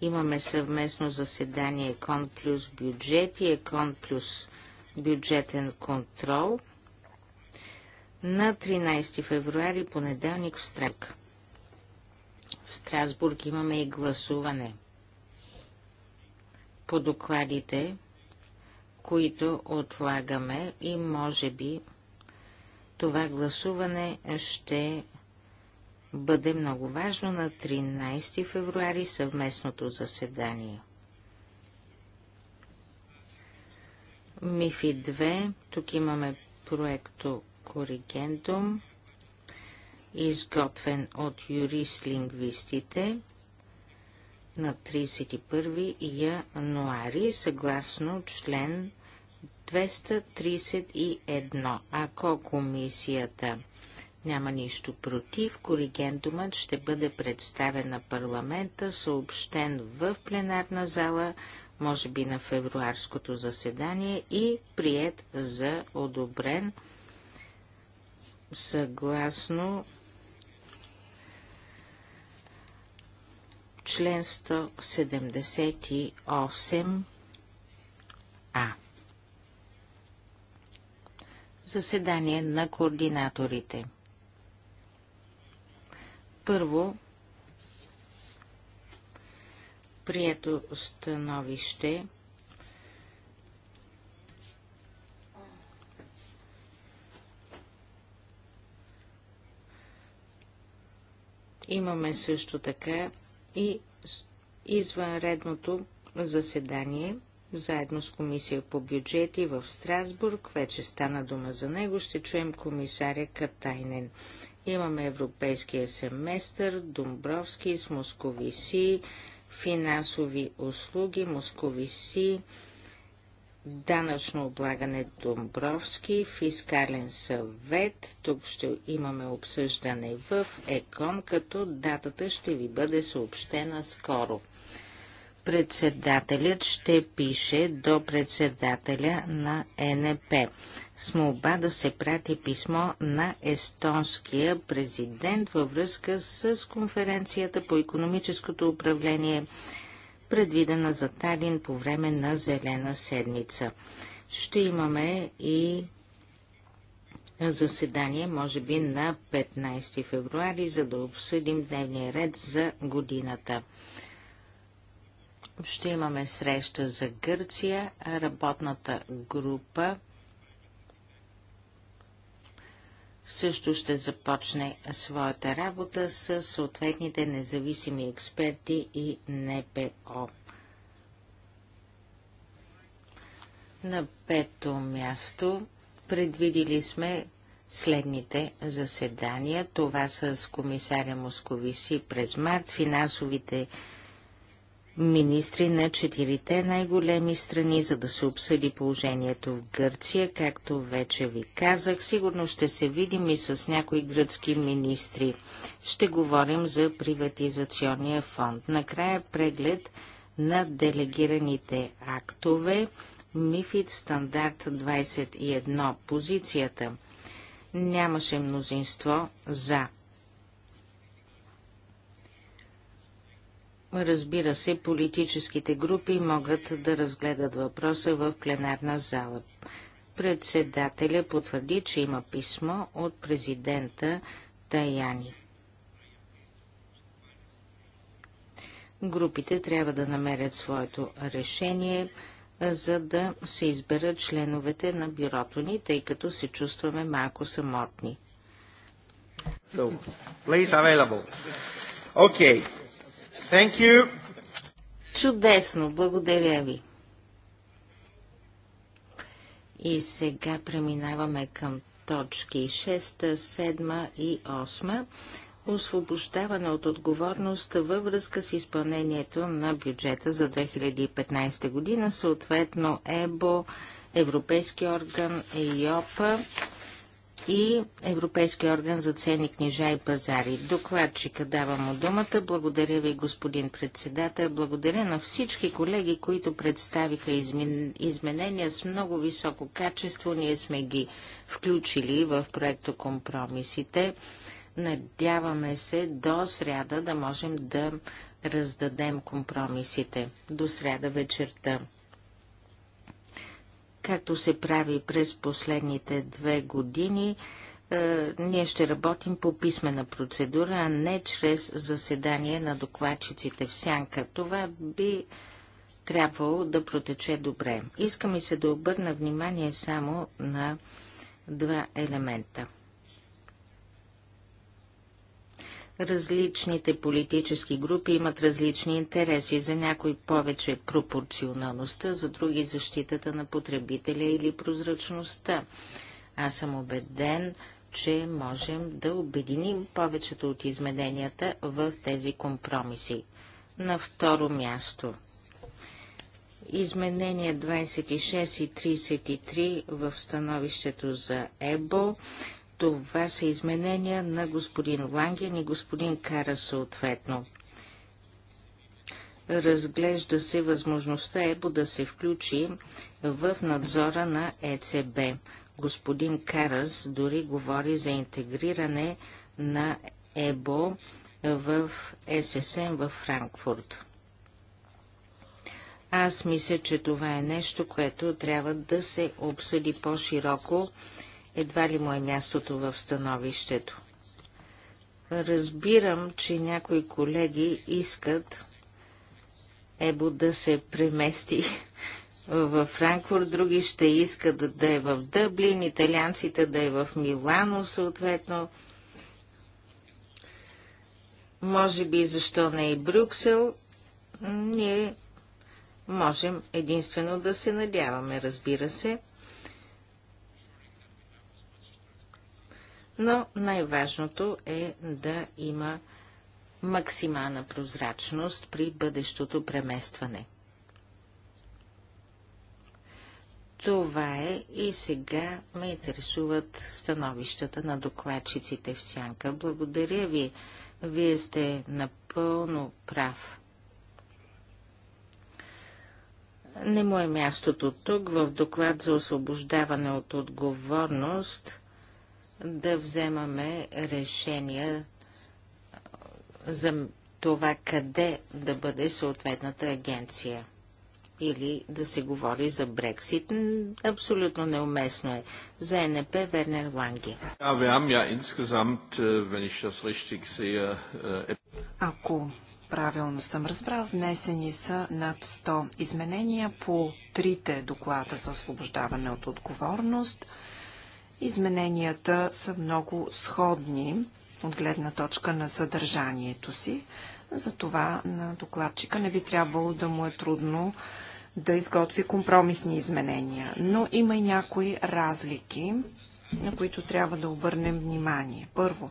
Speaker 3: имаме съвместно заседание Екон плюс бюджет и Екон плюс бюджетен контрол на 13 февруари понеделник в Страк. В Страсбург имаме и гласуване по докладите, които отлагаме и може би това гласуване ще бъде много важно на 13 февруари съвместното заседание. МИФИ 2, тук имаме проекто Коригендум, изготвен от юрист-лингвистите на 31 януари, съгласно член 231. Ако комисията няма нищо против. Коригендумът ще бъде представен на парламента, съобщен в пленарна зала, може би на февруарското заседание и прият за одобрен съгласно член 178а. Заседание на координаторите. Първо, прието становище Имаме също така и извънредното заседание заедно с Комисия по бюджети в Страсбург. Вече стана дума за него. Ще чуем комисаря Катайнен. Имаме европейския семестър, Домбровски, с Московиси, финансови услуги, Московиси, данъчно облагане Домбровски, фискален съвет. Тук ще имаме обсъждане в ЕКОН, като датата ще ви бъде съобщена скоро. Председателят ще пише до председателя на НП с молба да се прати писмо на естонския президент във връзка с конференцията по економическото управление, предвидена за Талин по време на Зелена седмица. Ще имаме и заседание, може би на 15 февруари, за да обсъдим дневния ред за годината. Ще имаме среща за Гърция. Работната група също ще започне своята работа с съответните независими експерти и НПО. На пето място предвидили сме следните заседания. Това с комисаря Московиси през март, финансовите министри на четирите най-големи страни, за да се обсъди положението в Гърция. Както вече ви казах, сигурно ще се видим и с някои гръцки министри. Ще говорим за приватизационния фонд. Накрая преглед на делегираните актове. МИФИД стандарт 21. Позицията. Нямаше мнозинство за Разбира се, политическите групи могат да разгледат въпроса в пленарна зала. Председателя потвърди, че има писмо от президента Таяни. Групите трябва да намерят своето решение, за да се изберат членовете на бюрото ни, тъй като се чувстваме малко самотни. So, available. Okay. Thank you. Чудесно, благодаря ви. И сега преминаваме към точки 6, 7 и 8. Освобождаване от отговорност във връзка с изпълнението на бюджета за 2015 година, съответно ЕБО, Европейски орган, ЕИОПА и Европейския орган за цени, книжа и пазари. Докладчика давам му думата. Благодаря ви, господин председател. Благодаря на всички колеги, които представиха измен... изменения с много високо качество. Ние сме ги включили в проекто компромисите. Надяваме се до сряда да можем да раздадем компромисите. До сряда вечерта. Както се прави през последните две години, е, ние ще работим по писмена процедура, а не чрез заседание на докладчиците в сянка. Това би трябвало да протече добре. Искам и се да обърна внимание само на два елемента – Различните политически групи имат различни интереси, за някои повече пропорционалността, за други защитата на потребителя или прозрачността. Аз съм убеден, че можем да обединим повечето от измененията в тези компромиси. На второ място. Изменения 26 и 33 в становището за ЕБО това са изменения на господин Ланген и господин Кара съответно. Разглежда се възможността ЕБО да се включи в надзора на ЕЦБ. Господин Карас дори говори за интегриране на ЕБО в е ССМ във Франкфурт. Аз мисля, че това е нещо, което трябва да се обсъди по-широко едва ли му е мястото в становището. Разбирам, че някои колеги искат Ебо да се премести в Франкфурт, други ще искат да е в Дъблин, италианците да е в Милано съответно. Може би защо не и Брюксел, ние можем единствено да се надяваме, разбира се. но най-важното е да има максимална прозрачност при бъдещото преместване. Това е и сега ме интересуват становищата на докладчиците в Сянка. Благодаря ви. Вие сте напълно прав. Не му е мястото тук в доклад за освобождаване от отговорност – да вземаме решения за това къде да бъде съответната агенция или да се говори за Брексит. Абсолютно неуместно е. За НП Вернер Ланги.
Speaker 2: Äh, äh, Ако правилно съм разбрал, внесени са над 100 изменения по трите доклада за освобождаване от отговорност – Измененията са много сходни от гледна точка на съдържанието си. Затова на докладчика не би трябвало да му е трудно да изготви компромисни изменения. Но има и някои разлики, на които трябва да обърнем внимание. Първо,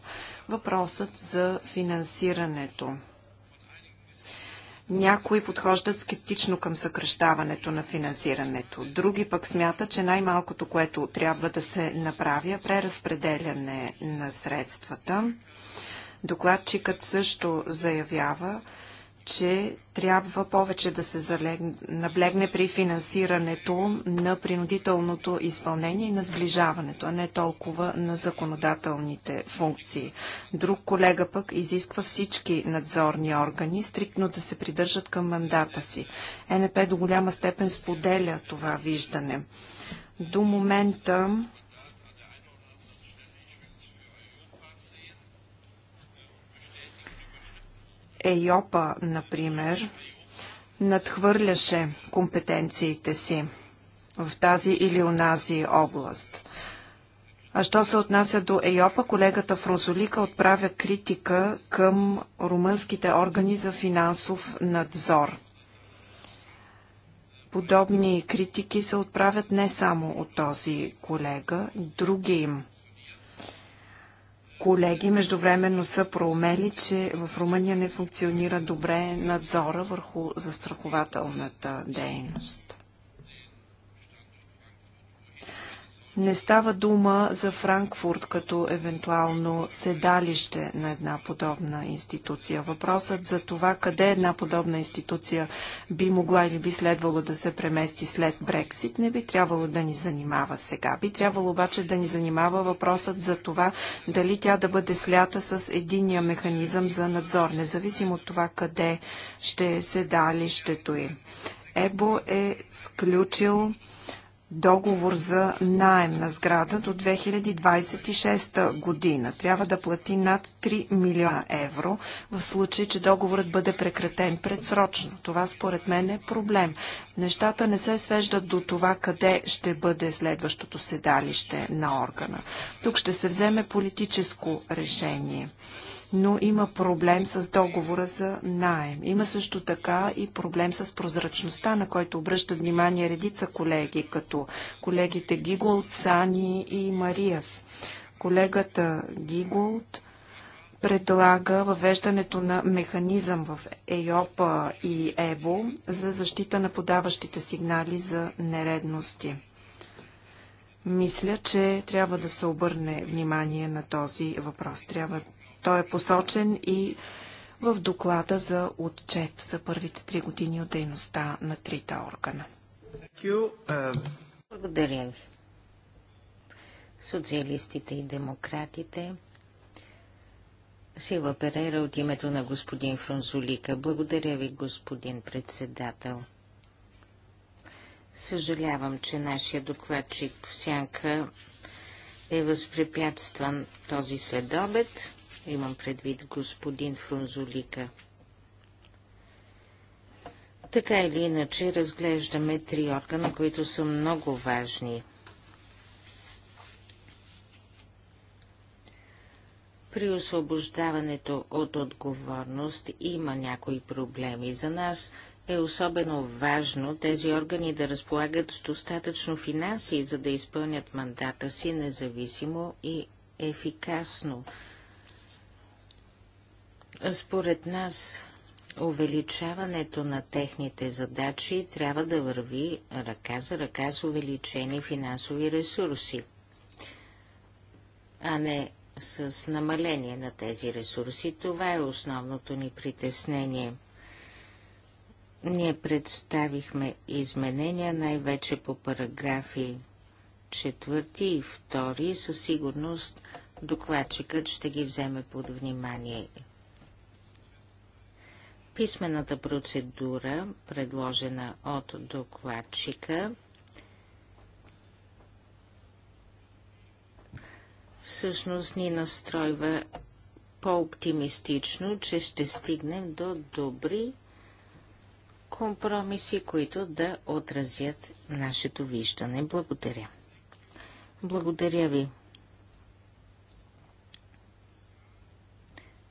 Speaker 2: въпросът за финансирането някои подхождат скептично към съкръщаването на финансирането. Други пък смятат, че най-малкото, което трябва да се направи е преразпределяне на средствата. Докладчикът също заявява, че трябва повече да се наблегне при финансирането на принудителното изпълнение и на сближаването, а не толкова на законодателните функции. Друг колега пък изисква всички надзорни органи стриктно да се придържат към мандата си. Е НП до голяма степен споделя това виждане. До момента ЕЙОПА, например, надхвърляше компетенциите си в тази или онази област. А що се отнася до ЕЙОПА, колегата Фрозолика отправя критика към румънските органи за финансов надзор. Подобни критики се отправят не само от този колега, други им колеги междувременно са проумели, че в Румъния не функционира добре надзора върху застрахователната дейност. Не става дума за Франкфурт като евентуално седалище на една подобна институция. Въпросът за това къде една подобна институция би могла или би следвало да се премести след Брексит не би трябвало да ни занимава сега. Би трябвало обаче да ни занимава въпросът за това дали тя да бъде слята с единия механизъм за надзор, независимо от това къде ще е седалището им. ЕБО е сключил договор за найем на сграда до 2026 година. Трябва да плати над 3 милиона евро в случай, че договорът бъде прекратен предсрочно. Това според мен е проблем. Нещата не се свеждат до това къде ще бъде следващото седалище на органа. Тук ще се вземе политическо решение но има проблем с договора за найем. Има също така и проблем с прозрачността, на който обръщат внимание редица колеги, като колегите Гиголд, Сани и Мариас. Колегата Гиголд предлага въвеждането на механизъм в ЕОПА и ЕБО за защита на подаващите сигнали за нередности. Мисля, че трябва да се обърне внимание на този въпрос. Трябва той е посочен и в доклада за отчет за първите три години от дейността на трите органа. Uh,
Speaker 3: Благодаря ви.
Speaker 2: Социалистите и демократите.
Speaker 3: Сила Перера от името на господин Франзулика, Благодаря ви, господин председател. Съжалявам, че нашия докладчик в сянка е възпрепятстван този следобед. Имам предвид господин Фрунзолика. Така или иначе разглеждаме три органа, които са много важни. При освобождаването от отговорност има някои проблеми. За нас е особено важно тези органи да разполагат с достатъчно финанси, за да изпълнят мандата си независимо и ефикасно. Според нас увеличаването на техните задачи трябва да върви ръка за ръка с увеличени финансови ресурси, а не с намаление на тези ресурси. Това е основното ни притеснение. Ние представихме изменения най-вече по параграфи четвърти и втори. Със сигурност докладчикът ще ги вземе под внимание. Писмената процедура, предложена от докладчика, всъщност ни настройва по-оптимистично, че ще стигнем до добри компромиси, които да отразят нашето виждане. Благодаря. Благодаря ви.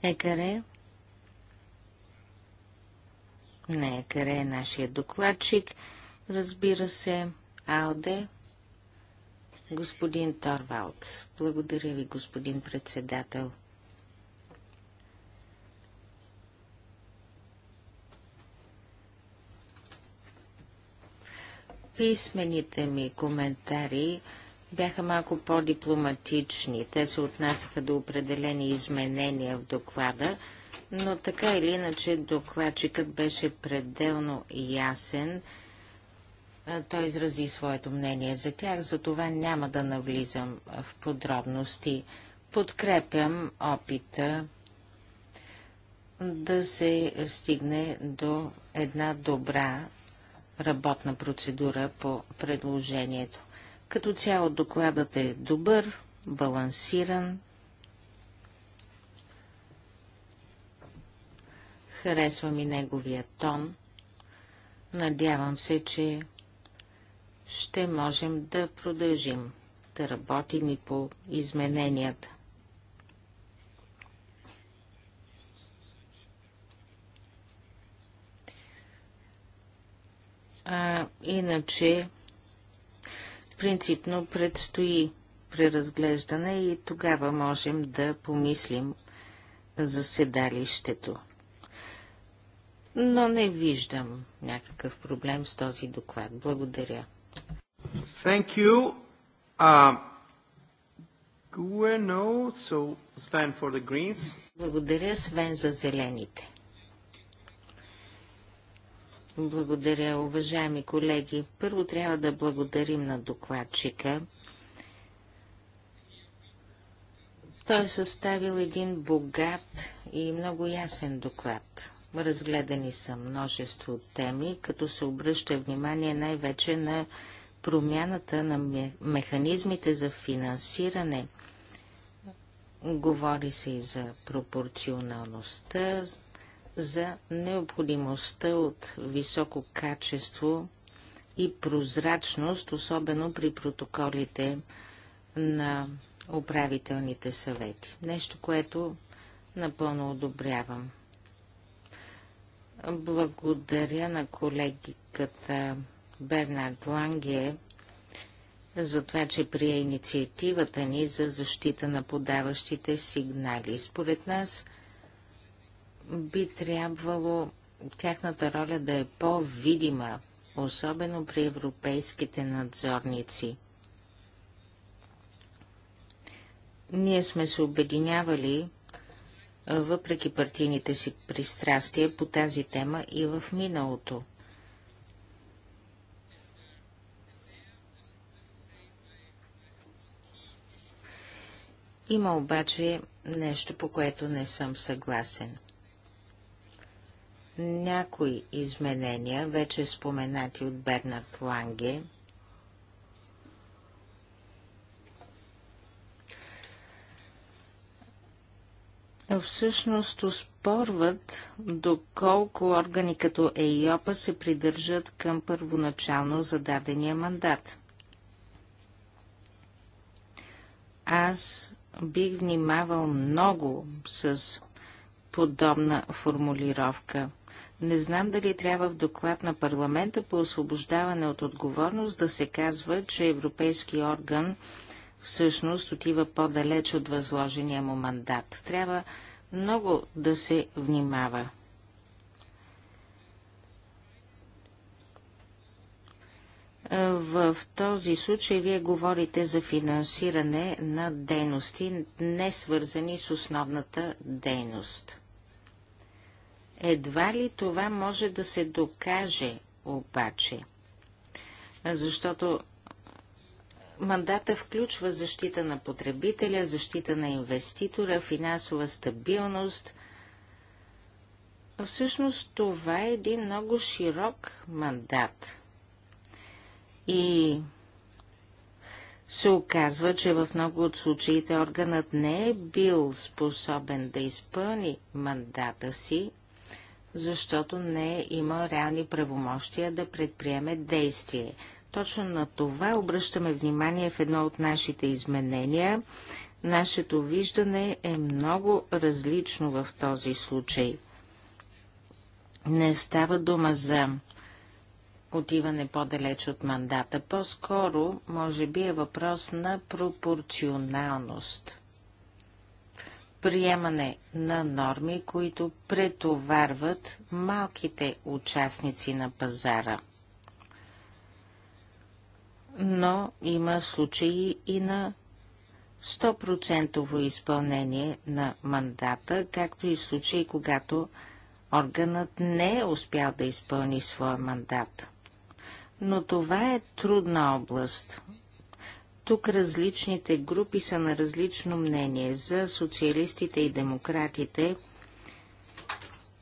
Speaker 3: Екаре. Не, къде е нашия докладчик? Разбира се, Алде, господин Торвалдс. Благодаря ви, господин председател. Писмените ми коментари бяха малко по-дипломатични. Те се отнасяха до определени изменения в доклада, но така или иначе докладчикът беше пределно ясен. Той изрази своето мнение за тях, затова няма да навлизам в подробности. Подкрепям опита да се стигне до една добра работна процедура по предложението. Като цяло докладът е добър, балансиран, Харесва ми неговия тон. Надявам се, че ще можем да продължим да работим и по измененията. А, иначе, принципно предстои преразглеждане и тогава можем да помислим за седалището но не виждам някакъв проблем с този доклад. Благодаря. Thank you. Uh, Gueno, so Sven for the Greens. Благодаря, Свен, за зелените. Благодаря, уважаеми колеги. Първо трябва да благодарим на докладчика. Той е съставил един богат и много ясен доклад. Разгледани са множество теми, като се обръща внимание най-вече на промяната на механизмите за финансиране. Говори се и за пропорционалността, за необходимостта от високо качество и прозрачност, особено при протоколите на управителните съвети. Нещо, което напълно одобрявам. Благодаря на колегиката Бернард Ланге за това, че прие инициативата ни за защита на подаващите сигнали. Според нас би трябвало тяхната роля да е по-видима, особено при европейските надзорници. Ние сме се обединявали въпреки партийните си пристрастия по тази тема и в миналото. Има обаче нещо, по което не съм съгласен. Някои изменения, вече споменати от Бернард Ланге, всъщност успорват доколко органи като ЕИОПа се придържат към първоначално зададения мандат. Аз бих внимавал много с подобна формулировка. Не знам дали трябва в доклад на парламента по освобождаване от отговорност да се казва, че европейски орган всъщност отива по-далеч от възложения му мандат. Трябва много да се внимава. В този случай вие говорите за финансиране на дейности, не свързани с основната дейност. Едва ли това може да се докаже обаче, защото Мандата включва защита на потребителя, защита на инвеститора, финансова стабилност. Всъщност това е един много широк мандат. И се оказва, че в много от случаите органът не е бил способен да изпълни мандата си, защото не е имал реални правомощия да предприеме действие – точно на това обръщаме внимание в едно от нашите изменения. Нашето виждане е много различно в този случай. Не става дума за отиване по-далеч от мандата. По-скоро, може би, е въпрос на пропорционалност. Приемане на норми, които претоварват малките участници на пазара – но има случаи и на 100% изпълнение на мандата, както и случаи, когато органът не е успял да изпълни своя мандат. Но това е трудна област. Тук различните групи са на различно мнение. За социалистите и демократите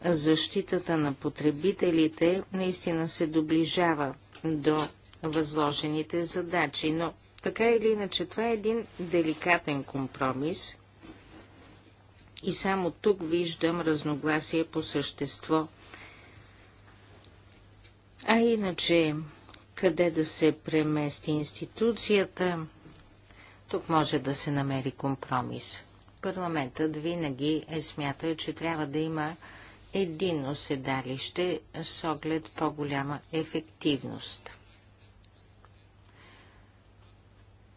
Speaker 3: защитата на потребителите наистина се доближава до възложените задачи. Но така или иначе, това е един деликатен компромис и само тук виждам разногласие по същество. А иначе, къде да се премести институцията, тук може да се намери компромис. Парламентът винаги е смятал, че трябва да има едино седалище с оглед по-голяма ефективност.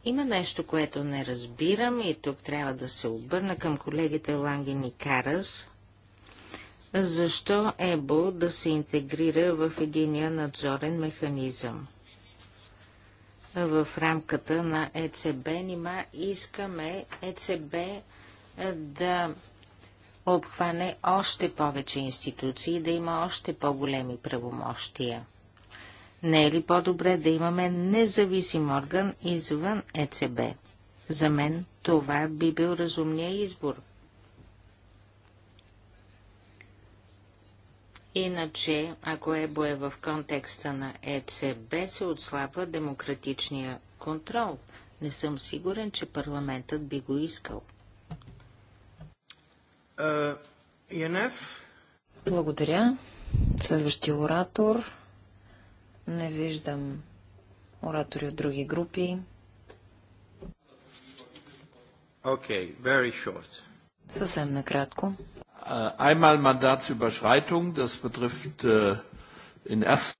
Speaker 3: Има нещо, което не разбирам и тук трябва да се обърна към колегите Ланген и Карас. Защо ЕБО да се интегрира в единия надзорен механизъм? В рамката на ЕЦБ нима искаме ЕЦБ е, да обхване още повече институции, да има още по-големи правомощия. Не е ли по-добре да имаме независим орган извън ЕЦБ? За мен това би бил разумният избор. Иначе, ако ЕБО е в контекста на ЕЦБ, се отслабва демократичния контрол. Не съм сигурен, че парламентът би го искал. Uh,
Speaker 1: Благодаря. Следващия оратор не виждам оратори от други групи. Okay, very short.
Speaker 2: Съвсем накратко. Э, einmal Mandatsüberschreitung, das betrifft э, in erster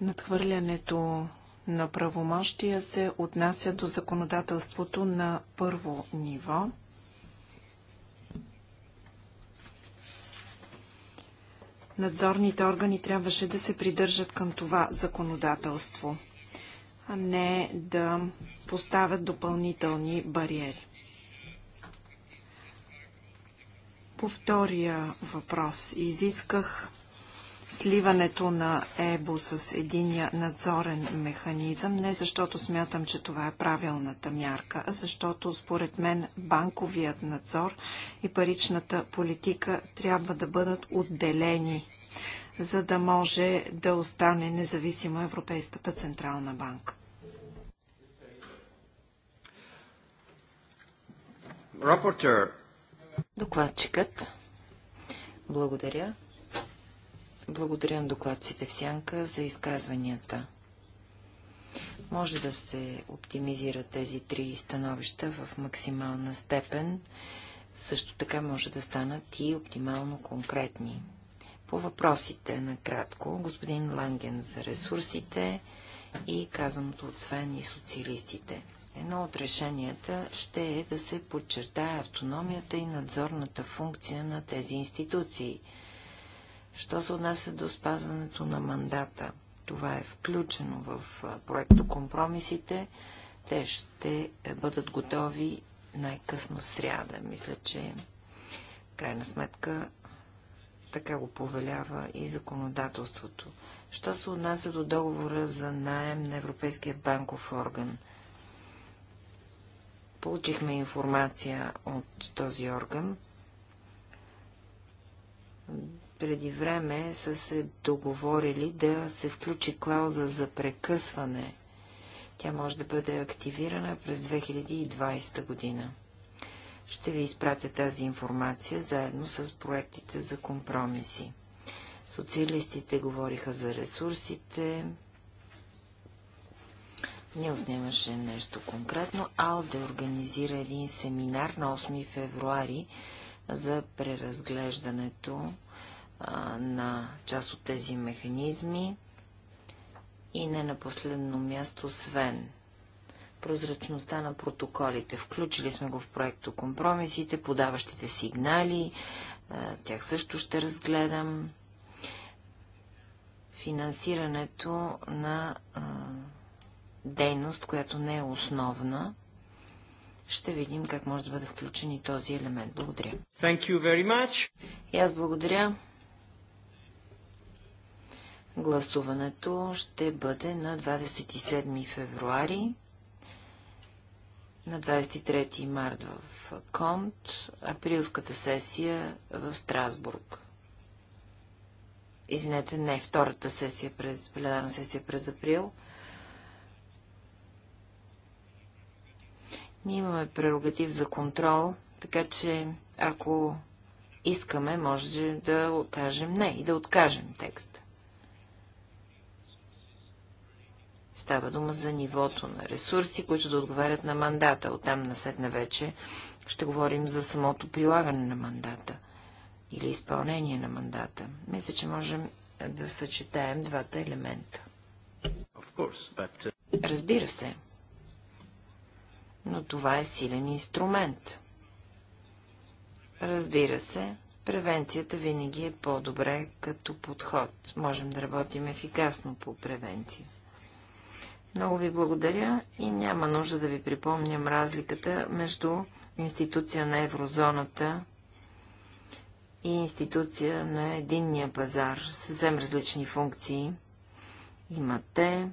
Speaker 2: Надхвърлянето на правомощия се отнася до законодателството на първо ниво. надзорните органи трябваше да се придържат към това законодателство, а не да поставят допълнителни бариери. По втория въпрос изисках сливането на ЕБО с единия надзорен механизъм, не защото смятам, че това е правилната мярка, а защото според мен банковият надзор и паричната политика трябва да бъдат отделени, за да може да остане независима Европейската централна банка.
Speaker 1: Докладчикът. Благодаря. Благодаря на докладците в Сянка за изказванията. Може да се оптимизират тези три становища в максимална степен. Също така може да станат и оптимално конкретни. По въпросите накратко, господин Ланген за ресурсите и казаното от Свен и социалистите. Едно от решенията ще е да се подчертае автономията и надзорната функция на тези институции – Що се отнася до спазването на мандата? Това е включено в проекто компромисите. Те ще е, бъдат готови най-късно сряда. Мисля, че крайна сметка така го повелява и законодателството. Що се отнася до договора за найем на Европейския банков орган? Получихме информация от този орган преди време са се договорили да се включи клауза за прекъсване. Тя може да бъде активирана през 2020 година. Ще ви изпратя тази информация заедно с проектите за компромиси. Социалистите говориха за ресурсите. Не снимаше нещо конкретно. Алде организира един семинар на 8 февруари за преразглеждането на част от тези механизми и не на последно място, освен прозрачността на протоколите. Включили сме го в проекто компромисите, подаващите сигнали, тях също ще разгледам. Финансирането на дейност, която не е основна, ще видим как може да бъде включен и този елемент. Благодаря. Thank you very much. И аз благодаря. Гласуването ще бъде на 27 февруари, на 23 март в Конт, априлската сесия в Страсбург. Извинете, не, втората сесия през, пленарна сесия през април. Ние имаме прерогатив за контрол, така че ако искаме, може да кажем не и да откажем текст. Става дума за нивото на ресурси, които да отговарят на мандата. Оттам на вече ще говорим за самото прилагане на мандата или изпълнение на мандата. Мисля, че можем да съчетаем двата елемента. Course, but... Uh, Разбира се. Но това е силен инструмент. Разбира се, превенцията винаги е по-добре като подход. Можем да работим ефикасно по превенция. Много ви благодаря и няма нужда да ви припомням разликата между институция на еврозоната и институция на единния пазар. Съвсем различни функции имате. те.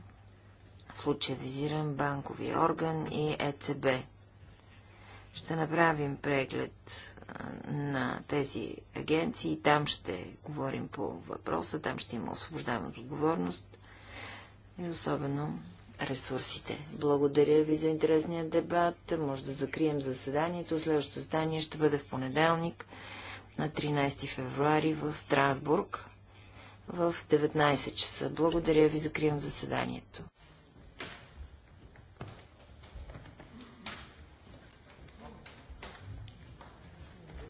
Speaker 1: В случая визирам банковия орган и ЕЦБ. Ще направим преглед на тези агенции. Там ще говорим по въпроса, там ще има освобождаване от отговорност и особено ресурсите. Благодаря ви за интересния дебат. Може да закрием заседанието. Следващото задание ще бъде в понеделник на 13 февруари в Страсбург в 19 часа. Благодаря ви, закрием заседанието.